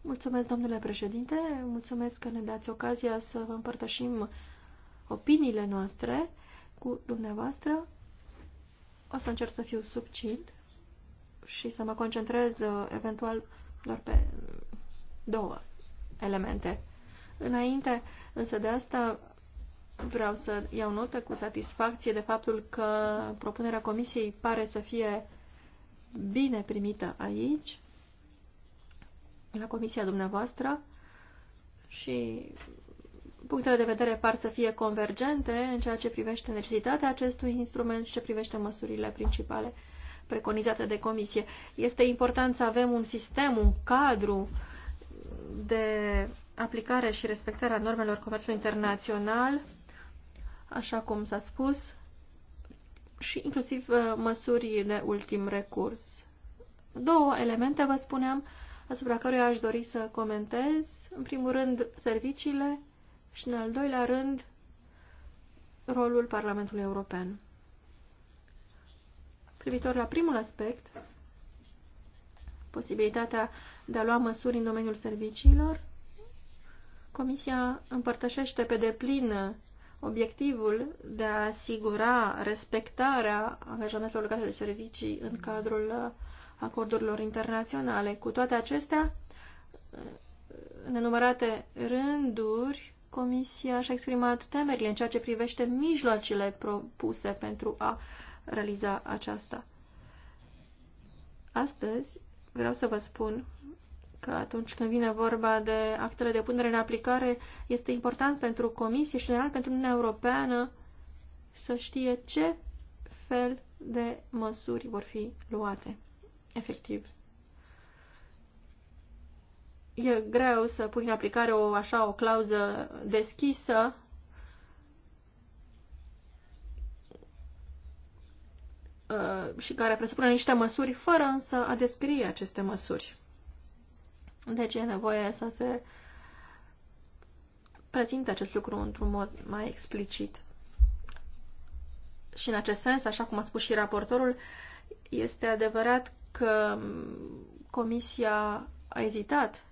Mulțumesc, domnule președinte, mulțumesc că ne dați ocazia să vă împărtășim opiniile noastre cu dumneavoastră. O să încerc să fiu subcint și să mă concentrez uh, eventual doar pe mm, două elemente. Înainte, însă de asta, vreau să iau notă cu satisfacție de faptul că propunerea comisiei pare să fie bine primită aici, la comisia dumneavoastră, și punctele de vedere par să fie convergente în ceea ce privește necesitatea acestui instrument și ce privește măsurile principale preconizate de comisie. Este important să avem un sistem, un cadru uh, de aplicare și respectarea normelor comerțului internațional, așa cum s-a spus, și inclusiv uh, măsuri de ultim recurs. Două elemente, vă spuneam, asupra căruia aș dori să comentez. În primul rând, serviciile și, în al doilea rând, rolul Parlamentului European. Privitor la primul aspect, posibilitatea de a lua măsuri în domeniul serviciilor. Comisia împărtășește pe deplin obiectivul de a asigura respectarea angajamentelor legate de servicii în cadrul acordurilor internaționale. Cu toate acestea, în enumărate rânduri, Comisia și-a exprimat temerile în ceea ce privește mijloacele propuse pentru a realiza aceasta. Astăzi, vreau să vă spun că atunci când vine vorba de actele de punere în aplicare, este important pentru Comisie și, general, pentru Uniunea Europeană să știe ce fel de măsuri vor fi luate, efectiv. E greu să pui în aplicare o, așa, o clauză deschisă Uh, și care presupune niște măsuri, fără însă a descrie aceste măsuri. Deci e nevoie să se prezinte acest lucru într-un mod mai explicit. Și în acest sens, așa cum a spus și raportorul, este adevărat că Comisia a ezitat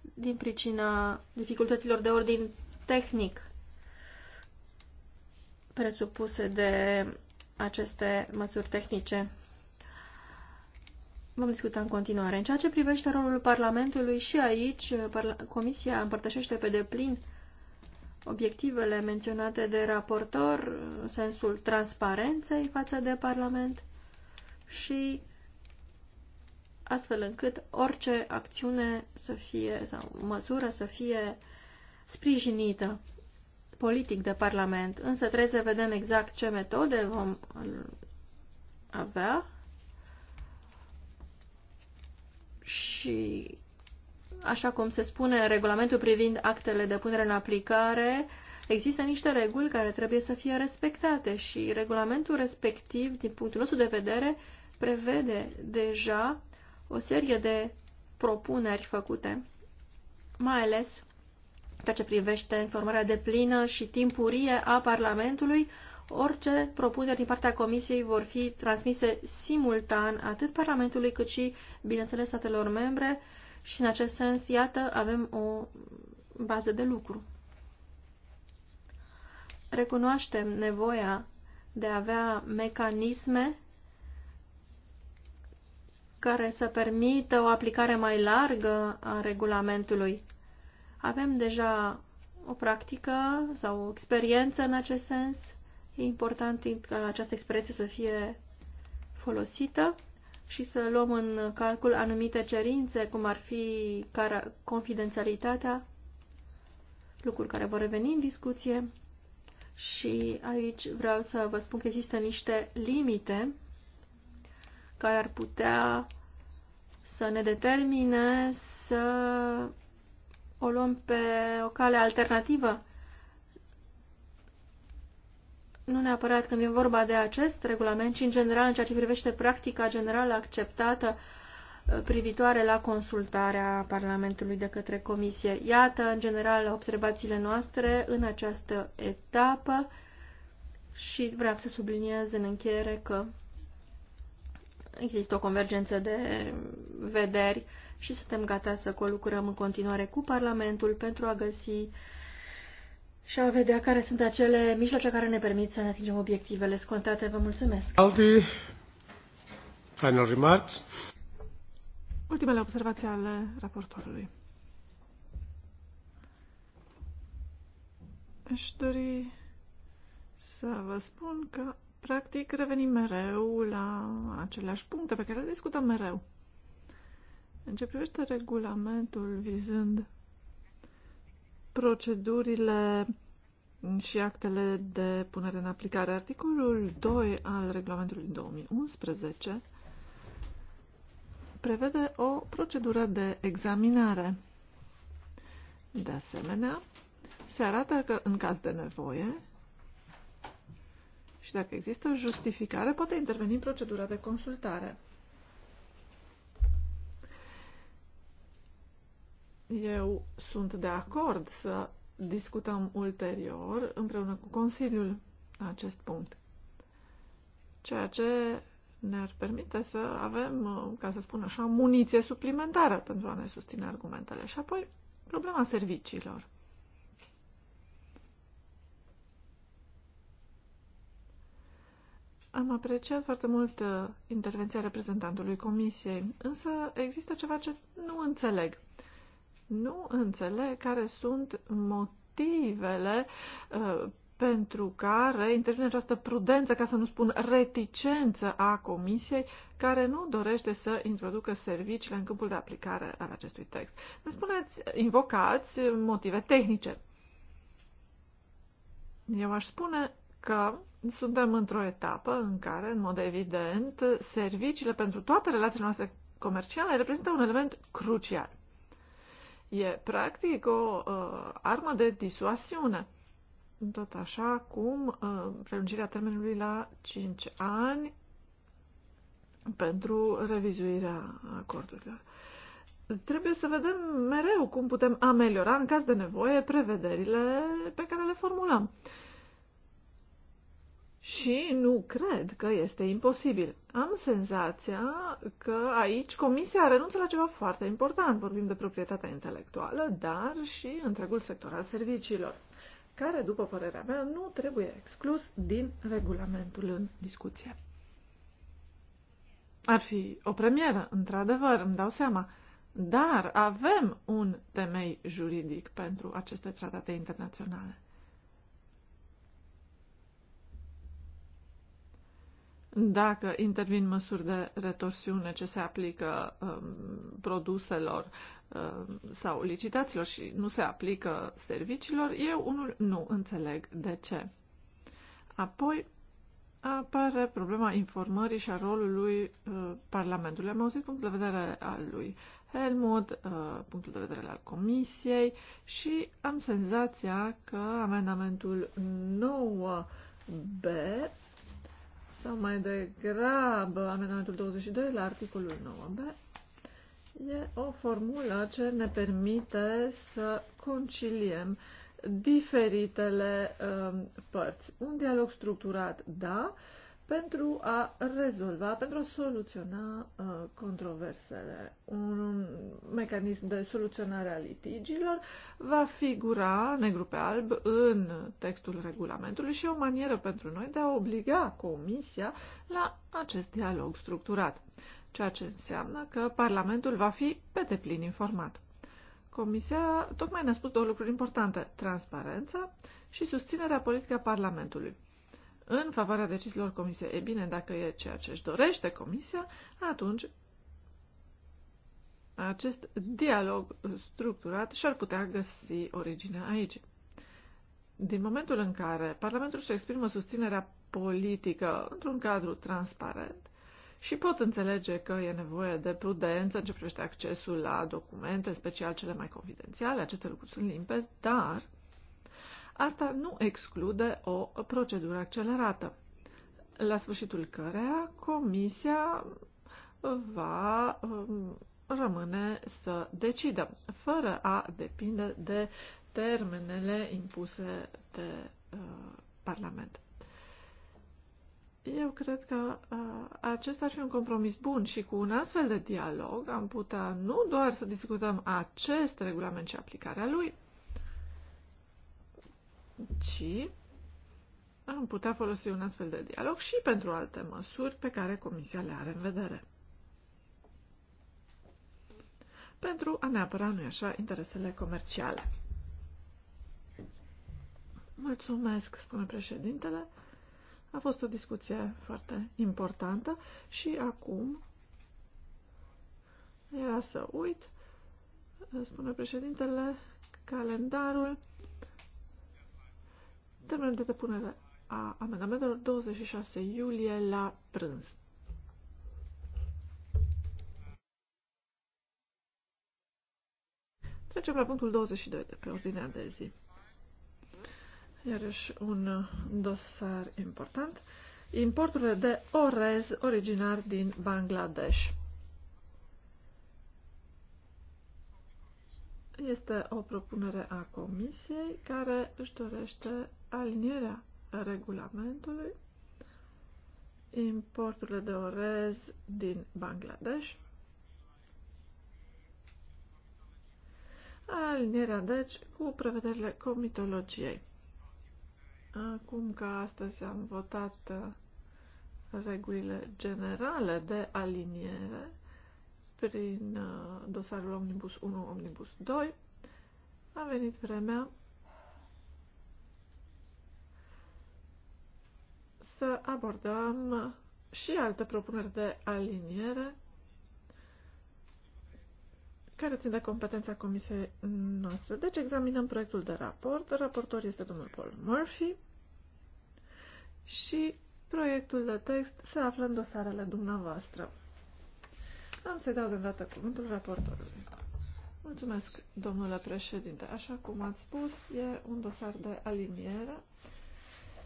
din pricina dificultăților de ordin tehnic presupuse de aceste măsuri tehnice. Vom discuta în continuare. În ceea ce privește rolul Parlamentului, și aici eh, Comisia împărtășește pe deplin obiectivele menționate de raportor în sensul transparenței față de Parlament și astfel încât orice acțiune să fie sau măsură să fie sprijinită politic de Parlament. Însă trebuie să vedem exact ce metode vom avea și, așa cum se spune în regulamentul privind actele de punere în aplicare, există niște reguli care trebuie să fie respectate și regulamentul respectiv, din punctul nostru de vedere, prevede deja o serie de propuneri făcute, mai ales pe ce privește informarea de plină și timpurie a Parlamentului, orice propuneri din partea Comisiei vor fi transmise simultan atât Parlamentului cât și, bineînțeles, statelor membre și, în acest sens, iată, avem o bază de lucru. Recunoaștem nevoia de a avea mecanisme care să permită o aplicare mai largă a regulamentului avem deja o practică sau o experiență în acest sens. E important ca această experiență să fie folosită și să luăm în calcul anumite cerințe, cum ar fi confidențialitatea, lucruri care vor reveni în discuție. Și aici vreau să vă spun că există niște limite care ar putea să ne determine să o luăm pe o cale alternativă? Nu neapărat când e vorba de acest regulament, ci în general în ceea ce privește practica generală acceptată uh, privitoare la consultarea Parlamentului de către Comisie. Iată, în general, observațiile noastre în această etapă și vreau să subliniez în încheiere că există o convergență de vederi și suntem gata să colucrăm în continuare cu Parlamentul pentru a găsi și a vedea care sunt acele mijloace care ne permit să ne atingem obiectivele scontate. Vă mulțumesc! Aldi,
final remarks. Ultimele observații ale raportorului. Aș dori să vă spun că, practic, revenim mereu la aceleași puncte pe care le discutăm mereu. În ce privește regulamentul vizând procedurile și actele de punere în aplicare, articolul 2 al regulamentului 2011 prevede o procedură de examinare. De asemenea, se arată că în caz de nevoie și dacă există justificare, poate interveni procedura de consultare. Eu sunt de acord să discutăm ulterior împreună cu Consiliul acest punct. Ceea ce ne-ar permite să avem, ca să spun așa, muniție suplimentară pentru a ne susține argumentele. Și apoi, problema serviciilor. Am apreciat foarte mult uh, intervenția reprezentantului Comisiei, însă există ceva ce nu înțeleg nu înțeleg care sunt motivele uh, pentru care intervine această prudență, ca să nu spun reticență a Comisiei, care nu dorește să introducă serviciile în câmpul de aplicare al acestui text. Ne spuneți, invocați motive tehnice. Eu aș spune că suntem într-o etapă în care, în mod evident, serviciile pentru toate relațiile noastre comerciale reprezintă un element crucial. E practic o uh, armă de disuasiune. Tot așa cum uh, prelungirea termenului la 5 ani pentru revizuirea acordurilor. Trebuie să vedem mereu cum putem ameliora, în caz de nevoie, prevederile pe care le formulăm. Uh, și nu cred că este imposibil. Am senzația că aici Comisia renunță la ceva foarte important. Vorbim de proprietatea intelectuală, dar și întregul sector al serviciilor, care, după părerea mea, nu trebuie exclus din regulamentul în discuție. Ar fi o premieră, într-adevăr, îmi dau seama, dar avem un temei juridic pentru aceste tratate internaționale. dacă intervin măsuri de retorsiune ce se aplică um, produselor um, sau licitațiilor și nu se aplică serviciilor, eu unul nu înțeleg de ce. Apoi apare problema informării și a rolului uh, Parlamentului. Am auzit punctul de vedere al lui Helmut, uh, punctul de vedere al Comisiei și am senzația că amendamentul 9B sau mai degrabă amendamentul 22 la articolul 9b, e o formulă ce ne permite să conciliem diferitele uh, părți. Un dialog structurat, da, uh, pentru a rezolva, pentru a soluționa uh, controversele. Un mecanism de soluționare a litigiilor va figura negru pe alb în textul regulamentului și o manieră pentru noi de a obliga Comisia la acest dialog structurat, ceea ce înseamnă că Parlamentul va fi pe deplin informat. Comisia tocmai ne-a spus două lucruri importante, transparența și susținerea politică a Parlamentului în favoarea deciziilor Comisiei. E bine, dacă e ceea ce își dorește Comisia, atunci acest dialog structurat și-ar putea găsi originea aici. Din momentul în care Parlamentul își exprimă susținerea politică într-un cadru transparent și pot înțelege că e nevoie de prudență în ce privește accesul la documente, special cele mai confidențiale, aceste lucruri sunt limpezi, dar Asta nu exclude o procedură accelerată, la sfârșitul căreia Comisia va um, rămâne să decidă, fără a depinde de termenele impuse de uh, Parlament. Eu cred că uh, acesta ar fi un compromis bun și cu un astfel de dialog am putea nu doar să discutăm acest regulament și aplicarea lui, ci am putea folosi un astfel de dialog și pentru alte măsuri pe care Comisia le are în vedere. Pentru a ne apăra, nu așa, interesele comerciale. Mulțumesc, spune președintele. A fost o discuție foarte importantă și acum era să uit, spune președintele, calendarul Termenul de depunere a amendamentelor 26 iulie la prânz. Trecem la punctul 22 de pe ordinea de zi. Iarăși un dosar important. Importurile de orez originar din Bangladesh. Este o propunere a Comisiei care își dorește alinierea regulamentului importurile de orez din Bangladesh. Alinierea, deci, cu prevederile comitologiei. Acum că astăzi am votat uh, regulile generale de aliniere, prin uh, dosarul Omnibus 1, Omnibus 2, a venit vremea să abordăm și alte propuneri de aliniere care țin de competența comisiei noastre. Deci examinăm proiectul de raport. Raportor este domnul Paul Murphy și proiectul de text se află în dosarele dumneavoastră. Am să-i dau de îndată cuvântul raportorului. Mulțumesc, domnule președinte. Așa cum ați spus, e un dosar de aliniere.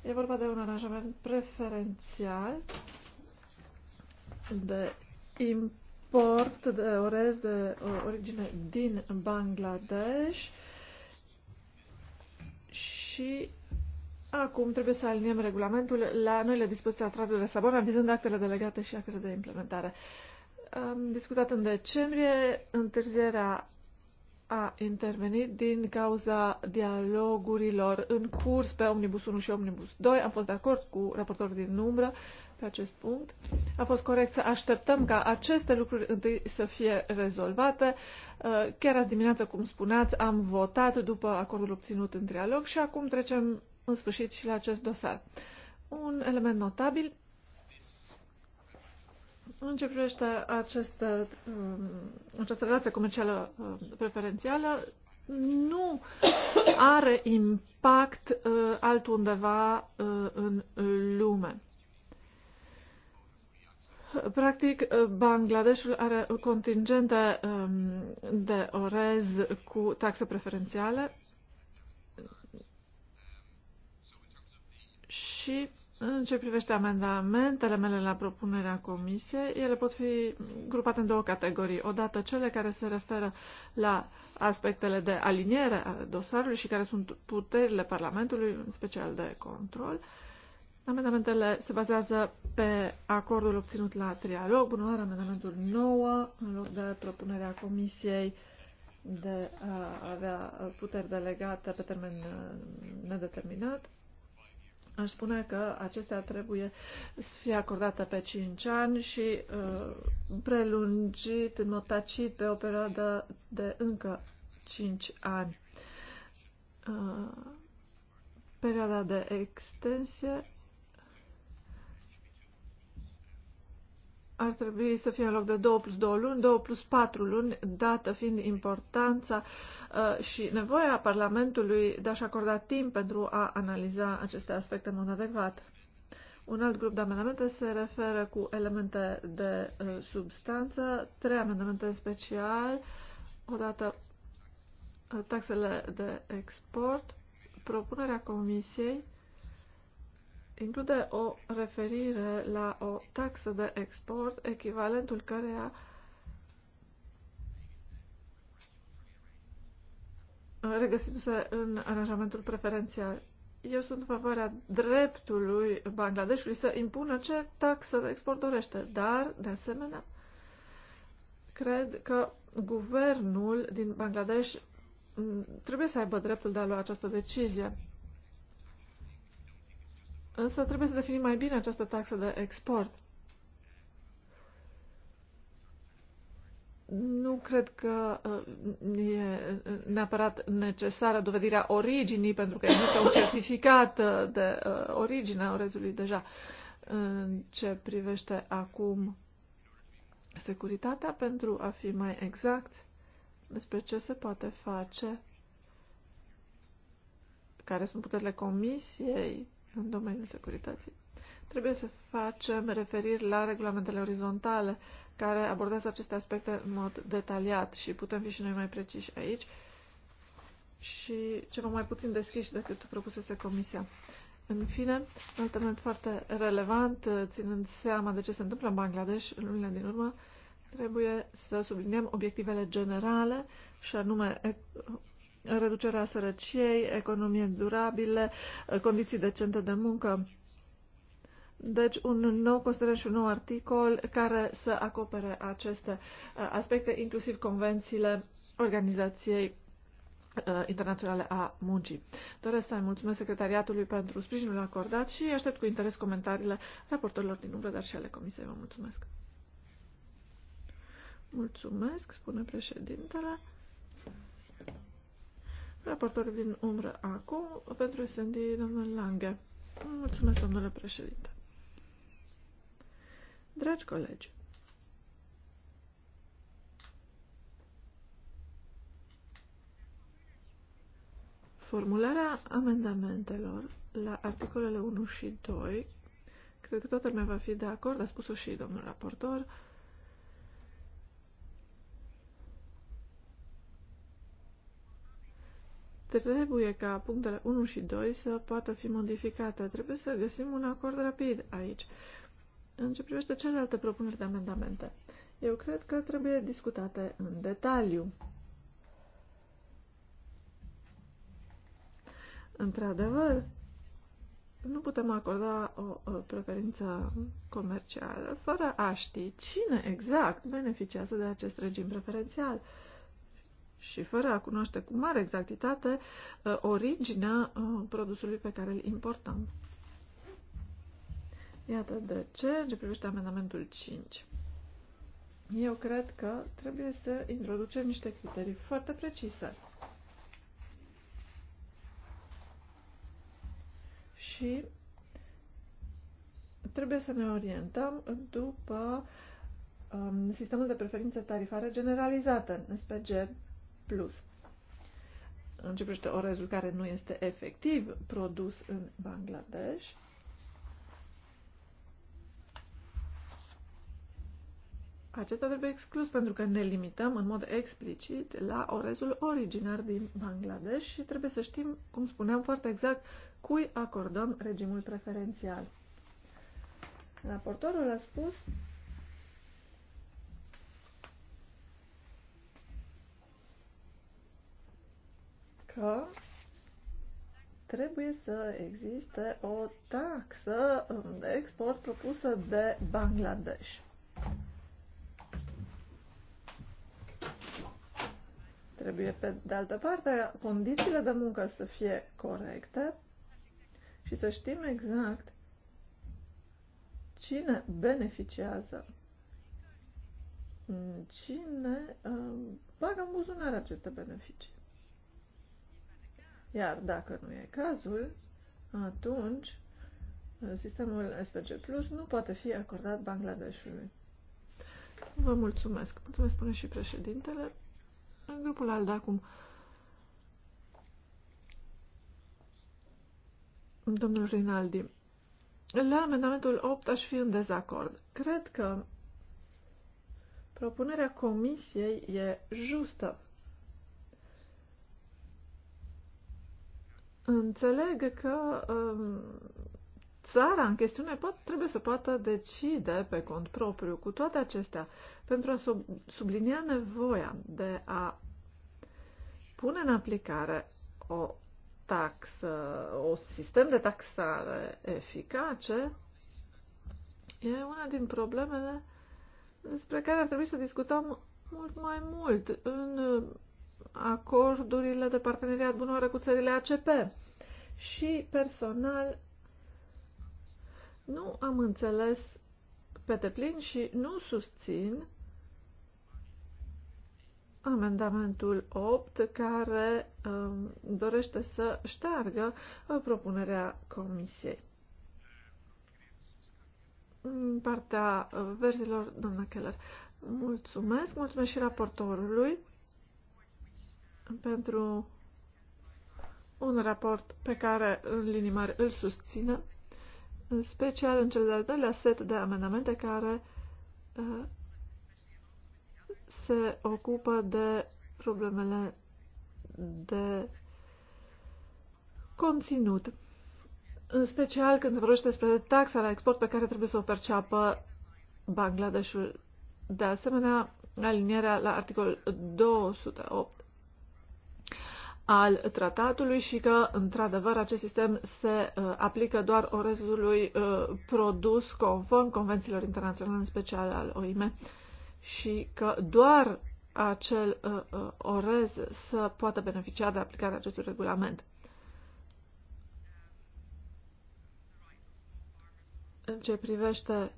E vorba de un aranjament preferențial de import de orez de origine din Bangladesh și acum trebuie să aliniem regulamentul la noile dispoziții al Tratului de Sabona, vizând actele delegate și actele de implementare. Uh, am discutat în decembrie, întârzierea a intervenit din cauza dialogurilor în curs pe Omnibus 1 și Omnibus 2. Am fost de acord cu raportorul din umbră pe acest punct. A fost corect să așteptăm ca aceste lucruri întâi să fie rezolvate. Uh, chiar azi dimineață, cum spuneați, am votat după acordul obținut în trialog și acum trecem în sfârșit și la acest dosar. Un element notabil în ce privește această, um, această relație comercială um, preferențială, nu are impact uh, altundeva uh, în lume. Practic, uh, Bangladeshul are contingente um, de orez cu taxe preferențiale și în ce privește amendamentele mele la propunerea comisiei, ele pot fi grupate în două categorii. Odată cele care se referă la aspectele de aliniere a dosarului și care sunt puterile Parlamentului, în special de control. Amendamentele se bazează pe acordul obținut la trialog, bună oară, amendamentul 9, în loc de propunerea comisiei de a avea puteri delegate pe termen nedeterminat Aș spune că acestea trebuie să fie acordate pe 5 ani și uh, prelungit notacit pe o perioadă de încă 5 ani. Uh, perioada de extensie ar trebui să fie în loc de 2 plus 2 luni, 2 plus 4 luni, dată fiind importanța uh, și nevoia Parlamentului de a-și acorda timp pentru a analiza aceste aspecte în mod adecvat. Un alt grup de amendamente se referă cu elemente de uh, substanță, trei amendamente în special, odată uh, taxele de export, propunerea Comisiei include o referire la o taxă de export, echivalentul căreia regăsindu-se în aranjamentul preferențial. Eu sunt în favoarea dreptului Bangladeshului să impună ce taxă de export dorește, dar, de asemenea, cred că guvernul din Bangladesh trebuie să aibă dreptul de a lua această decizie. Însă trebuie să definim mai bine această taxă de export. Nu cred că uh, e uh, neapărat necesară dovedirea originii, pentru că există un certificat uh, de origine a orezului deja. În ce privește acum securitatea, pentru a fi mai exact despre ce se poate face, care sunt puterile comisiei în domeniul securității. Trebuie să facem referiri la regulamentele orizontale care abordează aceste aspecte în mod detaliat și putem fi și noi mai preciși aici și ceva mai puțin deschiși decât propusese Comisia. În fine, un alt element foarte relevant, ținând seama de ce se întâmplă în Bangladesh în lunile din urmă, trebuie să subliniem obiectivele generale și anume reducerea sărăciei, economie durabile, condiții decente de muncă. Deci un nou considerent și un nou articol care să acopere aceste uh, aspecte, inclusiv convențiile Organizației uh, Internaționale a Muncii. Doresc să-i mulțumesc secretariatului pentru sprijinul acordat și aștept cu interes comentariile raportorilor din umbră, dar și ale comisiei. Vă mulțumesc! Mulțumesc, spune președintele raportor din umbră acum pentru SND, domnul Lange. Mulțumesc, domnule președinte. Dragi colegi, formularea amendamentelor la articolele 1 și 2, cred că toată lumea va fi de acord, a spus-o și domnul raportor, uh, Trebuie ca punctele 1 și 2 să poată fi modificate. Trebuie să găsim un acord rapid aici. În ce privește celelalte propuneri de amendamente, eu cred că trebuie discutate în detaliu. Într-adevăr, nu putem acorda o preferință comercială fără a ști cine exact beneficiază de acest regim preferențial și fără a cunoaște cu mare exactitate uh, originea uh, produsului pe care îl importăm. Iată de ce, ce privește amendamentul 5. Eu cred că trebuie să introducem niște criterii foarte precise. Și trebuie să ne orientăm după um, sistemul de preferințe tarifare generalizate, SPG, plus. Începește orezul care nu este efectiv produs în Bangladesh. Acesta trebuie exclus pentru că ne limităm în mod explicit la orezul originar din Bangladesh și trebuie să știm, cum spuneam foarte exact, cui acordăm regimul preferențial. Raportorul a spus că trebuie să existe o taxă um, de export propusă de Bangladesh. Trebuie, pe de altă parte, condițiile de muncă să fie corecte și să știm exact cine beneficiază, cine uh, bagă în buzunar aceste beneficii. Iar dacă nu e cazul, atunci uh, sistemul SPG Plus nu poate fi acordat Bangladeshului. Vă mulțumesc. Mulțumesc, spune și președintele. În grupul al de acum. Domnul Rinaldi, la amendamentul 8 aș fi în dezacord. Cred că propunerea comisiei e justă Înțeleg că um, țara în chestiune pot, trebuie să poată decide pe cont propriu cu toate acestea pentru a sub, sublinia nevoia de a pune în aplicare o taxă, o sistem de taxare eficace e una din problemele despre care ar trebui să discutăm mult mai mult în acordurile de parteneriat bunoare cu țările ACP. Și personal nu am înțeles pe deplin și nu susțin amendamentul 8 care um, dorește să șteargă uh, propunerea comisiei. În partea uh, verzilor, doamna Keller, mulțumesc, mulțumesc și raportorului pentru un raport pe care în linii mari îl susține, în special în cel de-al doilea set de amendamente care uh, se ocupă de problemele de conținut. În special când se vorbește despre taxa la export pe care trebuie să o perceapă Bangladeshul. De asemenea, alinierea la articol 208 al tratatului și că, într-adevăr, acest sistem se uh, aplică doar orezului uh, produs conform convențiilor internaționale, în special al OIM, și că doar acel uh, uh, orez să poată beneficia de aplicarea acestui regulament. În ce privește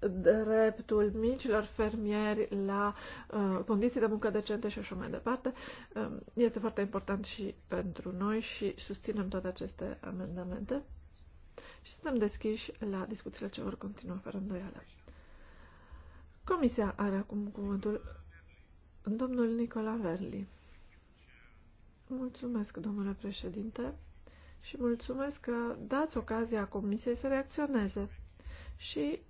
Uh, dreptul micilor fermieri la uh, condiții de muncă decente și așa mai departe. Um, este foarte important și pentru noi și susținem toate aceste amendamente și suntem deschiși la discuțiile ce vor continua fără îndoială. Comisia are acum cuvântul domnul Nicola Verli. Mulțumesc, domnule președinte, și mulțumesc că dați ocazia Comisiei să reacționeze și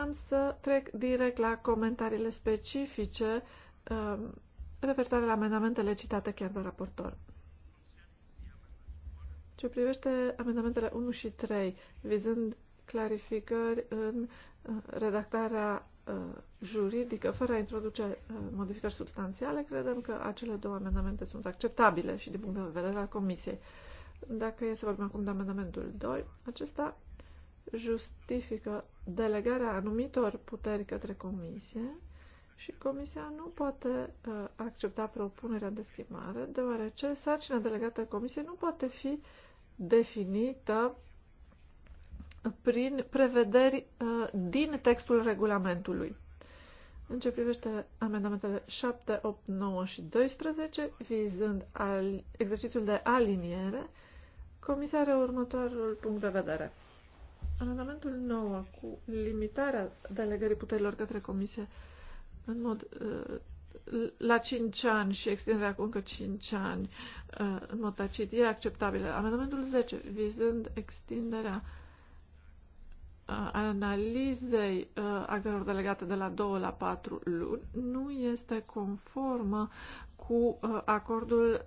am să trec direct la comentariile specifice um, referitoare la amendamentele citate chiar de raportor. Ce privește amendamentele 1 și 3, vizând clarificări în uh, redactarea uh, juridică, fără a introduce uh, modificări substanțiale, credem că acele două amendamente sunt acceptabile și din punct de vedere al Comisiei. Dacă e să vorbim acum de amendamentul 2, acesta justifică delegarea anumitor puteri către comisie și comisia nu poate uh, accepta propunerea de schimbare, deoarece sarcina delegată comisiei nu poate fi definită prin prevederi uh, din textul regulamentului. În ce privește amendamentele 7, 8, 9 și 12, vizând al, exercițiul de aliniere, Comisia are următorul punct de vedere. Amendamentul 9 cu limitarea delegării puterilor către comisie în mod uh, la 5 ani și extinderea cu încă 5 ani uh, în mod tacit e acceptabil. Amendamentul 10 vizând extinderea uh, analizei actelor delegate de la 2 la 4 luni nu este conformă cu acordul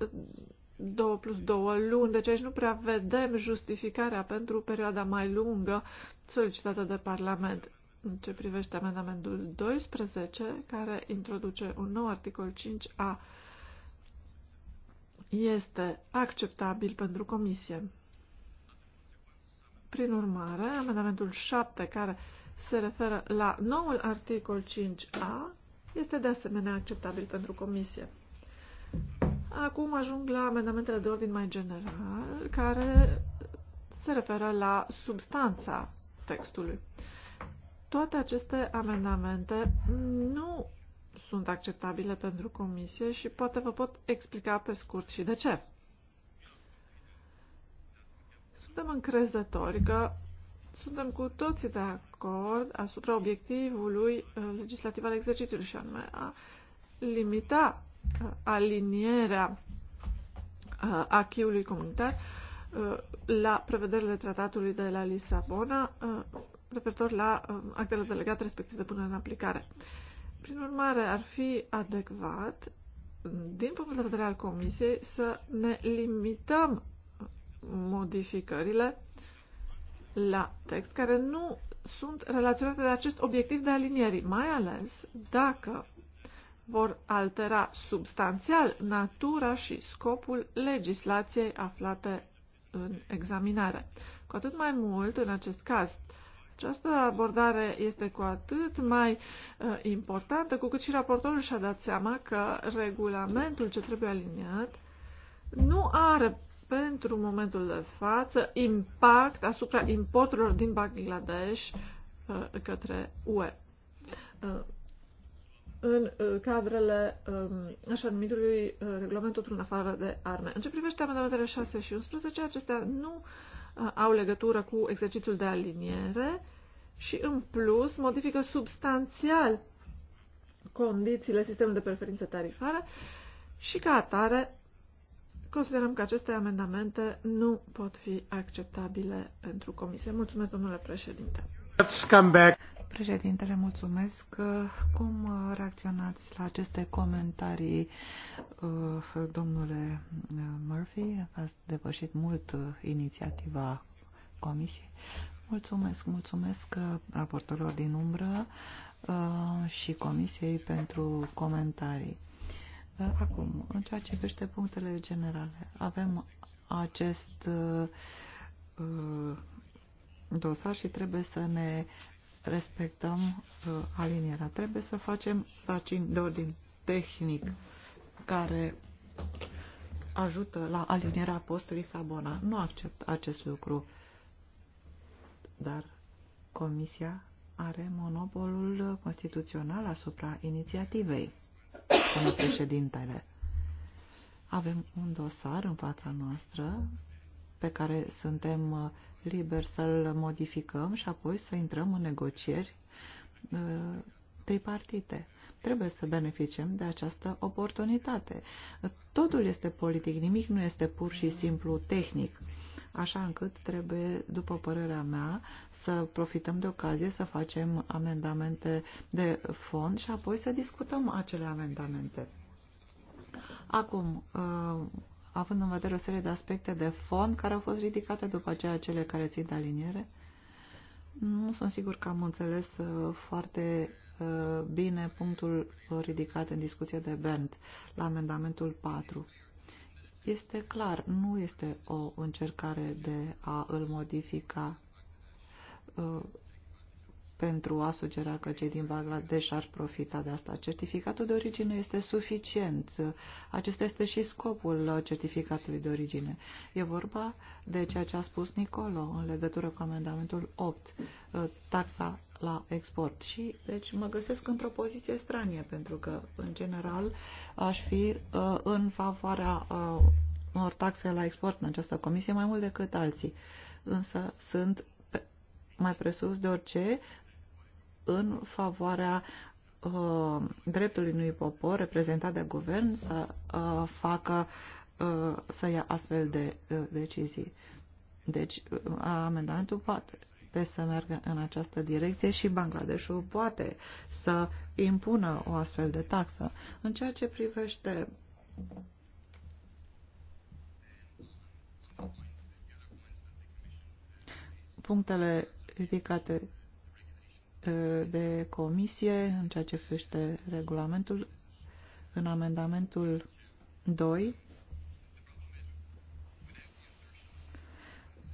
2 plus 2 luni, deci aici nu prea vedem justificarea pentru perioada mai lungă solicitată de Parlament. În ce privește amendamentul 12, care introduce un nou articol 5a, este acceptabil pentru Comisie. Prin urmare, amendamentul 7, care se referă la noul articol 5a, este de asemenea acceptabil pentru Comisie. Acum ajung la amendamentele de ordin mai general, care se referă la substanța textului. Toate aceste amendamente nu sunt acceptabile pentru comisie și poate vă pot explica pe scurt și de ce. Suntem încrezători că suntem cu toții de acord asupra obiectivului uh, legislativ al exercițiului și anume a limita alinierea uh, achiului comunitar uh, la prevederile tratatului de la Lisabona uh, referitor la actele delegate respectiv de punere în aplicare. Prin urmare, ar fi adecvat, din punctul de vedere al Comisiei, să ne limităm modificările la text care nu sunt relaționate de acest obiectiv de aliniere, mai ales dacă vor altera substanțial natura și scopul legislației aflate în examinare. Cu atât mai mult, în acest caz, această abordare este cu atât mai uh, importantă, cu cât și raportorul și-a dat seama că regulamentul ce trebuie aliniat nu are pentru momentul de față impact asupra importurilor din Bangladesh uh, către UE. Uh, în uh, cadrele um, așa numitului uh, regulament totul în afară de arme. În ce privește amendamentele 6 și 11, acestea nu uh, au legătură cu exercițiul de aliniere și, în plus, modifică substanțial condițiile sistemului de preferințe tarifare și, ca atare, considerăm că aceste amendamente nu pot fi acceptabile pentru Comisie. Mulțumesc, domnule președinte.
Președintele, mulțumesc. Cum reacționați la aceste comentarii, uh, domnule uh, Murphy? Ați depășit mult uh, inițiativa Comisiei. Mulțumesc, mulțumesc raportorilor din umbră și Comisiei pentru comentarii. Acum, în ceea ce privește punctele generale, avem acest dosar și trebuie să ne respectăm uh, alinierea. Trebuie să facem sacini de ordin tehnic care ajută la alinierea postului Sabona. Nu accept acest lucru, dar Comisia are monopolul constituțional asupra inițiativei, spune președintele. Avem un dosar în fața noastră pe care suntem uh, liberi să-l modificăm și apoi să intrăm în negocieri uh, tripartite. Trebuie să beneficiem de această oportunitate. Totul este politic, nimic nu este pur și simplu tehnic așa încât trebuie, după părerea mea, să profităm de ocazie să facem amendamente de fond și apoi să discutăm acele amendamente. Acum, uh, având în vedere o serie de aspecte de fond care au fost ridicate după aceea cele care țin de aliniere. Nu sunt sigur că am înțeles uh, foarte uh, bine punctul ridicat în discuție de Bernd la amendamentul 4. Este clar, nu este o încercare de a îl modifica uh, pentru a sugera că cei din Bangladesh ar profita de asta. Certificatul de origine este suficient. Acesta este și scopul certificatului de origine. E vorba de ceea ce a spus Nicolo în legătură cu amendamentul 8, uh, taxa la export. Și, deci, mă găsesc într-o poziție stranie, pentru că, în general, aș fi uh, în favoarea uh, unor taxe la export în această comisie mai mult decât alții. Însă sunt mai presus de orice în favoarea uh, dreptului unui popor reprezentat de guvern să uh, facă, uh, să ia astfel de uh, decizii. Deci, uh, amendamentul poate poate să meargă în această direcție și Bangladeshul poate să impună o astfel de taxă. În ceea ce privește punctele ridicate de comisie în ceea ce privește regulamentul în amendamentul 2.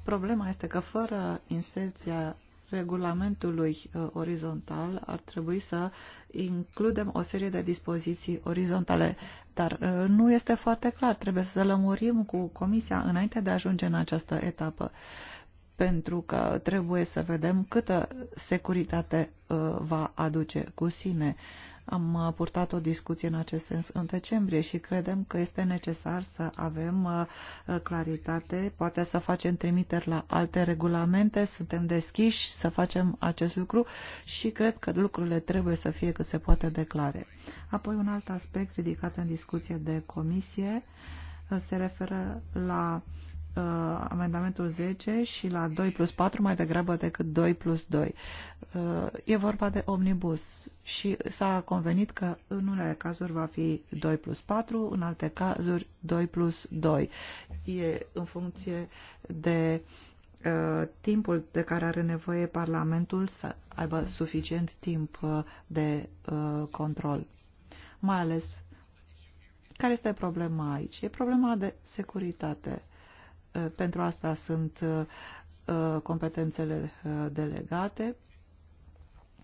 Problema este că fără inserția regulamentului uh, orizontal ar trebui să includem o serie de dispoziții orizontale, dar uh, nu este foarte clar. Trebuie să lămurim cu Comisia înainte de a ajunge în această etapă. Uh, pentru că trebuie să vedem câtă securitate uh, va aduce cu sine. Am uh, purtat o discuție în acest sens în decembrie și credem că este necesar să avem uh, claritate, poate să facem trimiteri la alte regulamente, suntem deschiși să facem acest lucru și cred că lucrurile trebuie să fie cât se poate declare. Apoi un alt aspect ridicat în discuție de comisie se referă la uh, amendamentul 10 și la 2 plus 4 mai degrabă decât 2 plus 2. Uh, e vorba de omnibus și s-a convenit că în unele cazuri va fi 2 plus 4, în alte cazuri 2 plus 2. E în funcție de uh, timpul de care are nevoie Parlamentul să aibă suficient timp uh, de uh, control. Mai ales, care este problema aici? E problema de securitate. Uh, Eh, pentru asta sunt eh, competențele eh, delegate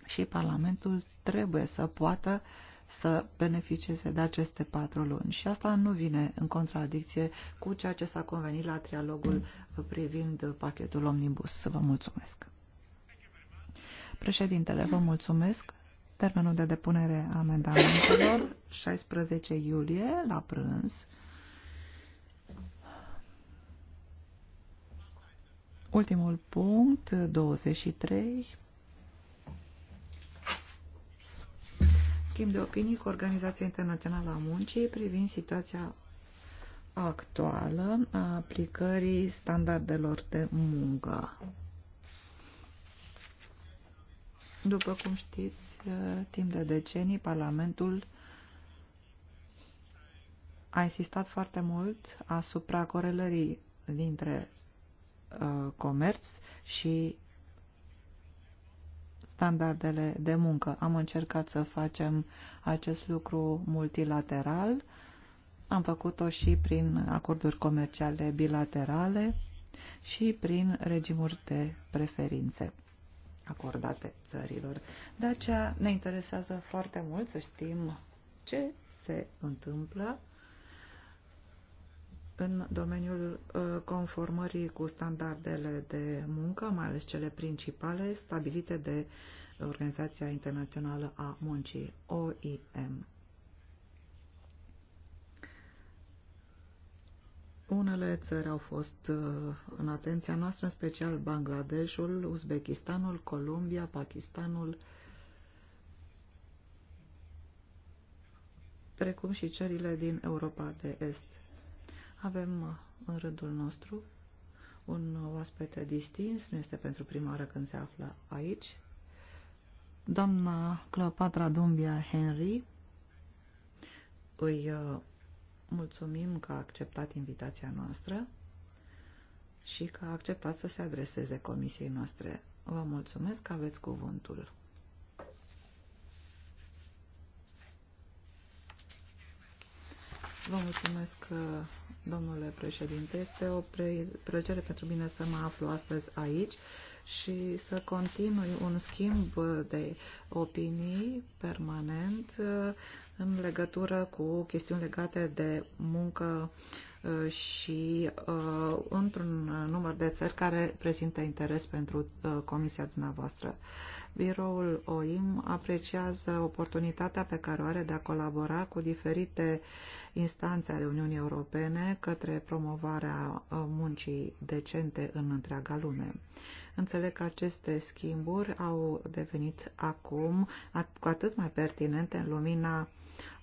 și Parlamentul trebuie să poată să beneficieze de aceste patru luni. Și asta nu vine în contradicție cu ceea ce s-a convenit la trialogul privind pachetul Omnibus. Vă mulțumesc. Președintele, vă mulțumesc. Termenul de depunere a amendamentelor 16 iulie la prânz. Ultimul punct, 23. Schimb de opinii cu Organizația Internațională a Muncii privind situația actuală a aplicării standardelor de muncă. După cum știți, timp de decenii, Parlamentul a insistat foarte mult asupra corelării dintre Uh, comerț și standardele de muncă. Am încercat să facem acest lucru multilateral, am făcut-o și prin acorduri comerciale bilaterale și prin regimuri de preferințe acordate țărilor. De aceea ne interesează foarte mult să știm ce se întâmplă în domeniul uh, conformării cu standardele de muncă, mai ales cele principale stabilite de Organizația Internațională a Muncii, OIM. Unele țări au fost uh, în atenția noastră, în special Bangladeshul, Uzbekistanul, Columbia, Pakistanul, precum și țările din Europa de Est. Avem uh, în rândul nostru un oaspete distins, nu este pentru prima oară când se află aici. Doamna Cleopatra Dumbia Henry, îi uh, mulțumim că a acceptat invitația noastră și că a acceptat să se adreseze comisiei noastre. Vă mulțumesc că aveți cuvântul. Vă mulțumesc uh, domnule președinte. Este o plăcere pentru mine să mă aflu astăzi aici și să continui un schimb de opinii permanent uh, în legătură cu chestiuni legate de muncă uh, și uh, într-un număr de țări care prezintă interes pentru comisia dumneavoastră. Biroul OIM apreciază oportunitatea pe care o are de a colabora cu diferite instanțe ale Uniunii Europene către promovarea uh, muncii decente în întreaga lume. Înțeleg că aceste schimburi au devenit acum cu atât mai pertinente în lumina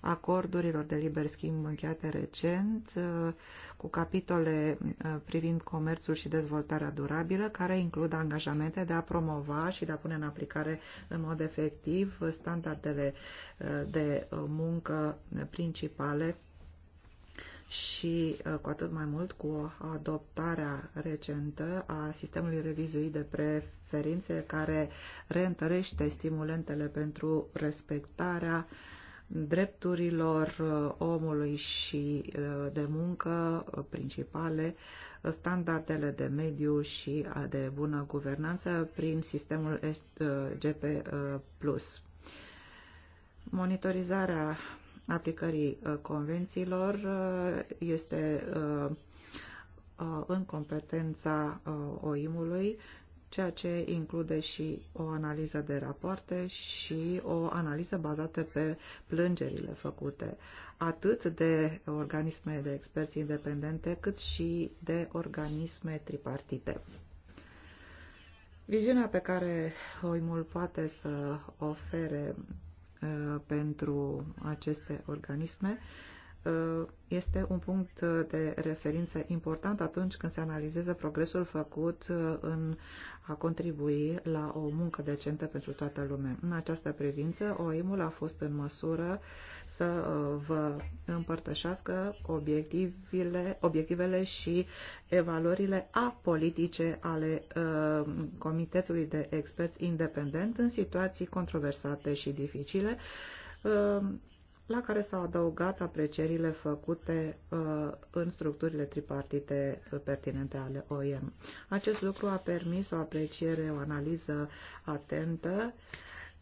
acordurilor de liber schimb încheiate recent uh, cu capitole uh, privind comerțul și dezvoltarea durabilă, care includ angajamente de a promova și de a pune în aplicare în mod efectiv standardele uh, de muncă principale și cu atât mai mult cu adoptarea recentă a sistemului revizuit de preferințe care reîntărește stimulentele pentru respectarea uh, drepturilor uh, omului și uh, de muncă uh, principale, standardele de mediu și de bună guvernanță prin sistemul GP+. Monitorizarea aplicării convențiilor este în competența OIM-ului ceea ce include și o analiză de rapoarte și o analiză bazată pe plângerile făcute, atât de organisme de experți independente, cât și de organisme tripartite. Viziunea pe care OIM-ul poate să ofere uh, pentru aceste organisme uh, Uh, este un punct uh, de referință important atunci când se analizează progresul făcut uh, în a contribui la o muncă decentă pentru toată lumea. În această privință, OIM-ul a fost în măsură să vă împărtășească obiectivele, obiectivele și evaluările apolitice ale uh, Comitetului de Experți Independent în situații controversate și dificile, uh, la care s-au adăugat aprecierile făcute uh, în structurile tripartite pertinente ale OIM. Acest lucru a permis o apreciere, o analiză atentă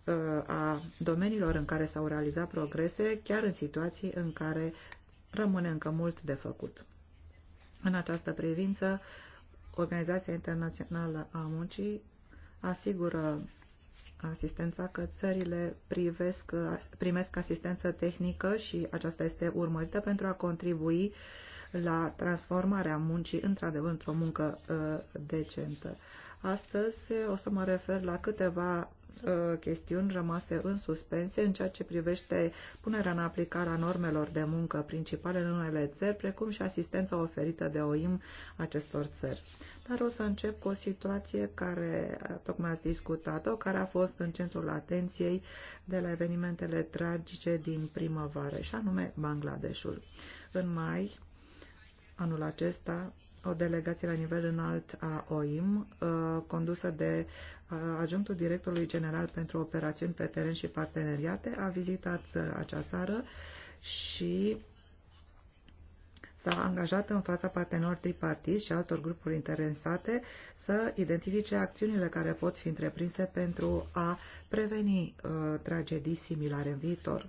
uh, a domeniilor în care s-au realizat progrese, chiar în situații în care rămâne încă mult de făcut. În această privință, Organizația Internațională a Muncii asigură asistența, că țările privesc, primesc asistență tehnică și aceasta este urmărită pentru a contribui la transformarea muncii într-adevăr într-o muncă uh, decentă. Astăzi o să mă refer la câteva Uh, chestiuni rămase în suspense în ceea ce privește punerea în aplicare a normelor de muncă principale în unele țări, precum și asistența oferită de OIM acestor țări. Dar o să încep cu o situație care tocmai ați discutat-o, care a fost în centrul atenției de la evenimentele tragice din primăvară, și anume Bangladeshul. În mai, anul acesta, o delegație la nivel înalt a OIM, uh, condusă de uh, adjunctul directorului general pentru operațiuni pe teren și parteneriate, a vizitat uh, acea țară și s-a angajat în fața partenerilor tripartiți și altor grupuri interesate să identifice acțiunile care pot fi întreprinse pentru a preveni uh, tragedii similare în viitor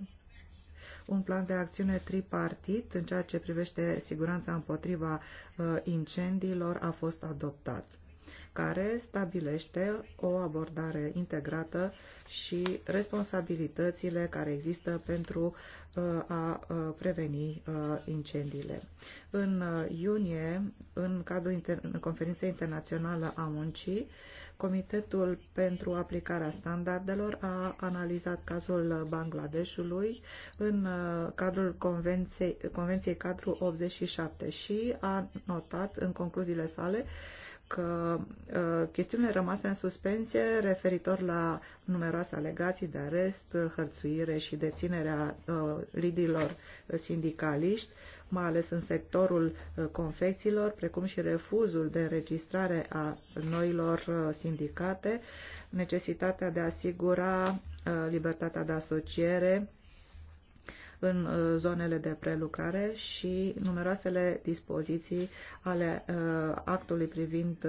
un plan de acțiune tripartit în ceea ce privește siguranța împotriva uh, incendiilor a fost adoptat care stabilește o abordare integrată și responsabilitățile care există pentru uh, a uh, preveni incendiile. În iunie, în cadrul conferinței internaționale a muncii, Comitetul pentru aplicarea standardelor a analizat cazul Bangladeshului în uh, cadrul Convenției, Convenției Cadru 87 și a notat în concluziile sale că uh, chestiunile rămase în suspensie referitor la numeroase alegații de arest, hărțuire și deținerea uh, lidilor sindicaliști mai ales în sectorul uh, confecțiilor, precum și refuzul de înregistrare a noilor uh, sindicate, necesitatea de a asigura uh, libertatea de asociere în zonele de prelucrare și numeroasele dispoziții ale actului privind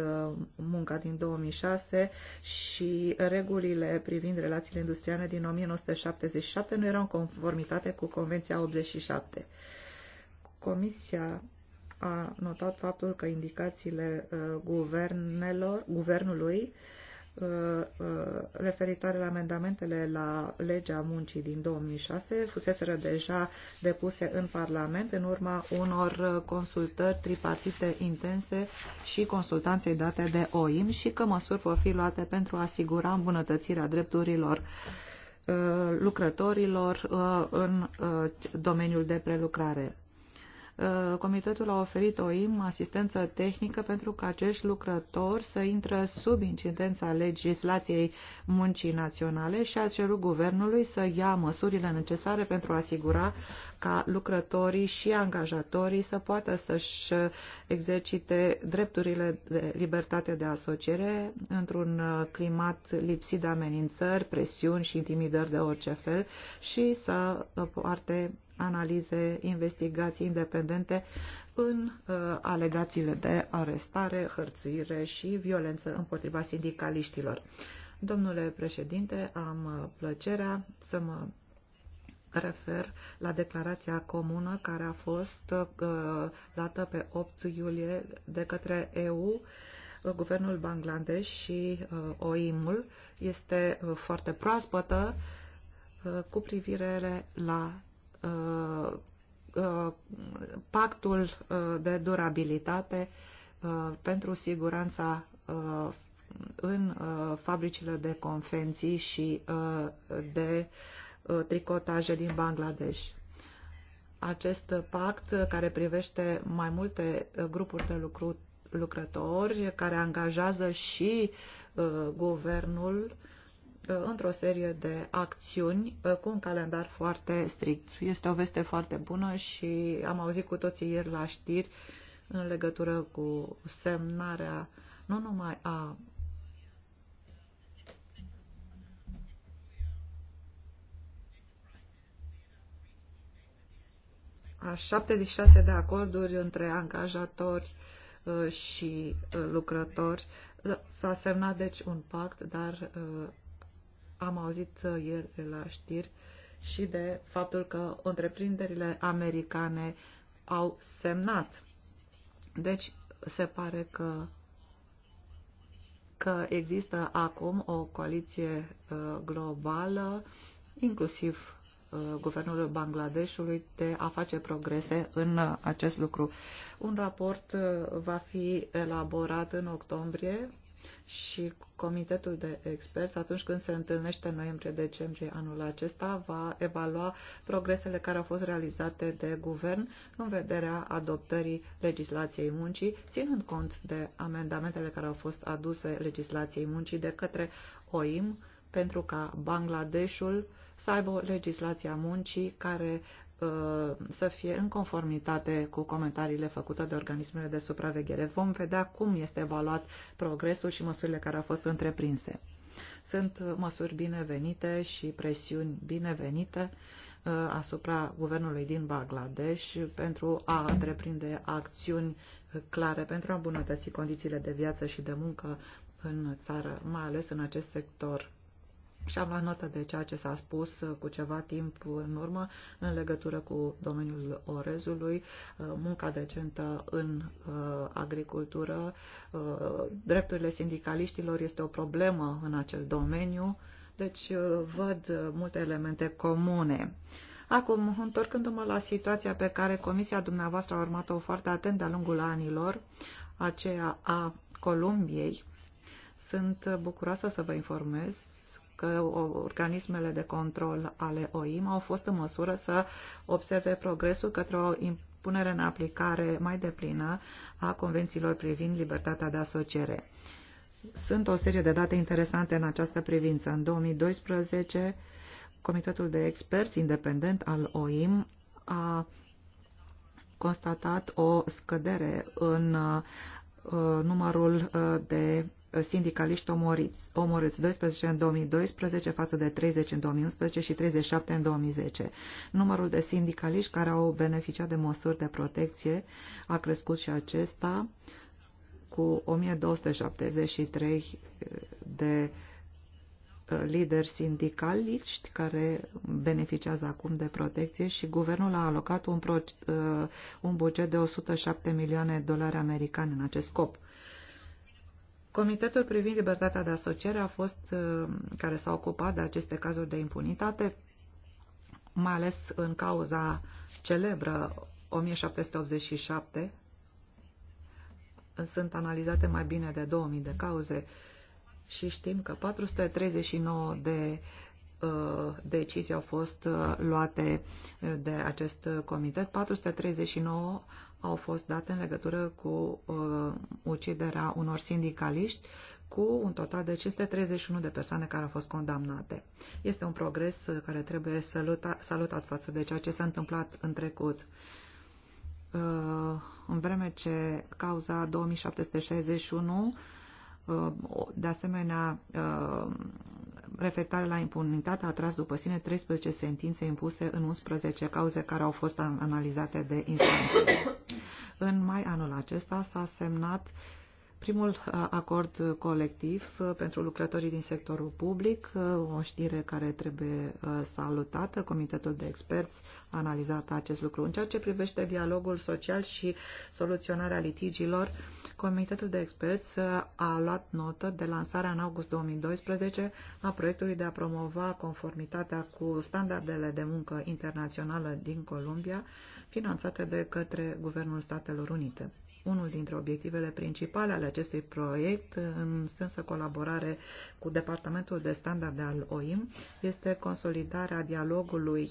munca din 2006 și regulile privind relațiile industriale din 1977 nu erau în conformitate cu Convenția 87. Comisia a notat faptul că indicațiile uh, guvernelor, guvernului uh, uh, referitoare la amendamentele la legea muncii din 2006 fuseseră deja depuse în Parlament în urma unor consultări tripartite intense și consultanței date de OIM și că măsuri vor fi luate pentru a asigura îmbunătățirea drepturilor lucrătorilor în domeniul de prelucrare. Uh, comitetul a oferit OIM asistență tehnică pentru ca acești lucrători să intră sub incidența legislației muncii naționale și a cerut guvernului să ia măsurile necesare pentru a asigura ca lucrătorii și angajatorii să poată să-și exercite drepturile de libertate de asociere într-un uh, climat lipsit de amenințări, presiuni și intimidări de orice fel și să uh, poarte analize, investigații independente în uh, alegațiile de arestare, hărțuire și violență împotriva sindicaliștilor. Domnule președinte, am uh, plăcerea să mă refer la declarația comună care a fost uh, dată pe 8 iulie de către EU, Guvernul Bangladesh și uh, OIM-ul. Este uh, foarte proaspătă uh, cu privire la Uh, uh, pactul uh, de durabilitate pentru siguranța în fabricile de confenții și de tricotaje din Bangladesh. Acest pact care privește mai multe grupuri de lucru, lucrători, care angajează și guvernul Uh, într-o serie de acțiuni uh, cu un calendar foarte strict. Este o veste foarte bună și am auzit cu toții ieri la știri în legătură cu semnarea nu numai a a 76 de acorduri între angajatori uh, și lucrători. S-a semnat, deci, un pact, dar am auzit uh, ieri de la știri și de faptul că întreprinderile americane au semnat. Deci, se pare că, că există acum o coaliție uh, globală, inclusiv uh, guvernul Bangladeshului de a face progrese în acest lucru. Un raport va fi elaborat în octombrie și comitetul de experți, atunci când se întâlnește în noiembrie-decembrie anul acesta, va evalua progresele care au fost realizate de guvern în vederea adoptării legislației muncii, ținând cont de amendamentele care au fost aduse legislației muncii de către OIM pentru ca Bangladeshul să aibă o legislație a muncii care Uh, să fie în conformitate cu comentariile făcute de organismele de supraveghere. Vom vedea cum este evaluat progresul și măsurile care au fost întreprinse. Sunt măsuri binevenite și presiuni binevenite uh, asupra guvernului din Bangladesh pentru a întreprinde acțiuni clare pentru a îmbunătăți condițiile de viață și de muncă în țară, mai ales în acest sector și am luat notă de ceea ce s-a spus uh, cu ceva timp în urmă în legătură cu domeniul orezului, uh, munca decentă în uh, agricultură, drepturile sindicaliștilor este o problemă în acel domeniu, deci văd multe elemente comune. Acum, întorcându-mă la situația pe care comisia dumneavoastră a urmat-o foarte atent de-a lungul anilor, aceea a Columbiei, sunt bucuroasă să vă informez că organismele de control ale OIM au fost în măsură să observe progresul către o punere în aplicare mai deplină a convențiilor privind libertatea de asociere. Sunt o serie de date interesante în această privință. În 2012, Comitetul de Experți Independent al OIM a constatat o scădere în uh, numărul uh, de sindicaliști omoriți, omorâți 12 în 2012 față de 30 în 2011 și 37 în 2010. Numărul de sindicaliști care au beneficiat de măsuri de protecție a crescut și acesta cu 1273 eh, de eh, lideri sindicaliști care beneficiază acum de protecție și guvernul a alocat un, pro, eh, un buget de 107 milioane de dolari americani în acest scop. Comitetul privind libertatea de asociere a fost, uh, care s-a ocupat de aceste cazuri de impunitate, mai ales în cauza celebră 1787, sunt analizate mai bine de 2000 de cauze și știm că 439 de uh, decizii au fost uh, luate de acest comitet, 439 au fost date în legătură cu uh, uciderea unor sindicaliști cu un total de 531 de persoane care au fost condamnate. Este un progres care trebuie saluta, salutat față de ceea ce s-a întâmplat în trecut. Uh, în vreme ce cauza 2761 uh, de asemenea, uh, reflectarea la impunitate a tras după sine 13 sentințe impuse în 11 cauze care au fost analizate de instanță. În mai anul acesta s-a semnat primul uh, acord colectiv uh, pentru lucrătorii din sectorul public, uh, o știre care trebuie salutată. Comitetul de experți a analizat acest lucru. În ceea ce privește dialogul social și soluționarea litigiilor, Comitetul de experți a luat notă de lansarea în august 2012 a proiectului de a promova conformitatea cu standardele de muncă internațională din Columbia finanțate de către Guvernul Statelor Unite. Unul dintre obiectivele principale ale acestui proiect, în strânsă colaborare cu Departamentul de Standarde al OIM, este consolidarea dialogului uh,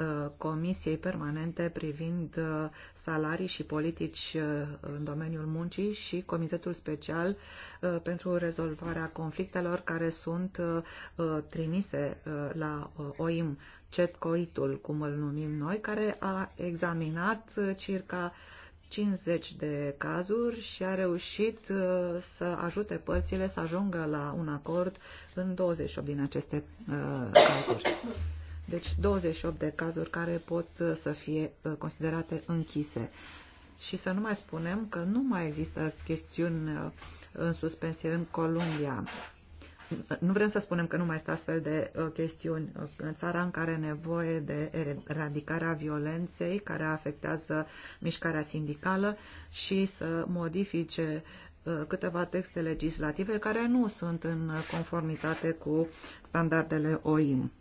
Uh, Comisiei Permanente privind uh, salarii și politici uh, în domeniul muncii și Comitetul Special pentru rezolvarea conflictelor care sunt trimise la OIM, CETCOIT-ul, cum îl numim noi, care a examinat circa 50 de cazuri și a reușit să ajute părțile să ajungă la un acord în 28 din aceste cazuri. Deci 28 de cazuri care pot uh, să fie uh, considerate închise. Și să nu mai spunem că nu mai există chestiuni uh, în suspensie în Columbia. Nu vrem să spunem că nu mai este astfel de chestiuni în țara în care nevoie de eradicarea violenței care afectează mișcarea sindicală și să modifice câteva texte legislative care nu sunt în conformitate cu standardele OIM.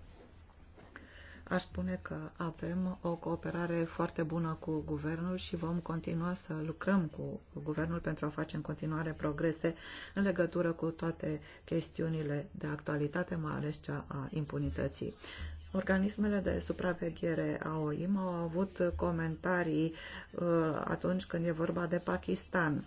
Aș spune că avem o cooperare foarte bună cu guvernul și vom continua să lucrăm cu guvernul pentru a face în continuare progrese în legătură cu toate chestiunile de actualitate, mai ales cea a impunității. Organismele de supraveghere a OIM au avut comentarii uh, atunci când e vorba de Pakistan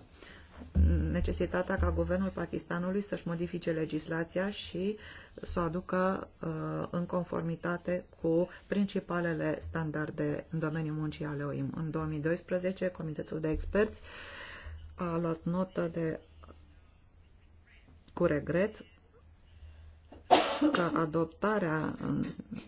necesitatea ca guvernul Pakistanului să-și modifice legislația și să o aducă uh, în conformitate cu principalele standarde în domeniul muncii ale OIM. În 2012, Comitetul de Experți a luat notă de cu regret că adoptarea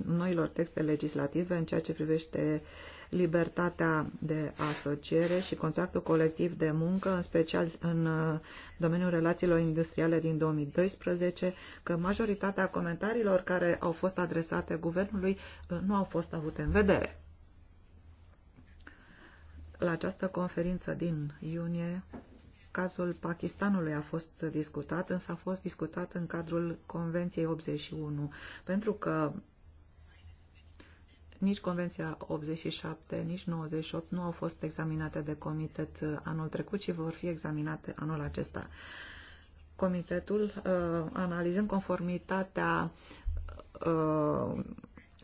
noilor texte legislative în ceea ce privește uh, libertatea de asociere și contractul colectiv de muncă, în special în uh, domeniul relațiilor industriale din 2012, că majoritatea comentariilor care au fost adresate guvernului uh, nu au fost avute în vedere. La această conferință din iunie, cazul Pakistanului a fost discutat, însă a fost discutat în cadrul Convenției 81, pentru că nici Convenția 87, nici 98 nu au fost examinate de comitet uh, anul trecut și vor fi examinate anul acesta. Comitetul, uh, analizând conformitatea uh,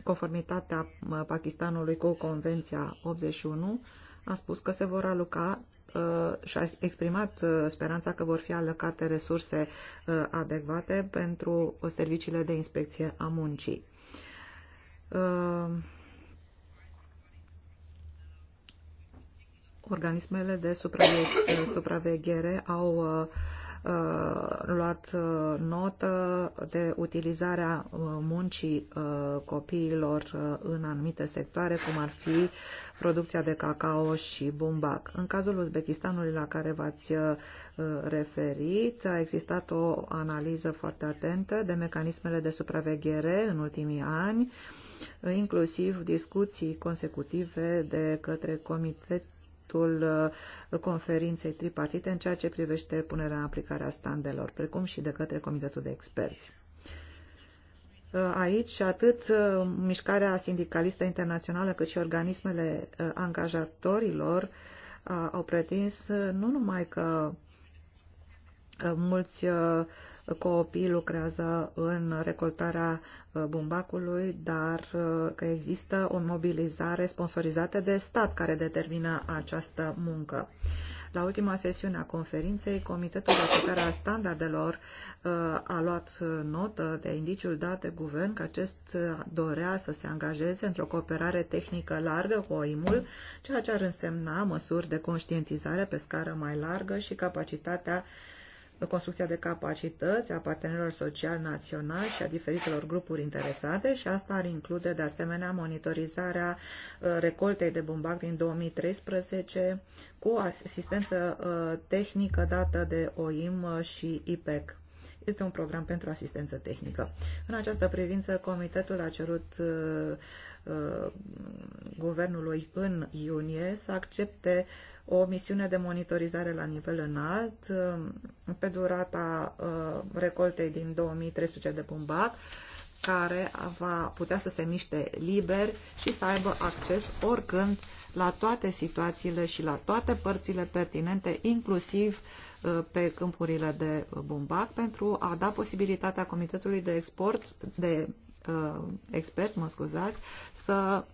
conformitatea Pakistanului cu Convenția 81, a spus că se vor aloca și a exprimat speranța că vor fi alocate resurse adecvate pentru serviciile de inspecție a muncii. organismele de supraveghere au uh, uh, luat uh, notă de utilizarea muncii copiilor în anumite sectoare, cum ar fi producția de cacao și bumbac. În cazul Uzbekistanului la care v-ați referit, a existat o analiză foarte atentă de mecanismele de supraveghere în ultimii ani, inclusiv discuții consecutive de către Comitet mandatul uh, conferinței tripartite în ceea ce privește punerea în aplicare a standelor, precum și de către Comitetul de Experți. Uh, aici, atât uh, mișcarea sindicalistă internațională, cât și organismele angajatorilor au pretins nu numai că mulți copiii lucrează în recoltarea uh, bumbacului, dar uh, că există o mobilizare sponsorizată de stat care determină această muncă. La ultima sesiune a conferinței, Comitetul de Aplicare a Standardelor uh, a luat notă de indiciul dat de guvern că acest dorea să se angajeze într-o cooperare tehnică largă cu OIM-ul, ceea ce ar însemna măsuri de conștientizare pe scară mai largă și capacitatea construcția de capacități a partenerilor social naționali și a diferitelor grupuri interesate și asta ar include de asemenea monitorizarea uh, recoltei de bumbac din 2013 cu asistență uh, tehnică dată de OIM uh, și IPEC. Este un program pentru asistență tehnică. În această privință, comitetul a cerut uh, Uh, guvernului în iunie să accepte o misiune de monitorizare la nivel înalt um, pe durata uh, recoltei din 2013 de bumbac, care va putea să se miște liber și să aibă acces oricând la toate situațiile și la toate părțile pertinente, inclusiv uh, pe câmpurile de bumbac, pentru a da posibilitatea Comitetului de Export de Uh, experți, mă scuzați, să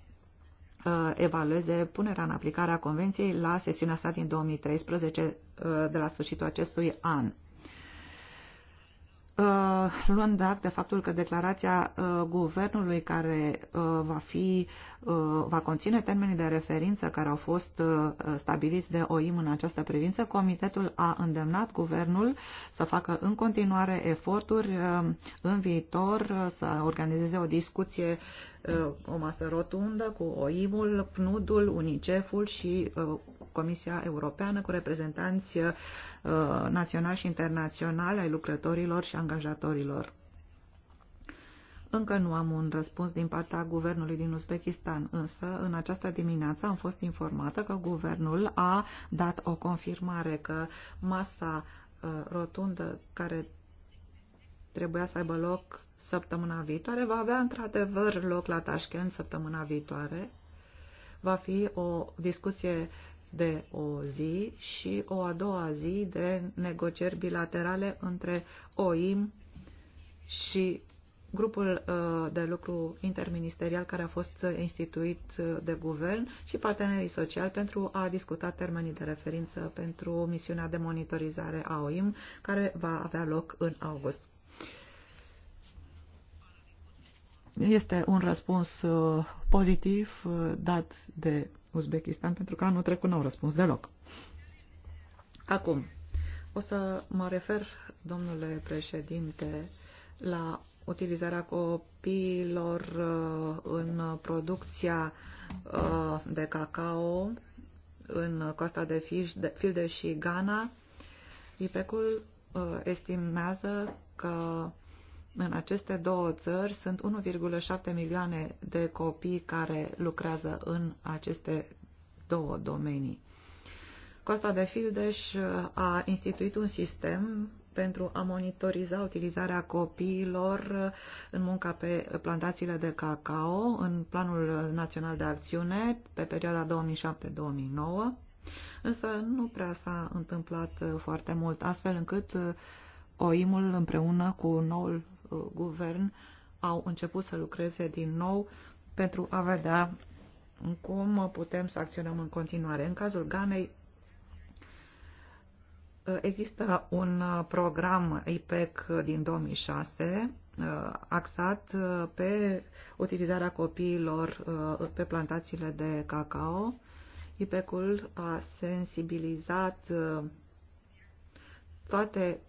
uh, evalueze punerea în aplicare a Convenției la sesiunea sa din 2013 uh, de la sfârșitul acestui an. Uh, luând act de faptul că declarația uh, guvernului care uh, va fi va conține termenii de referință care au fost stabiliți de OIM în această privință, comitetul a îndemnat guvernul să facă în continuare eforturi în viitor să organizeze o discuție Uh, o masă rotundă cu OIM-ul, PNUD-ul, UNICEF-ul și uh, Comisia Europeană cu reprezentanți uh, naționali și internaționali ai lucrătorilor și angajatorilor. Încă nu am un răspuns din partea guvernului din Uzbekistan, însă în această dimineață am fost informată că guvernul a dat o confirmare că masa rotundă care trebuia să aibă loc săptămâna viitoare. Va avea într-adevăr loc la Tashkent săptămâna viitoare. Va fi o discuție de o zi și o a doua zi de negocieri bilaterale între OIM și grupul uh, de lucru interministerial care a fost instituit uh, de guvern și partenerii sociali pentru a discuta termenii de referință pentru misiunea de monitorizare a OIM care va avea loc în august. Este un răspuns uh, pozitiv uh, dat de Uzbekistan, pentru că anul trecut nu au răspuns deloc. Acum, o să mă refer, domnule președinte, la utilizarea copiilor uh, în producția de cacao în Costa de Filde și Ghana. IPEC-ul estimează că în aceste două țări sunt 1,7 milioane de copii care lucrează în aceste două domenii. Costa de Fildeș a instituit un sistem pentru a monitoriza utilizarea copiilor în munca pe plantațiile de cacao în Planul Național de Acțiune pe perioada 2007-2009, însă nu prea s-a întâmplat foarte mult, astfel încât OIM-ul împreună cu noul Uh, guvern au început să lucreze din nou pentru a vedea cum putem să acționăm în continuare. În cazul Ganei uh, există un uh, program IPEC din 2006 axat pe utilizarea copiilor pe plantațiile de cacao. IPEC-ul a sensibilizat toate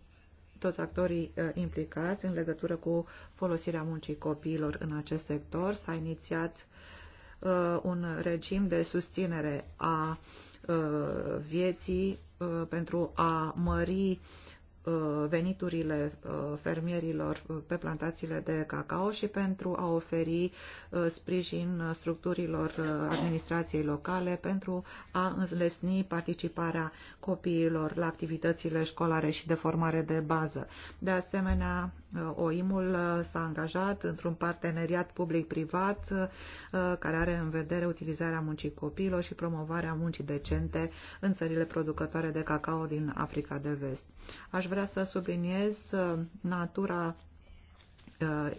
toți actorii uh, implicați în legătură cu folosirea muncii copiilor în acest sector. S-a inițiat uh, un regim de susținere a uh, vieții pentru a mări uh, Uh, veniturile uh, fermierilor uh, pe plantațiile de cacao și pentru a oferi sprijin structurilor administrației locale pentru a înlesni participarea copiilor la activitățile școlare și de formare de bază. De asemenea, OIM-ul uh, s-a angajat într-un parteneriat public-privat uh, care are în vedere utilizarea muncii copiilor și promovarea muncii decente în țările producătoare de cacao din Africa de Vest. Aș vrea să subliniez uh, natura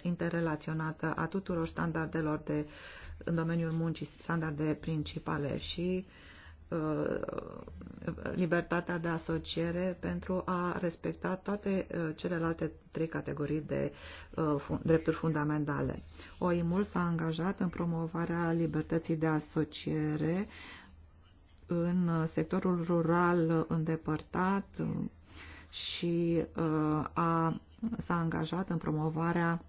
interrelaționată a tuturor standardelor de, în domeniul muncii, standarde principale și uh, Uh, libertatea de asociere pentru a respecta toate uh, celelalte trei categorii de uh, drepturi fundamentale. OIMUL s-a angajat în promovarea libertății de asociere în sectorul rural îndepărtat și a, s-a angajat în promovarea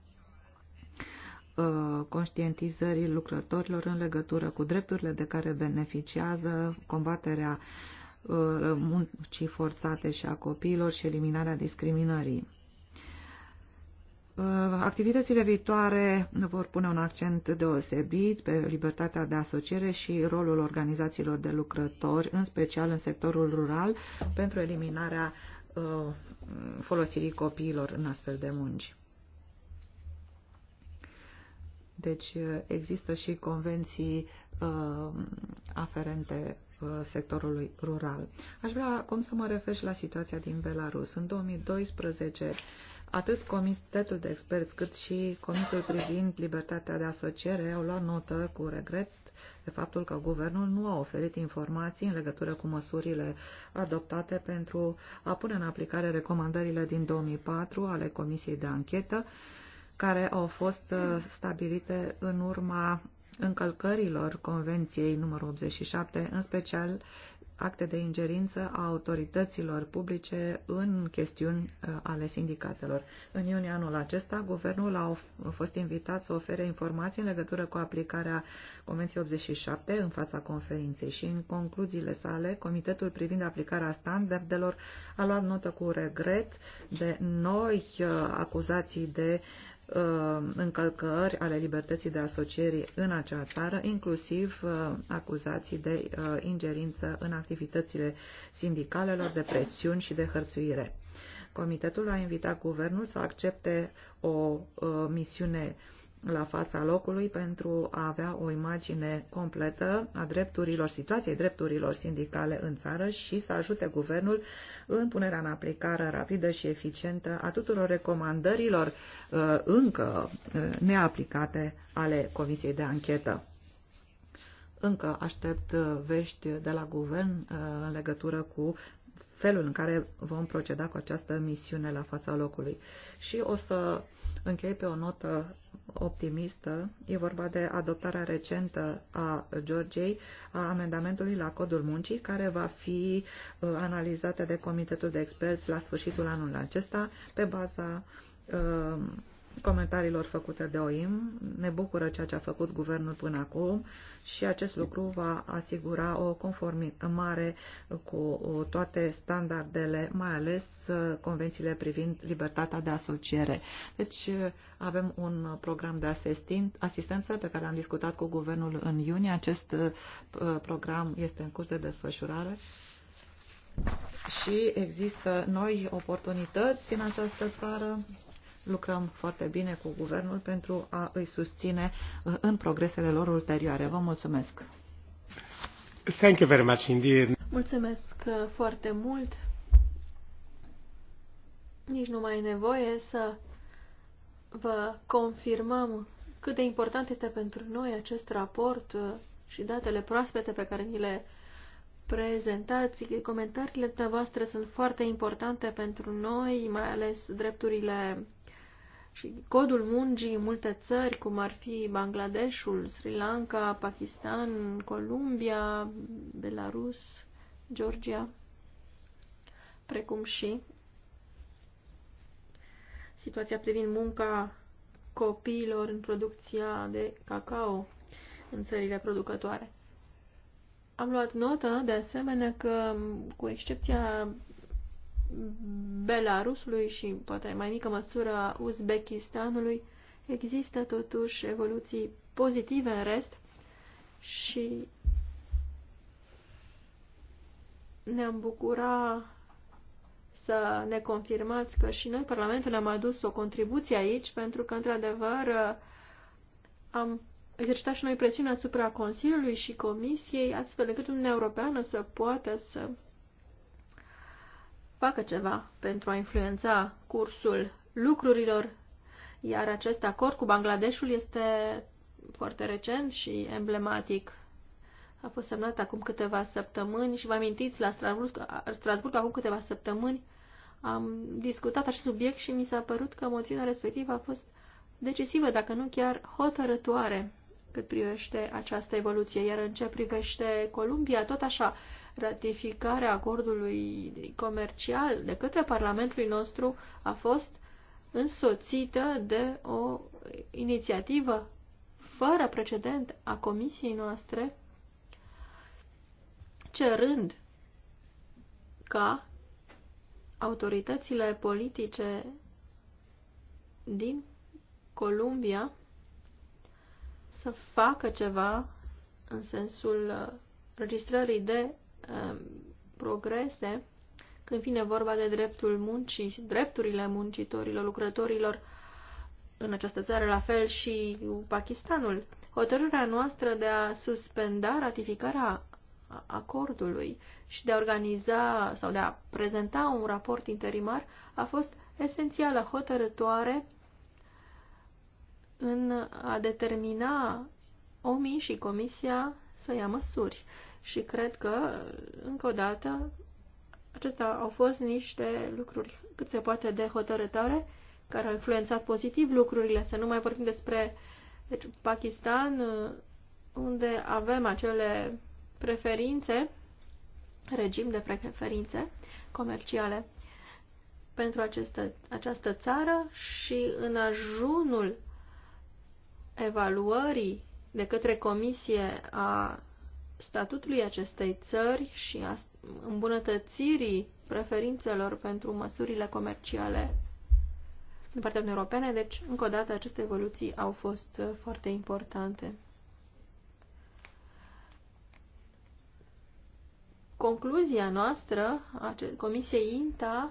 Uh, conștientizării lucrătorilor în legătură cu drepturile de care beneficiază, combaterea uh, muncii forțate și a copiilor și eliminarea discriminării. Uh, activitățile viitoare vor pune un accent deosebit pe libertatea de asociere și rolul organizațiilor de lucrători, în special în sectorul rural, pentru eliminarea folosirii copiilor în astfel de munci. Deci uh, există și convenții uh, aferente uh, sectorului rural. Aș vrea acum să mă refer și la situația din Belarus. În 2012, atât Comitetul de Experți cât și Comitetul privind libertatea de asociere au luat notă cu regret de faptul că guvernul nu a oferit informații în legătură cu măsurile adoptate pentru a pune în aplicare recomandările din 2004 ale Comisiei de Anchetă uh, care au fost uh, stabilite în urma încălcărilor Convenției numărul 87, în special acte de ingerință a autorităților publice în chestiuni uh, ale sindicatelor. În iunie anul acesta, guvernul a fost invitat să ofere informații în legătură cu aplicarea Convenției 87 în fața conferinței și în concluziile sale, Comitetul privind aplicarea standardelor a luat notă cu regret de noi uh, acuzații de Uh, încălcări ale libertății de asociere în acea țară, inclusiv uh, acuzații de uh, ingerință în activitățile sindicalelor, de presiuni și de hărțuire. Comitetul a invitat guvernul să accepte o misiune la fața locului pentru a avea o imagine completă a drepturilor, situației drepturilor sindicale în țară și să ajute guvernul în punerea în aplicare rapidă și eficientă a tuturor recomandărilor uh, încă uh, neaplicate ale Comisiei de Anchetă. Încă aștept uh, vești de la guvern în legătură cu felul în care vom proceda cu această misiune la fața locului. Și o să închei pe o notă optimistă. E vorba de adoptarea recentă a Georgiei a amendamentului la Codul Muncii, care va fi uh, analizată de Comitetul de Experți la sfârșitul anului acesta pe baza uh, comentariilor făcute de OIM. Ne bucură ceea ce a făcut guvernul până acum și acest lucru va asigura o conformitate mare cu toate standardele, mai ales uh, convențiile privind libertatea de asociere. Deci uh, avem un program de asistență pe care am discutat cu guvernul în iunie. Acest uh, program este în curs de desfășurare și există noi oportunități în această țară lucrăm foarte bine cu guvernul pentru a îi susține uh, în progresele lor ulterioare. Vă mulțumesc!
Thank you very much indeed. Mulțumesc uh, foarte mult! Nici nu mai e nevoie să vă confirmăm cât de important este pentru noi acest raport uh, și datele proaspete pe care ni le prezentați. Comentariile dumneavoastră sunt foarte importante pentru noi, mai ales drepturile și codul muncii în multe țări, cum ar fi Bangladeshul, Sri Lanka, Pakistan, Columbia, Belarus, Georgia, precum și situația privind munca copiilor în producția de cacao în țările producătoare. Am luat notă, de asemenea, că, cu excepția Belarusului și, poate mai mică măsură, Uzbekistanului, există totuși evoluții pozitive în rest și ne-am bucura să ne confirmați că și noi, Parlamentul, am adus o contribuție aici, pentru că, într-adevăr, am exercitat și noi presiune asupra Consiliului și Comisiei, astfel încât Uniunea Europeană să poată să facă ceva pentru a influența cursul lucrurilor, iar acest acord cu Bangladeshul este foarte recent și emblematic. A fost semnat acum câteva săptămâni și vă amintiți, la Strasburg, Strasburg acum câteva săptămâni am discutat acest subiect și mi s-a părut că moțiunea respectivă a fost decisivă, dacă nu chiar hotărătoare cât privește această evoluție. Iar în ce privește Columbia, tot așa, ratificarea acordului comercial de către Parlamentului nostru a fost însoțită de o inițiativă fără precedent a comisiei noastre, cerând ca autoritățile politice din Columbia să facă ceva în sensul registrării de Um, progrese când vine vorba de dreptul muncii, drepturile muncitorilor, lucrătorilor în această țară, la fel și Pakistanul. Hotărârea noastră de a suspenda ratificarea acordului și de a organiza sau de a prezenta un raport interimar a fost esențială, hotărătoare în a determina OMI și Comisia să ia măsuri și cred că, încă o dată, acestea au fost niște lucruri cât se poate de hotărătoare, care au influențat pozitiv lucrurile, să nu mai vorbim despre deci, Pakistan, unde avem acele preferințe, regim de preferințe comerciale pentru această, această țară și în ajunul evaluării de către Comisie a statutului acestei țări și a îmbunătățirii preferințelor pentru măsurile comerciale din partea Uniunii Europene, deci, încă o dată, aceste evoluții au fost uh, foarte importante. Concluzia noastră a Comisiei INTA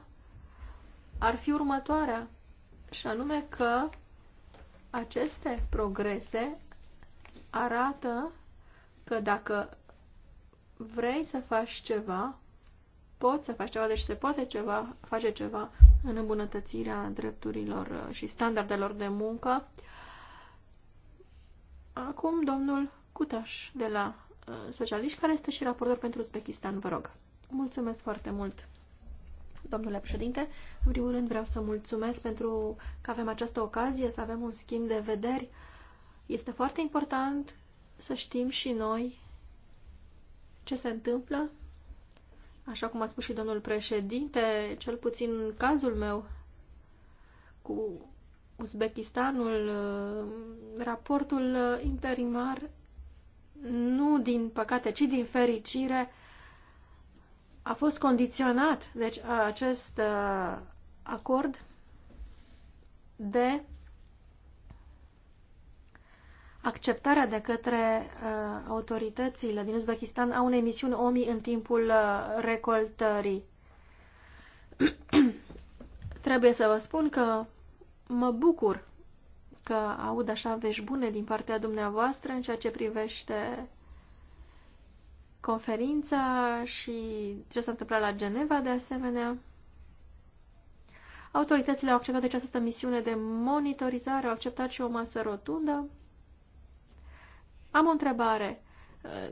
ar fi următoarea, și anume că aceste progrese arată că dacă vrei să faci ceva, poți să faci ceva, deci se poate ceva, face ceva în îmbunătățirea drepturilor uh, și standardelor de muncă. Acum, domnul Cutaș de la uh, Socialiști, care este și raportor pentru Uzbekistan, vă rog. Mulțumesc foarte mult, domnule președinte. În primul rând vreau să mulțumesc pentru că avem această ocazie să avem un schimb de vederi. Este foarte important să știm și noi ce se întâmplă. Așa cum a spus și domnul președinte, cel puțin în cazul meu cu Uzbekistanul, uh, raportul uh, interimar, nu din păcate, ci din fericire, a fost condiționat, deci acest uh, acord de acceptarea de către uh, autoritățile din Uzbekistan a unei misiuni OMI în timpul uh, recoltării. Trebuie să vă spun că mă bucur că aud așa vești bune din partea dumneavoastră în ceea ce privește conferința și ce s-a întâmplat la Geneva de asemenea. Autoritățile au acceptat această misiune de monitorizare, au acceptat și o masă rotundă am o întrebare.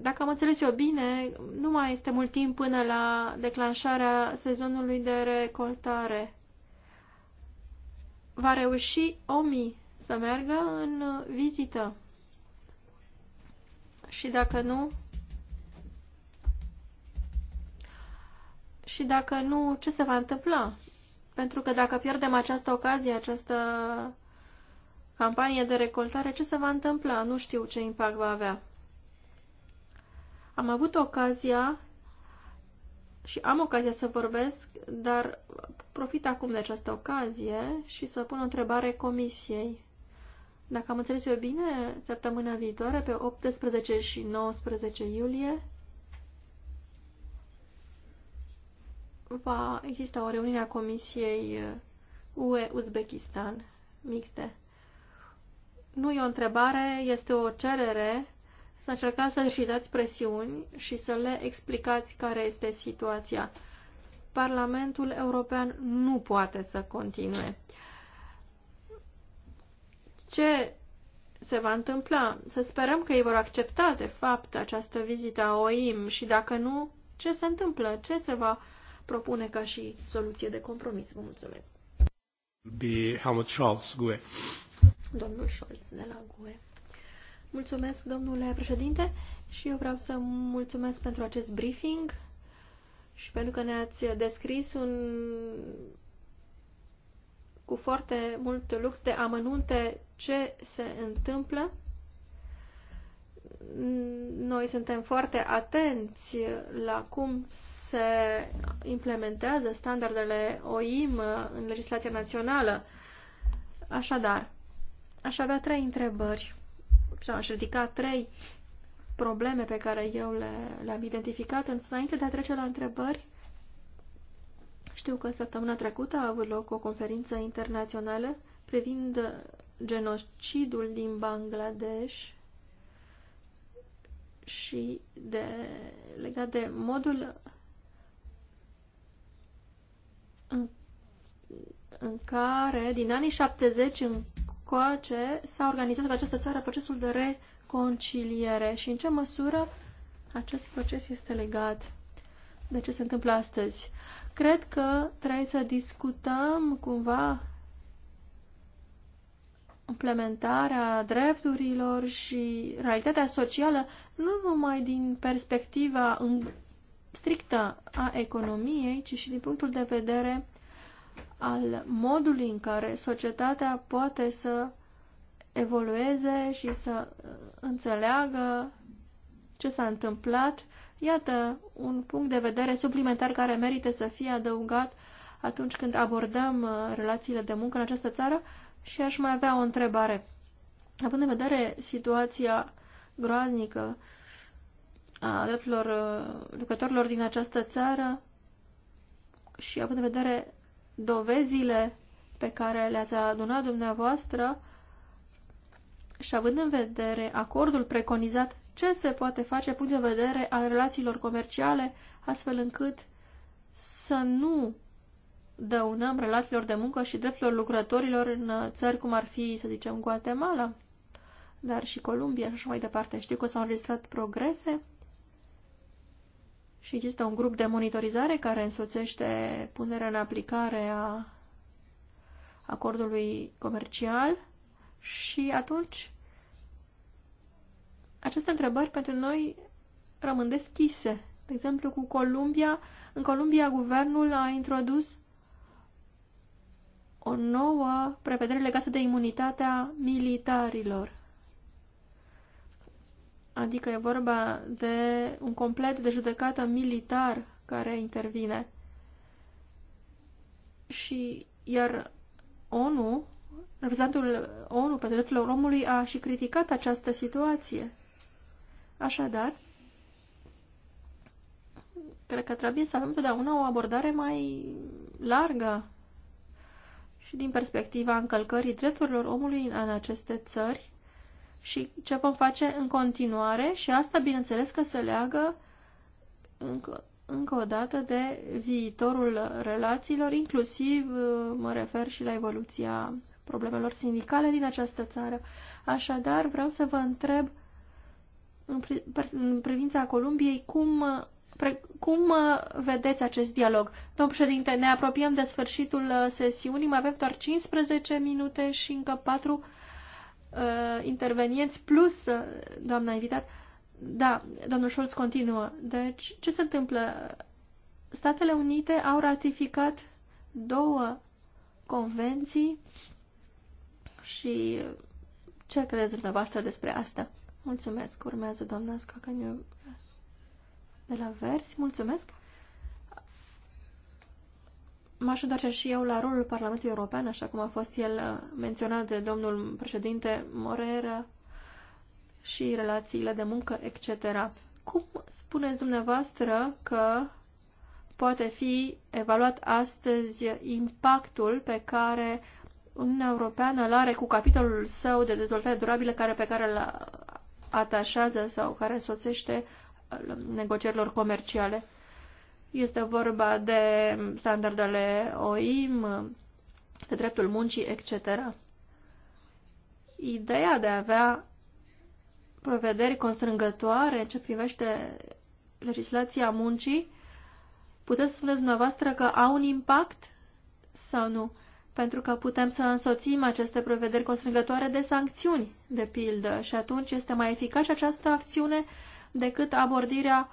Dacă am înțeles eu bine, nu mai este mult timp până la declanșarea sezonului de recoltare. Va reuși OMI să meargă în vizită. Și dacă nu, și dacă nu, ce se va întâmpla? Pentru că dacă pierdem această ocazie, această campanie de recoltare, ce se va întâmpla? Nu știu ce impact va avea. Am avut ocazia și am ocazia să vorbesc, dar profit acum de această ocazie și să pun o întrebare comisiei. Dacă am înțeles eu bine, săptămâna viitoare, pe 18 și 19 iulie, va exista o reuniune a Comisiei UE-Uzbekistan mixte nu e o întrebare, este o cerere să încercați să-și dați presiuni și să le explicați care este situația. Parlamentul European nu poate să continue. Ce se va întâmpla? Să sperăm că ei vor accepta, de fapt, această vizită a OIM și dacă nu, ce se întâmplă? Ce se va propune ca și soluție de compromis? Vă mulțumesc. Be Helmut Charles, domnul Scholz de la GUE. Mulțumesc, domnule președinte, și eu vreau să mulțumesc pentru acest briefing și pentru că ne-ați descris un cu foarte mult lux de amănunte ce se întâmplă. Noi suntem foarte atenți la cum se implementează standardele OIM în legislația națională. Așadar, Aș avea trei întrebări sau aș ridica trei probleme pe care eu le, le-am identificat. Însă, înainte de a trece la întrebări, știu că săptămâna trecută a avut loc o conferință internațională privind genocidul din Bangladesh și de, legat de modul în, în care, din anii 70 în încoace s-a organizat în această țară procesul de reconciliere și în ce măsură acest proces este legat de ce se întâmplă astăzi. Cred că trebuie să discutăm cumva implementarea drepturilor și realitatea socială nu numai din perspectiva strictă a economiei, ci și din punctul de vedere al modului în care societatea poate să evolueze și să uh, înțeleagă ce s-a întâmplat. Iată un punct de vedere suplimentar care merită să fie adăugat atunci când abordăm uh, relațiile de muncă în această țară și aș mai avea o întrebare. Având în vedere situația groaznică a drepturilor uh, lucrătorilor din această țară și având în vedere dovezile pe care le-ați adunat dumneavoastră și având în vedere acordul preconizat, ce se poate face punct de vedere al relațiilor comerciale, astfel încât să nu dăunăm relațiilor de muncă și drepturilor lucrătorilor în țări cum ar fi, să zicem, Guatemala, dar și Columbia și așa mai departe. Știu că s-au înregistrat progrese și există un grup de monitorizare care însoțește punerea în aplicare a acordului comercial și atunci aceste întrebări pentru noi rămân deschise. De exemplu, cu Columbia, în Columbia guvernul a introdus o nouă prevedere legată de imunitatea militarilor. Adică e vorba de un complet de judecată militar care intervine. Și iar ONU, reprezentantul ONU pentru drepturile omului a și criticat această situație. Așadar, cred că trebuie să avem totdeauna o abordare mai largă și din perspectiva încălcării drepturilor omului în aceste țări și ce vom face în continuare și asta, bineînțeles, că se leagă încă, încă o dată de viitorul relațiilor, inclusiv uh, mă refer și la evoluția problemelor sindicale din această țară. Așadar, vreau să vă întreb în privința Columbiei cum, pre, cum uh, vedeți acest dialog. Domnul președinte, ne apropiem de sfârșitul uh, sesiunii, mai avem doar 15 minute și încă 4 uh, intervenienți plus uh, doamna invitat. Da, domnul Scholz continuă. Deci, ce se întâmplă? Statele Unite au ratificat două convenții și ce credeți dumneavoastră despre asta? Mulțumesc. Urmează doamna Scacaniu de la Versi. Mulțumesc. M-aș întoarce și eu la rolul Parlamentului European, așa cum a fost el uh, menționat de domnul președinte Morera și relațiile de muncă, etc. Cum spuneți dumneavoastră că poate fi evaluat astăzi impactul pe care Uniunea Europeană îl are cu capitolul său de dezvoltare durabilă care pe care îl atașează sau care însoțește uh, negocierilor comerciale? Este vorba de standardele OIM, de dreptul muncii, etc. Ideea de a avea provederi constrângătoare în ce privește legislația muncii, puteți spuneți dumneavoastră că au un impact sau nu? Pentru că putem să însoțim aceste prevederi constrângătoare de sancțiuni, de pildă, și atunci este mai eficace această acțiune decât abordirea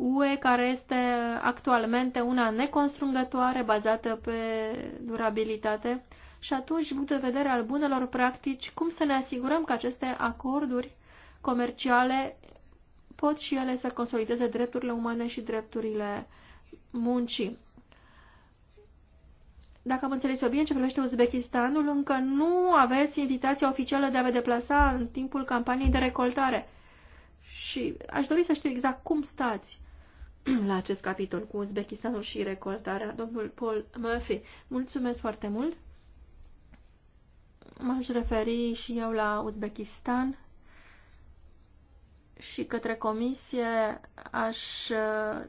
UE care este actualmente una neconstrângătoare, bazată pe durabilitate și atunci, din punct de vedere al bunelor practici, cum să ne asigurăm că aceste acorduri comerciale pot și ele să consolideze drepturile umane și drepturile muncii. Dacă am înțeles eu bine ce privește Uzbekistanul, încă nu aveți invitația oficială de a vă deplasa în timpul campaniei de recoltare. Și aș dori să știu exact cum stați la acest capitol cu Uzbekistanul și recoltarea, domnul Paul Murphy. Mulțumesc foarte mult! M-aș referi și eu la Uzbekistan și către comisie aș uh,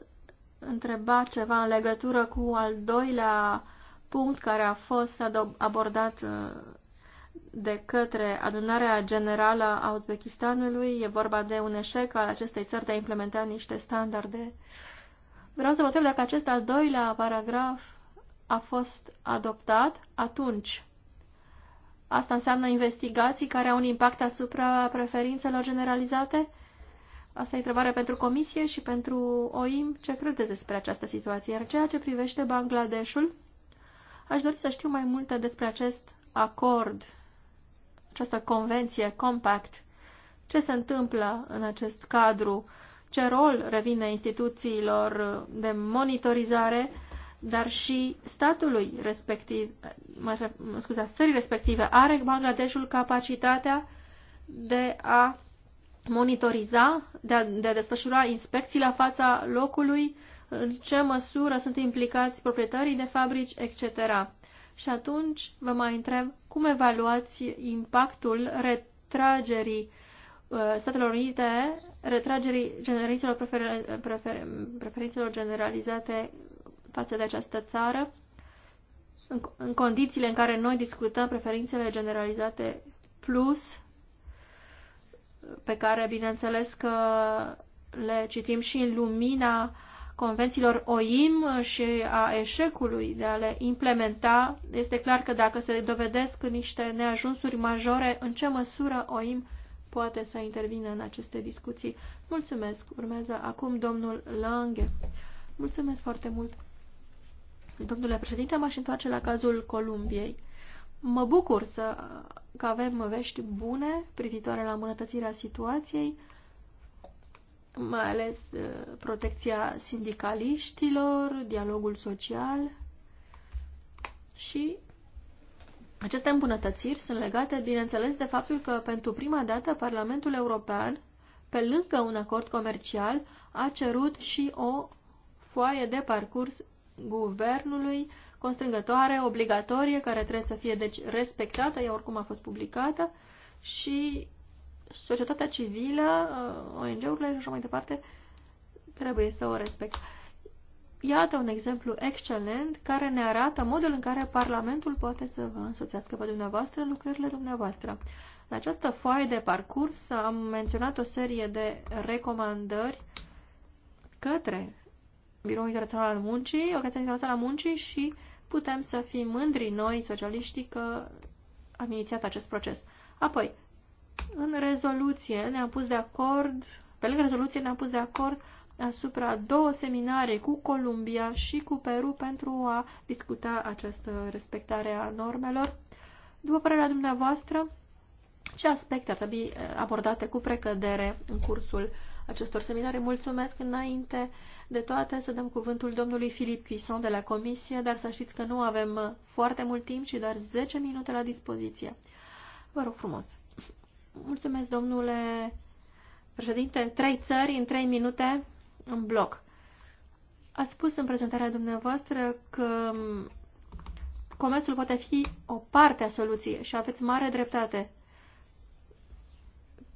întreba ceva în legătură cu al doilea punct care a fost abordat uh, de către adunarea generală a Uzbekistanului. E vorba de un eșec al acestei țări de a implementa niște standarde. Vreau să vă întreb dacă acest al doilea paragraf a fost adoptat atunci. Asta înseamnă investigații care au un impact asupra preferințelor generalizate? Asta e întrebarea pentru Comisie și pentru OIM. Ce credeți despre această situație? Iar ceea ce privește Bangladeshul, aș dori să știu mai multe despre acest acord această convenție, compact, ce se întâmplă în acest cadru, ce rol revine instituțiilor de monitorizare, dar și statului respectiv, mă, scuzați, țării respective. Are Bangladeshul capacitatea de a monitoriza, de a, de a desfășura inspecții la fața locului, în ce măsură sunt implicați proprietarii de fabrici, etc. Și atunci vă mai întreb cum evaluați impactul retragerii uh, Statelor Unite, retragerii generațiilor prefer, prefer, preferințelor generalizate față de această țară, în, în condițiile în care noi discutăm preferințele generalizate plus, pe care bineînțeles că le citim și în lumina uh, convențiilor OIM și a eșecului de a le implementa, este clar că dacă se dovedesc niște neajunsuri majore, în ce măsură OIM poate să intervină în aceste discuții. Mulțumesc. Urmează acum domnul Lange. Mulțumesc foarte mult. Domnule președinte, m-aș întoarce la cazul Columbiei. Mă bucur să, că avem vești bune privitoare la îmbunătățirea situației mai ales uh, protecția sindicaliștilor, dialogul social și aceste îmbunătățiri sunt legate, bineînțeles, de faptul că pentru prima dată Parlamentul European, pe lângă un acord comercial, a cerut și o foaie de parcurs guvernului constrângătoare, obligatorie, care trebuie să fie deci respectată, ea oricum a fost publicată și societatea civilă, uh, ONG-urile și așa mai departe, trebuie să o respect. Iată un exemplu excelent care ne arată modul în care Parlamentul poate să vă însoțească pe dumneavoastră lucrările dumneavoastră. În această foaie de parcurs am menționat o serie de recomandări către Biroul Internațional al Muncii, Organizația Internațională a Muncii și putem să fim mândri noi, socialiștii, că am inițiat acest proces. Apoi, în rezoluție ne-am pus de acord, pe lângă rezoluție ne-am pus de acord asupra două seminare cu Columbia și cu Peru pentru a discuta această respectare a normelor. După părerea dumneavoastră, ce aspecte ar trebui eh, abordate cu precădere în cursul acestor seminare? Mulțumesc înainte de toate să dăm cuvântul domnului Filip Cuisson de la Comisie, dar să știți că nu avem foarte mult timp, ci doar 10 minute la dispoziție. Vă rog frumos! Mulțumesc, domnule președinte. În trei țări, în trei minute, în bloc. Ați spus în prezentarea dumneavoastră că comerțul poate fi o parte a soluției și aveți mare dreptate.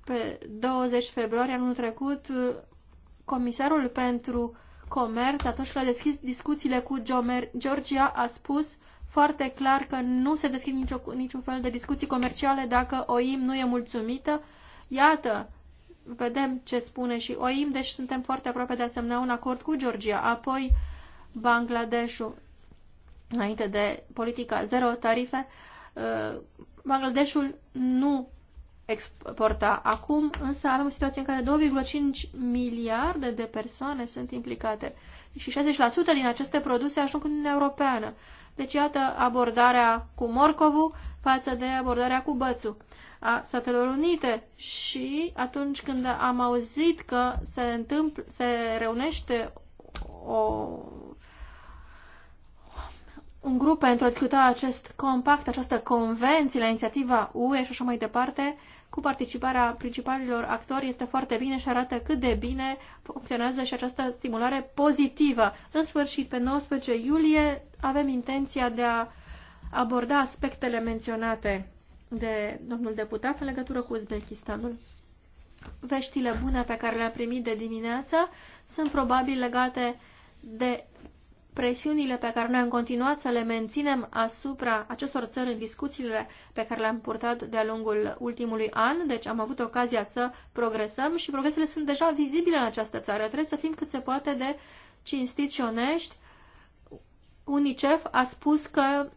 Pe 20 februarie anul trecut, comisarul pentru comerț, atunci când a deschis discuțiile cu Georgia, a spus foarte clar că nu se deschid nicio, niciun fel de discuții comerciale dacă OIM nu e mulțumită. Iată, vedem ce spune și OIM, deci suntem foarte aproape de a semna un acord cu Georgia. Apoi, Bangladeshul, înainte de politica zero tarife, uh, Bangladeshul nu exporta acum, însă avem o situație în care 2,5 miliarde de persoane sunt implicate și 60% din aceste produse ajung în Uniunea Europeană. Deci iată abordarea cu morcovul față de abordarea cu bățul a Statelor Unite și atunci când am auzit că se, întâmpl, se reunește o un grup pentru a discuta acest compact, această convenție la inițiativa UE și așa mai departe, cu participarea principalilor actori, este foarte bine și arată cât de bine funcționează și această stimulare pozitivă. În sfârșit, pe 19 iulie avem intenția de a aborda aspectele menționate de domnul deputat în legătură cu Uzbekistanul. Veștile bune pe care le-am primit de dimineață sunt probabil legate de presiunile pe care noi am continuat să le menținem asupra acestor țări în discuțiile pe care le-am purtat de-a lungul ultimului an, deci am avut ocazia să progresăm și progresele sunt deja vizibile în această țară. Trebuie să fim cât se poate de cinstiți și onești. UNICEF a spus că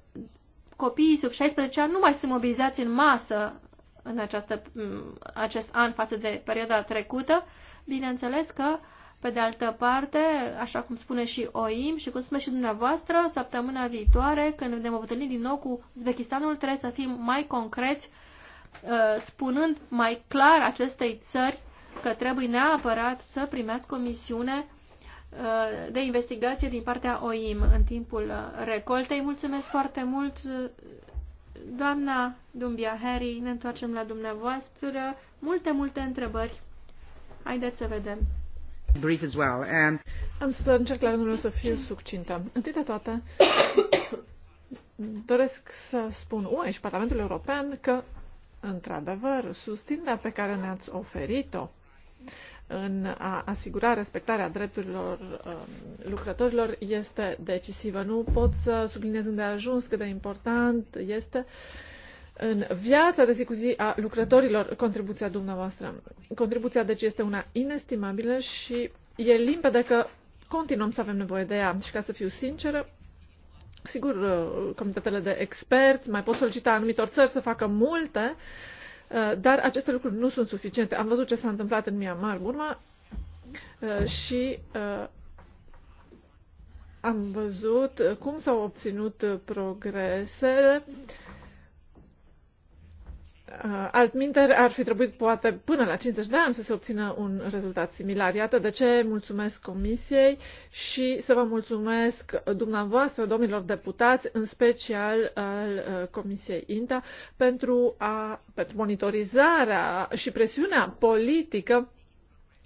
copiii sub 16 ani nu mai sunt mobilizați în masă în această, acest an față de perioada trecută. Bineînțeles că uh, pe de altă parte, așa cum spune și OIM și cum spune și dumneavoastră, săptămâna viitoare, când ne vom întâlni din nou cu Uzbekistanul, trebuie să fim mai concreți, uh, spunând mai clar acestei țări că trebuie neapărat să primească o misiune uh, de investigație din partea OIM în timpul uh, recoltei. Mulțumesc foarte mult, doamna Dumbia Harry, ne întoarcem la dumneavoastră. Multe, multe întrebări. Haideți să vedem.
Brief as well. Um...
Am să încerc la rândul meu să
fiu succintă. Întâi de toate, doresc să spun UE și Parlamentul European că, într-adevăr, susținerea pe care ne-ați oferit-o în a asigura respectarea drepturilor um, lucrătorilor este decisivă. Nu pot să subliniez îndeajuns cât de important este uh, în viața de zi cu zi a lucrătorilor contribuția dumneavoastră. Contribuția deci este una inestimabilă și e limpede că continuăm să avem nevoie de ea. Și ca să fiu sinceră, sigur, uh, comitetele de experți mai pot solicita anumitor țări să facă multe, uh, dar aceste lucruri nu sunt suficiente. Am văzut ce s-a întâmplat în Myanmar, urmă, uh, și am văzut cum s-au obținut progresele Uh, altminteri, ar fi trebuit poate până la 50 de ani să se obțină un rezultat similar. Iată de ce mulțumesc Comisiei și să vă mulțumesc dumneavoastră, domnilor deputați, în special al uh, Comisiei INTA, pentru, a, pentru monitorizarea și presiunea politică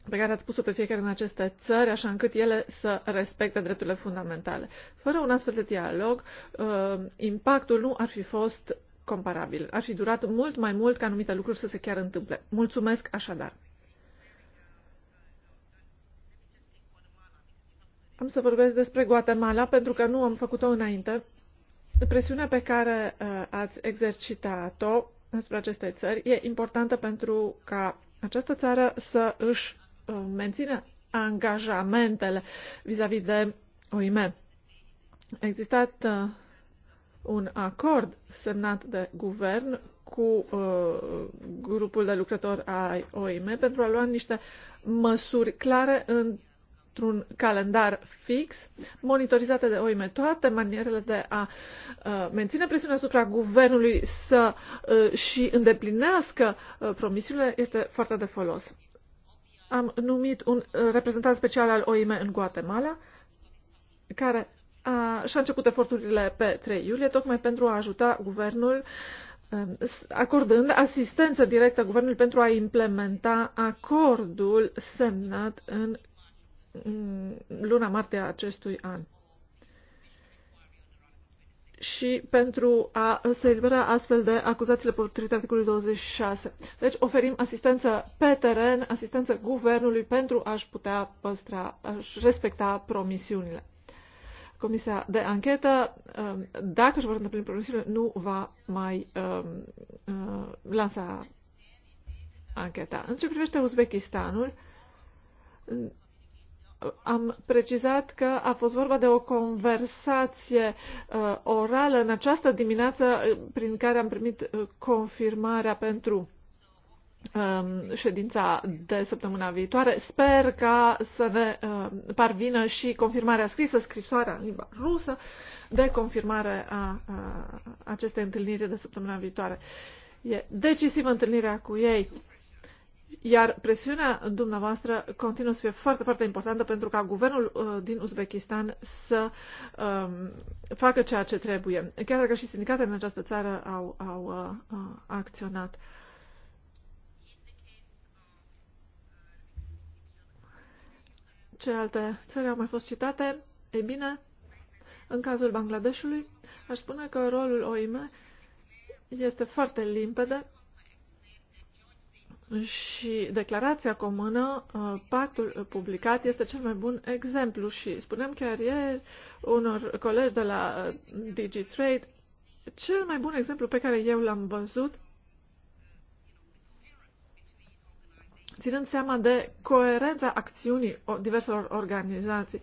pe care ați pus-o pe fiecare din aceste țări, așa încât ele să respecte drepturile fundamentale. Fără un astfel de dialog, uh, impactul nu ar fi fost comparabil. Ar fi durat mult mai mult ca anumite lucruri să se chiar întâmple. Mulțumesc așadar. Am să vorbesc despre Guatemala pentru că nu am făcut-o înainte. Presiunea pe care uh, ați exercitat-o asupra acestei țări e importantă pentru ca această țară să își uh, mențină angajamentele vis-a-vis -vis de OIM. existat uh, un acord semnat de guvern cu uh, grupul de lucrători ai OIM pentru a lua niște măsuri clare într-un calendar fix, monitorizate de OIM toate manierele de a uh, menține presiunea asupra guvernului să uh, și îndeplinească uh, promisiunile este foarte de folos. Am numit un uh, reprezentant special al OIM în Guatemala, care și-a început eforturile pe 3 iulie, tocmai pentru a ajuta guvernul, um, acordând asistență directă guvernului pentru a implementa acordul semnat în luna martie a acestui an și pentru a se elibera astfel de acuzațiile potrivit articolului 26. Deci oferim asistență pe teren, asistență guvernului pentru a-și putea păstra, a-și respecta promisiunile. Comisia de anchetă, um, dacă își vor îndeplini promisiunile, nu va mai um, uh, lansa ancheta. În ce privește Uzbekistanul, am precizat că a fost vorba de o conversație uh, orală în această dimineață uh, prin care am primit uh, confirmarea pentru Um, ședința de săptămâna viitoare. Sper ca să ne um, parvină și confirmarea scrisă, scrisoarea în limba rusă, de confirmare a acestei întâlniri de săptămâna viitoare. E decisivă întâlnirea cu ei. Iar presiunea dumneavoastră continuă să fie foarte, foarte importantă pentru ca guvernul uh, din Uzbekistan să um, facă ceea ce trebuie. Chiar dacă și sindicatele în această țară au, au uh, uh acționat. ce alte țări au mai fost citate, e bine, în cazul Bangladeshului, aș spune că rolul OIM este foarte limpede și declarația comună, uh, pactul publicat, este cel mai bun exemplu și spunem chiar ieri unor colegi de la uh, DigiTrade, cel mai bun exemplu pe care eu l-am văzut ținând seama de coerența acțiunii diverselor organizații,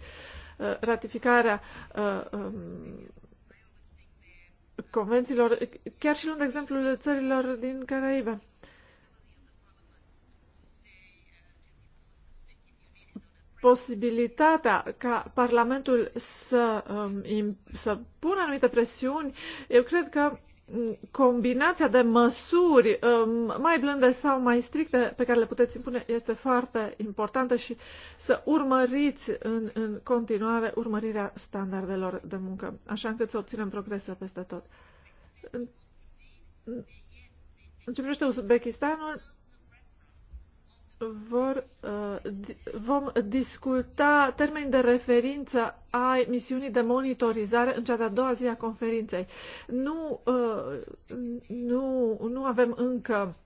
uh, ratificarea uh, um, convențiilor, chiar și luând exemplul țărilor din Caraibe. posibilitatea ca Parlamentul să, um, să pună anumite presiuni, eu cred că combinația de măsuri um, mai blânde sau mai stricte pe care le puteți impune este foarte importantă și să urmăriți în, în continuare urmărirea standardelor de muncă, așa încât să obținem progrese peste tot. În ce privește Uzbekistanul, vor, uh, vom discuta termeni de referință ai misiunii de monitorizare în cea de-a doua zi a conferinței. Nu, uh, nu, nu avem încă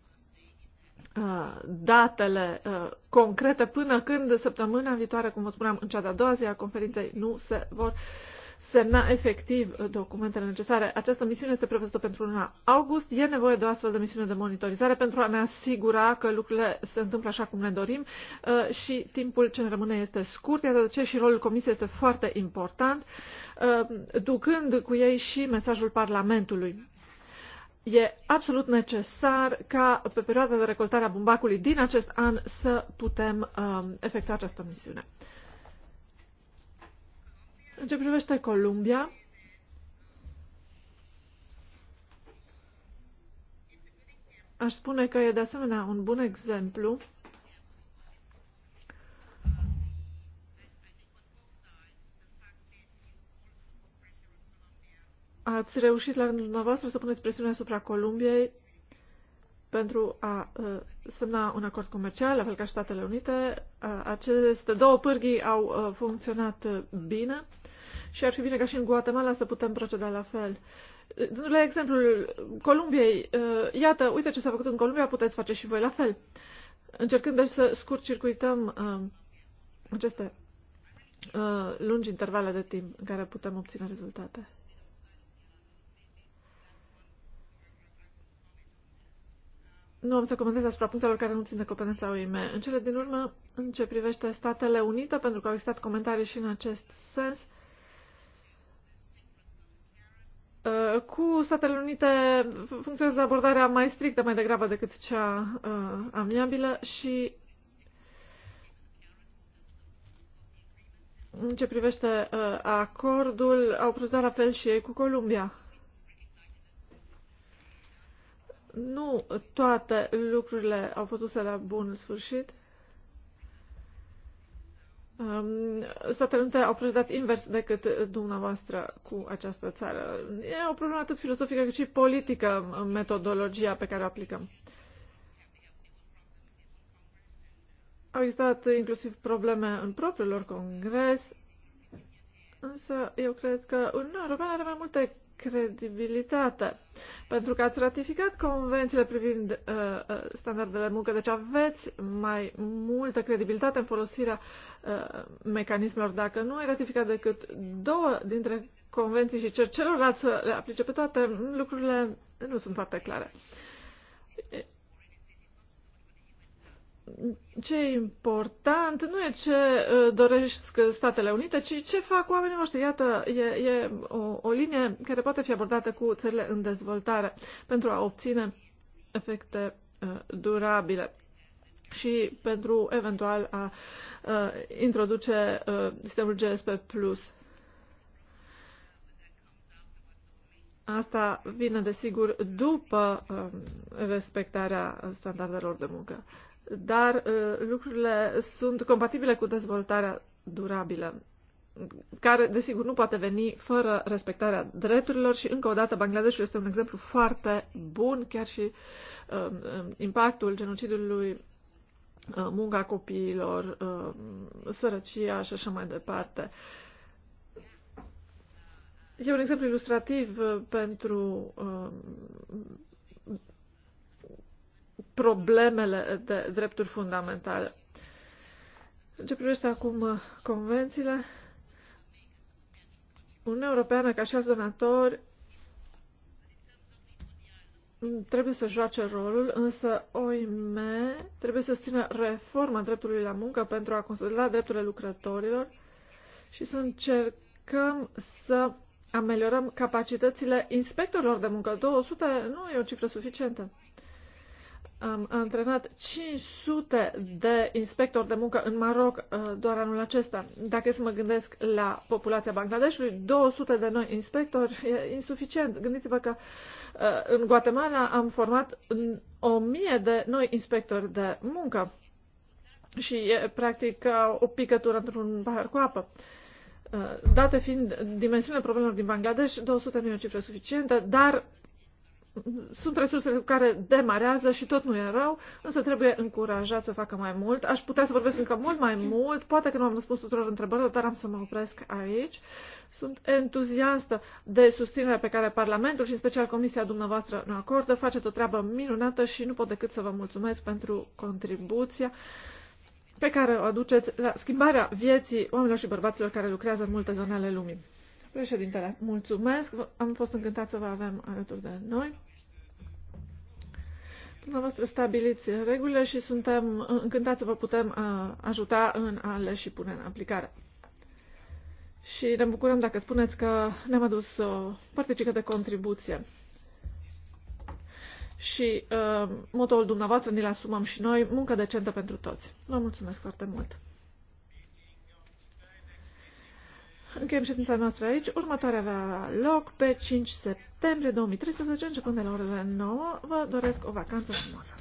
uh, datele concrete până când săptămâna viitoare, cum vă spuneam, în cea de-a doua zi a conferinței nu se vor uh, semna efectiv documentele necesare. Această misiune este prevăzută pentru luna august. E nevoie de o astfel de misiune de monitorizare pentru a ne asigura că lucrurile se întâmplă așa cum ne dorim uh, și timpul ce ne rămâne este scurt, iată de ce și rolul comisiei este foarte important, uh, ducând cu ei și mesajul Parlamentului e absolut necesar ca pe perioada de recoltare a bumbacului din acest an să putem uh, efectua această misiune. În ce privește Columbia, aș spune că e de asemenea un bun exemplu Ați reușit la rândul dumneavoastră să puneți presiune asupra Columbiei pentru a uh, semna un acord comercial, la fel ca Statele Unite. Uh, aceste două pârghii au uh, funcționat uh, bine și ar fi bine ca și în Guatemala să putem proceda la fel. La exemplu, Columbiei, uh, iată, uite ce s-a făcut în Columbia, puteți face și voi la fel. Încercând deci să scurt-circuităm uh, aceste uh, lungi intervale de timp în care putem obține rezultate. Nu am să comentez asupra punctelor care nu țin de competența UIM. În cele din urmă, în ce privește Statele Unite, pentru că au existat comentarii și în acest sens, uh, Uh, cu Statele Unite funcționează abordarea mai strictă mai degrabă decât cea uh, amiabilă și în ce privește uh, acordul, au procedat la fel și ei cu Columbia. Nu toate lucrurile au putut să la bun sfârșit. Um, Statele Unite au procedat invers decât dumneavoastră cu această țară. E o problemă atât filozofică cât și politică în metodologia pe care o aplicăm. Au existat inclusiv probleme în propriul lor congres, însă eu cred că Uniunea Europeană are mai multe credibilitate. Pentru că ați ratificat convențiile privind uh, uh standardele muncă, deci aveți mai multă credibilitate în folosirea uh, mecanismelor. Dacă nu ai ratificat decât două dintre convenții și cer celorlalți să le aplice pe toate, lucrurile nu sunt foarte clare ce e important nu e ce doresc Statele Unite, ci ce fac oamenii noștri. Iată, e, e o, o linie care poate fi abordată cu țările în dezvoltare pentru a obține efecte durabile și pentru eventual a introduce sistemul GSP+. Asta vine, desigur, după respectarea standardelor de muncă dar uh, lucrurile sunt compatibile cu dezvoltarea durabilă, care, desigur, nu poate veni fără respectarea drepturilor și, încă o dată, Bangladeshul este un exemplu foarte bun, chiar și uh, impactul genocidului uh, munca copiilor, um, sărăcia și așa mai departe. E un exemplu ilustrativ uh, pentru problemele de drepturi fundamentale. În ce privește acum uh, convențiile, Uniunea Europeană, ca și alți donatori, trebuie să joace rolul, însă OIM trebuie să susțină reforma dreptului la muncă pentru a consolida drepturile lucrătorilor și să încercăm să ameliorăm capacitățile inspectorilor de muncă. 200 nu e o cifră suficientă. Am antrenat 500 de inspectori de muncă în Maroc uh, doar anul acesta. Dacă să mă gândesc la populația Bangladeshului, 200 de noi inspectori e insuficient. Gândiți-vă că uh, în Guatemala am format 1000 de noi inspectori de muncă și e practic o picătură într-un pahar cu apă. Uh, date fiind dimensiunea problemelor din Bangladesh, 200 nu e o cifră suficientă, dar sunt resursele care demarează și tot nu e rău, însă trebuie încurajat să facă mai mult. Aș putea să vorbesc încă mult mai mult, poate că nu am răspuns tuturor întrebărilor, dar am să mă opresc aici. Sunt entuziastă de susținerea pe care Parlamentul și în special Comisia dumneavoastră ne acordă. face o treabă minunată și nu pot decât să vă mulțumesc pentru contribuția pe care o aduceți la schimbarea vieții oamenilor și bărbaților care lucrează în multe zone ale lumii. Președintele, mulțumesc, am fost încântat să vă avem alături de noi. Dumneavoastră stabiliți regulile și suntem încântați să vă putem uh, ajuta în a le și pune în aplicare. Și ne bucurăm dacă spuneți că ne-am adus o uh, particică de contribuție. Și uh, motoul dumneavoastră ne-l asumăm și noi, muncă decentă pentru toți. Vă mulțumesc foarte mult! Încheiem ședința noastră aici. Următoarea avea loc pe 5 septembrie 2013, începând de la orele 9. Vă doresc o vacanță frumoasă!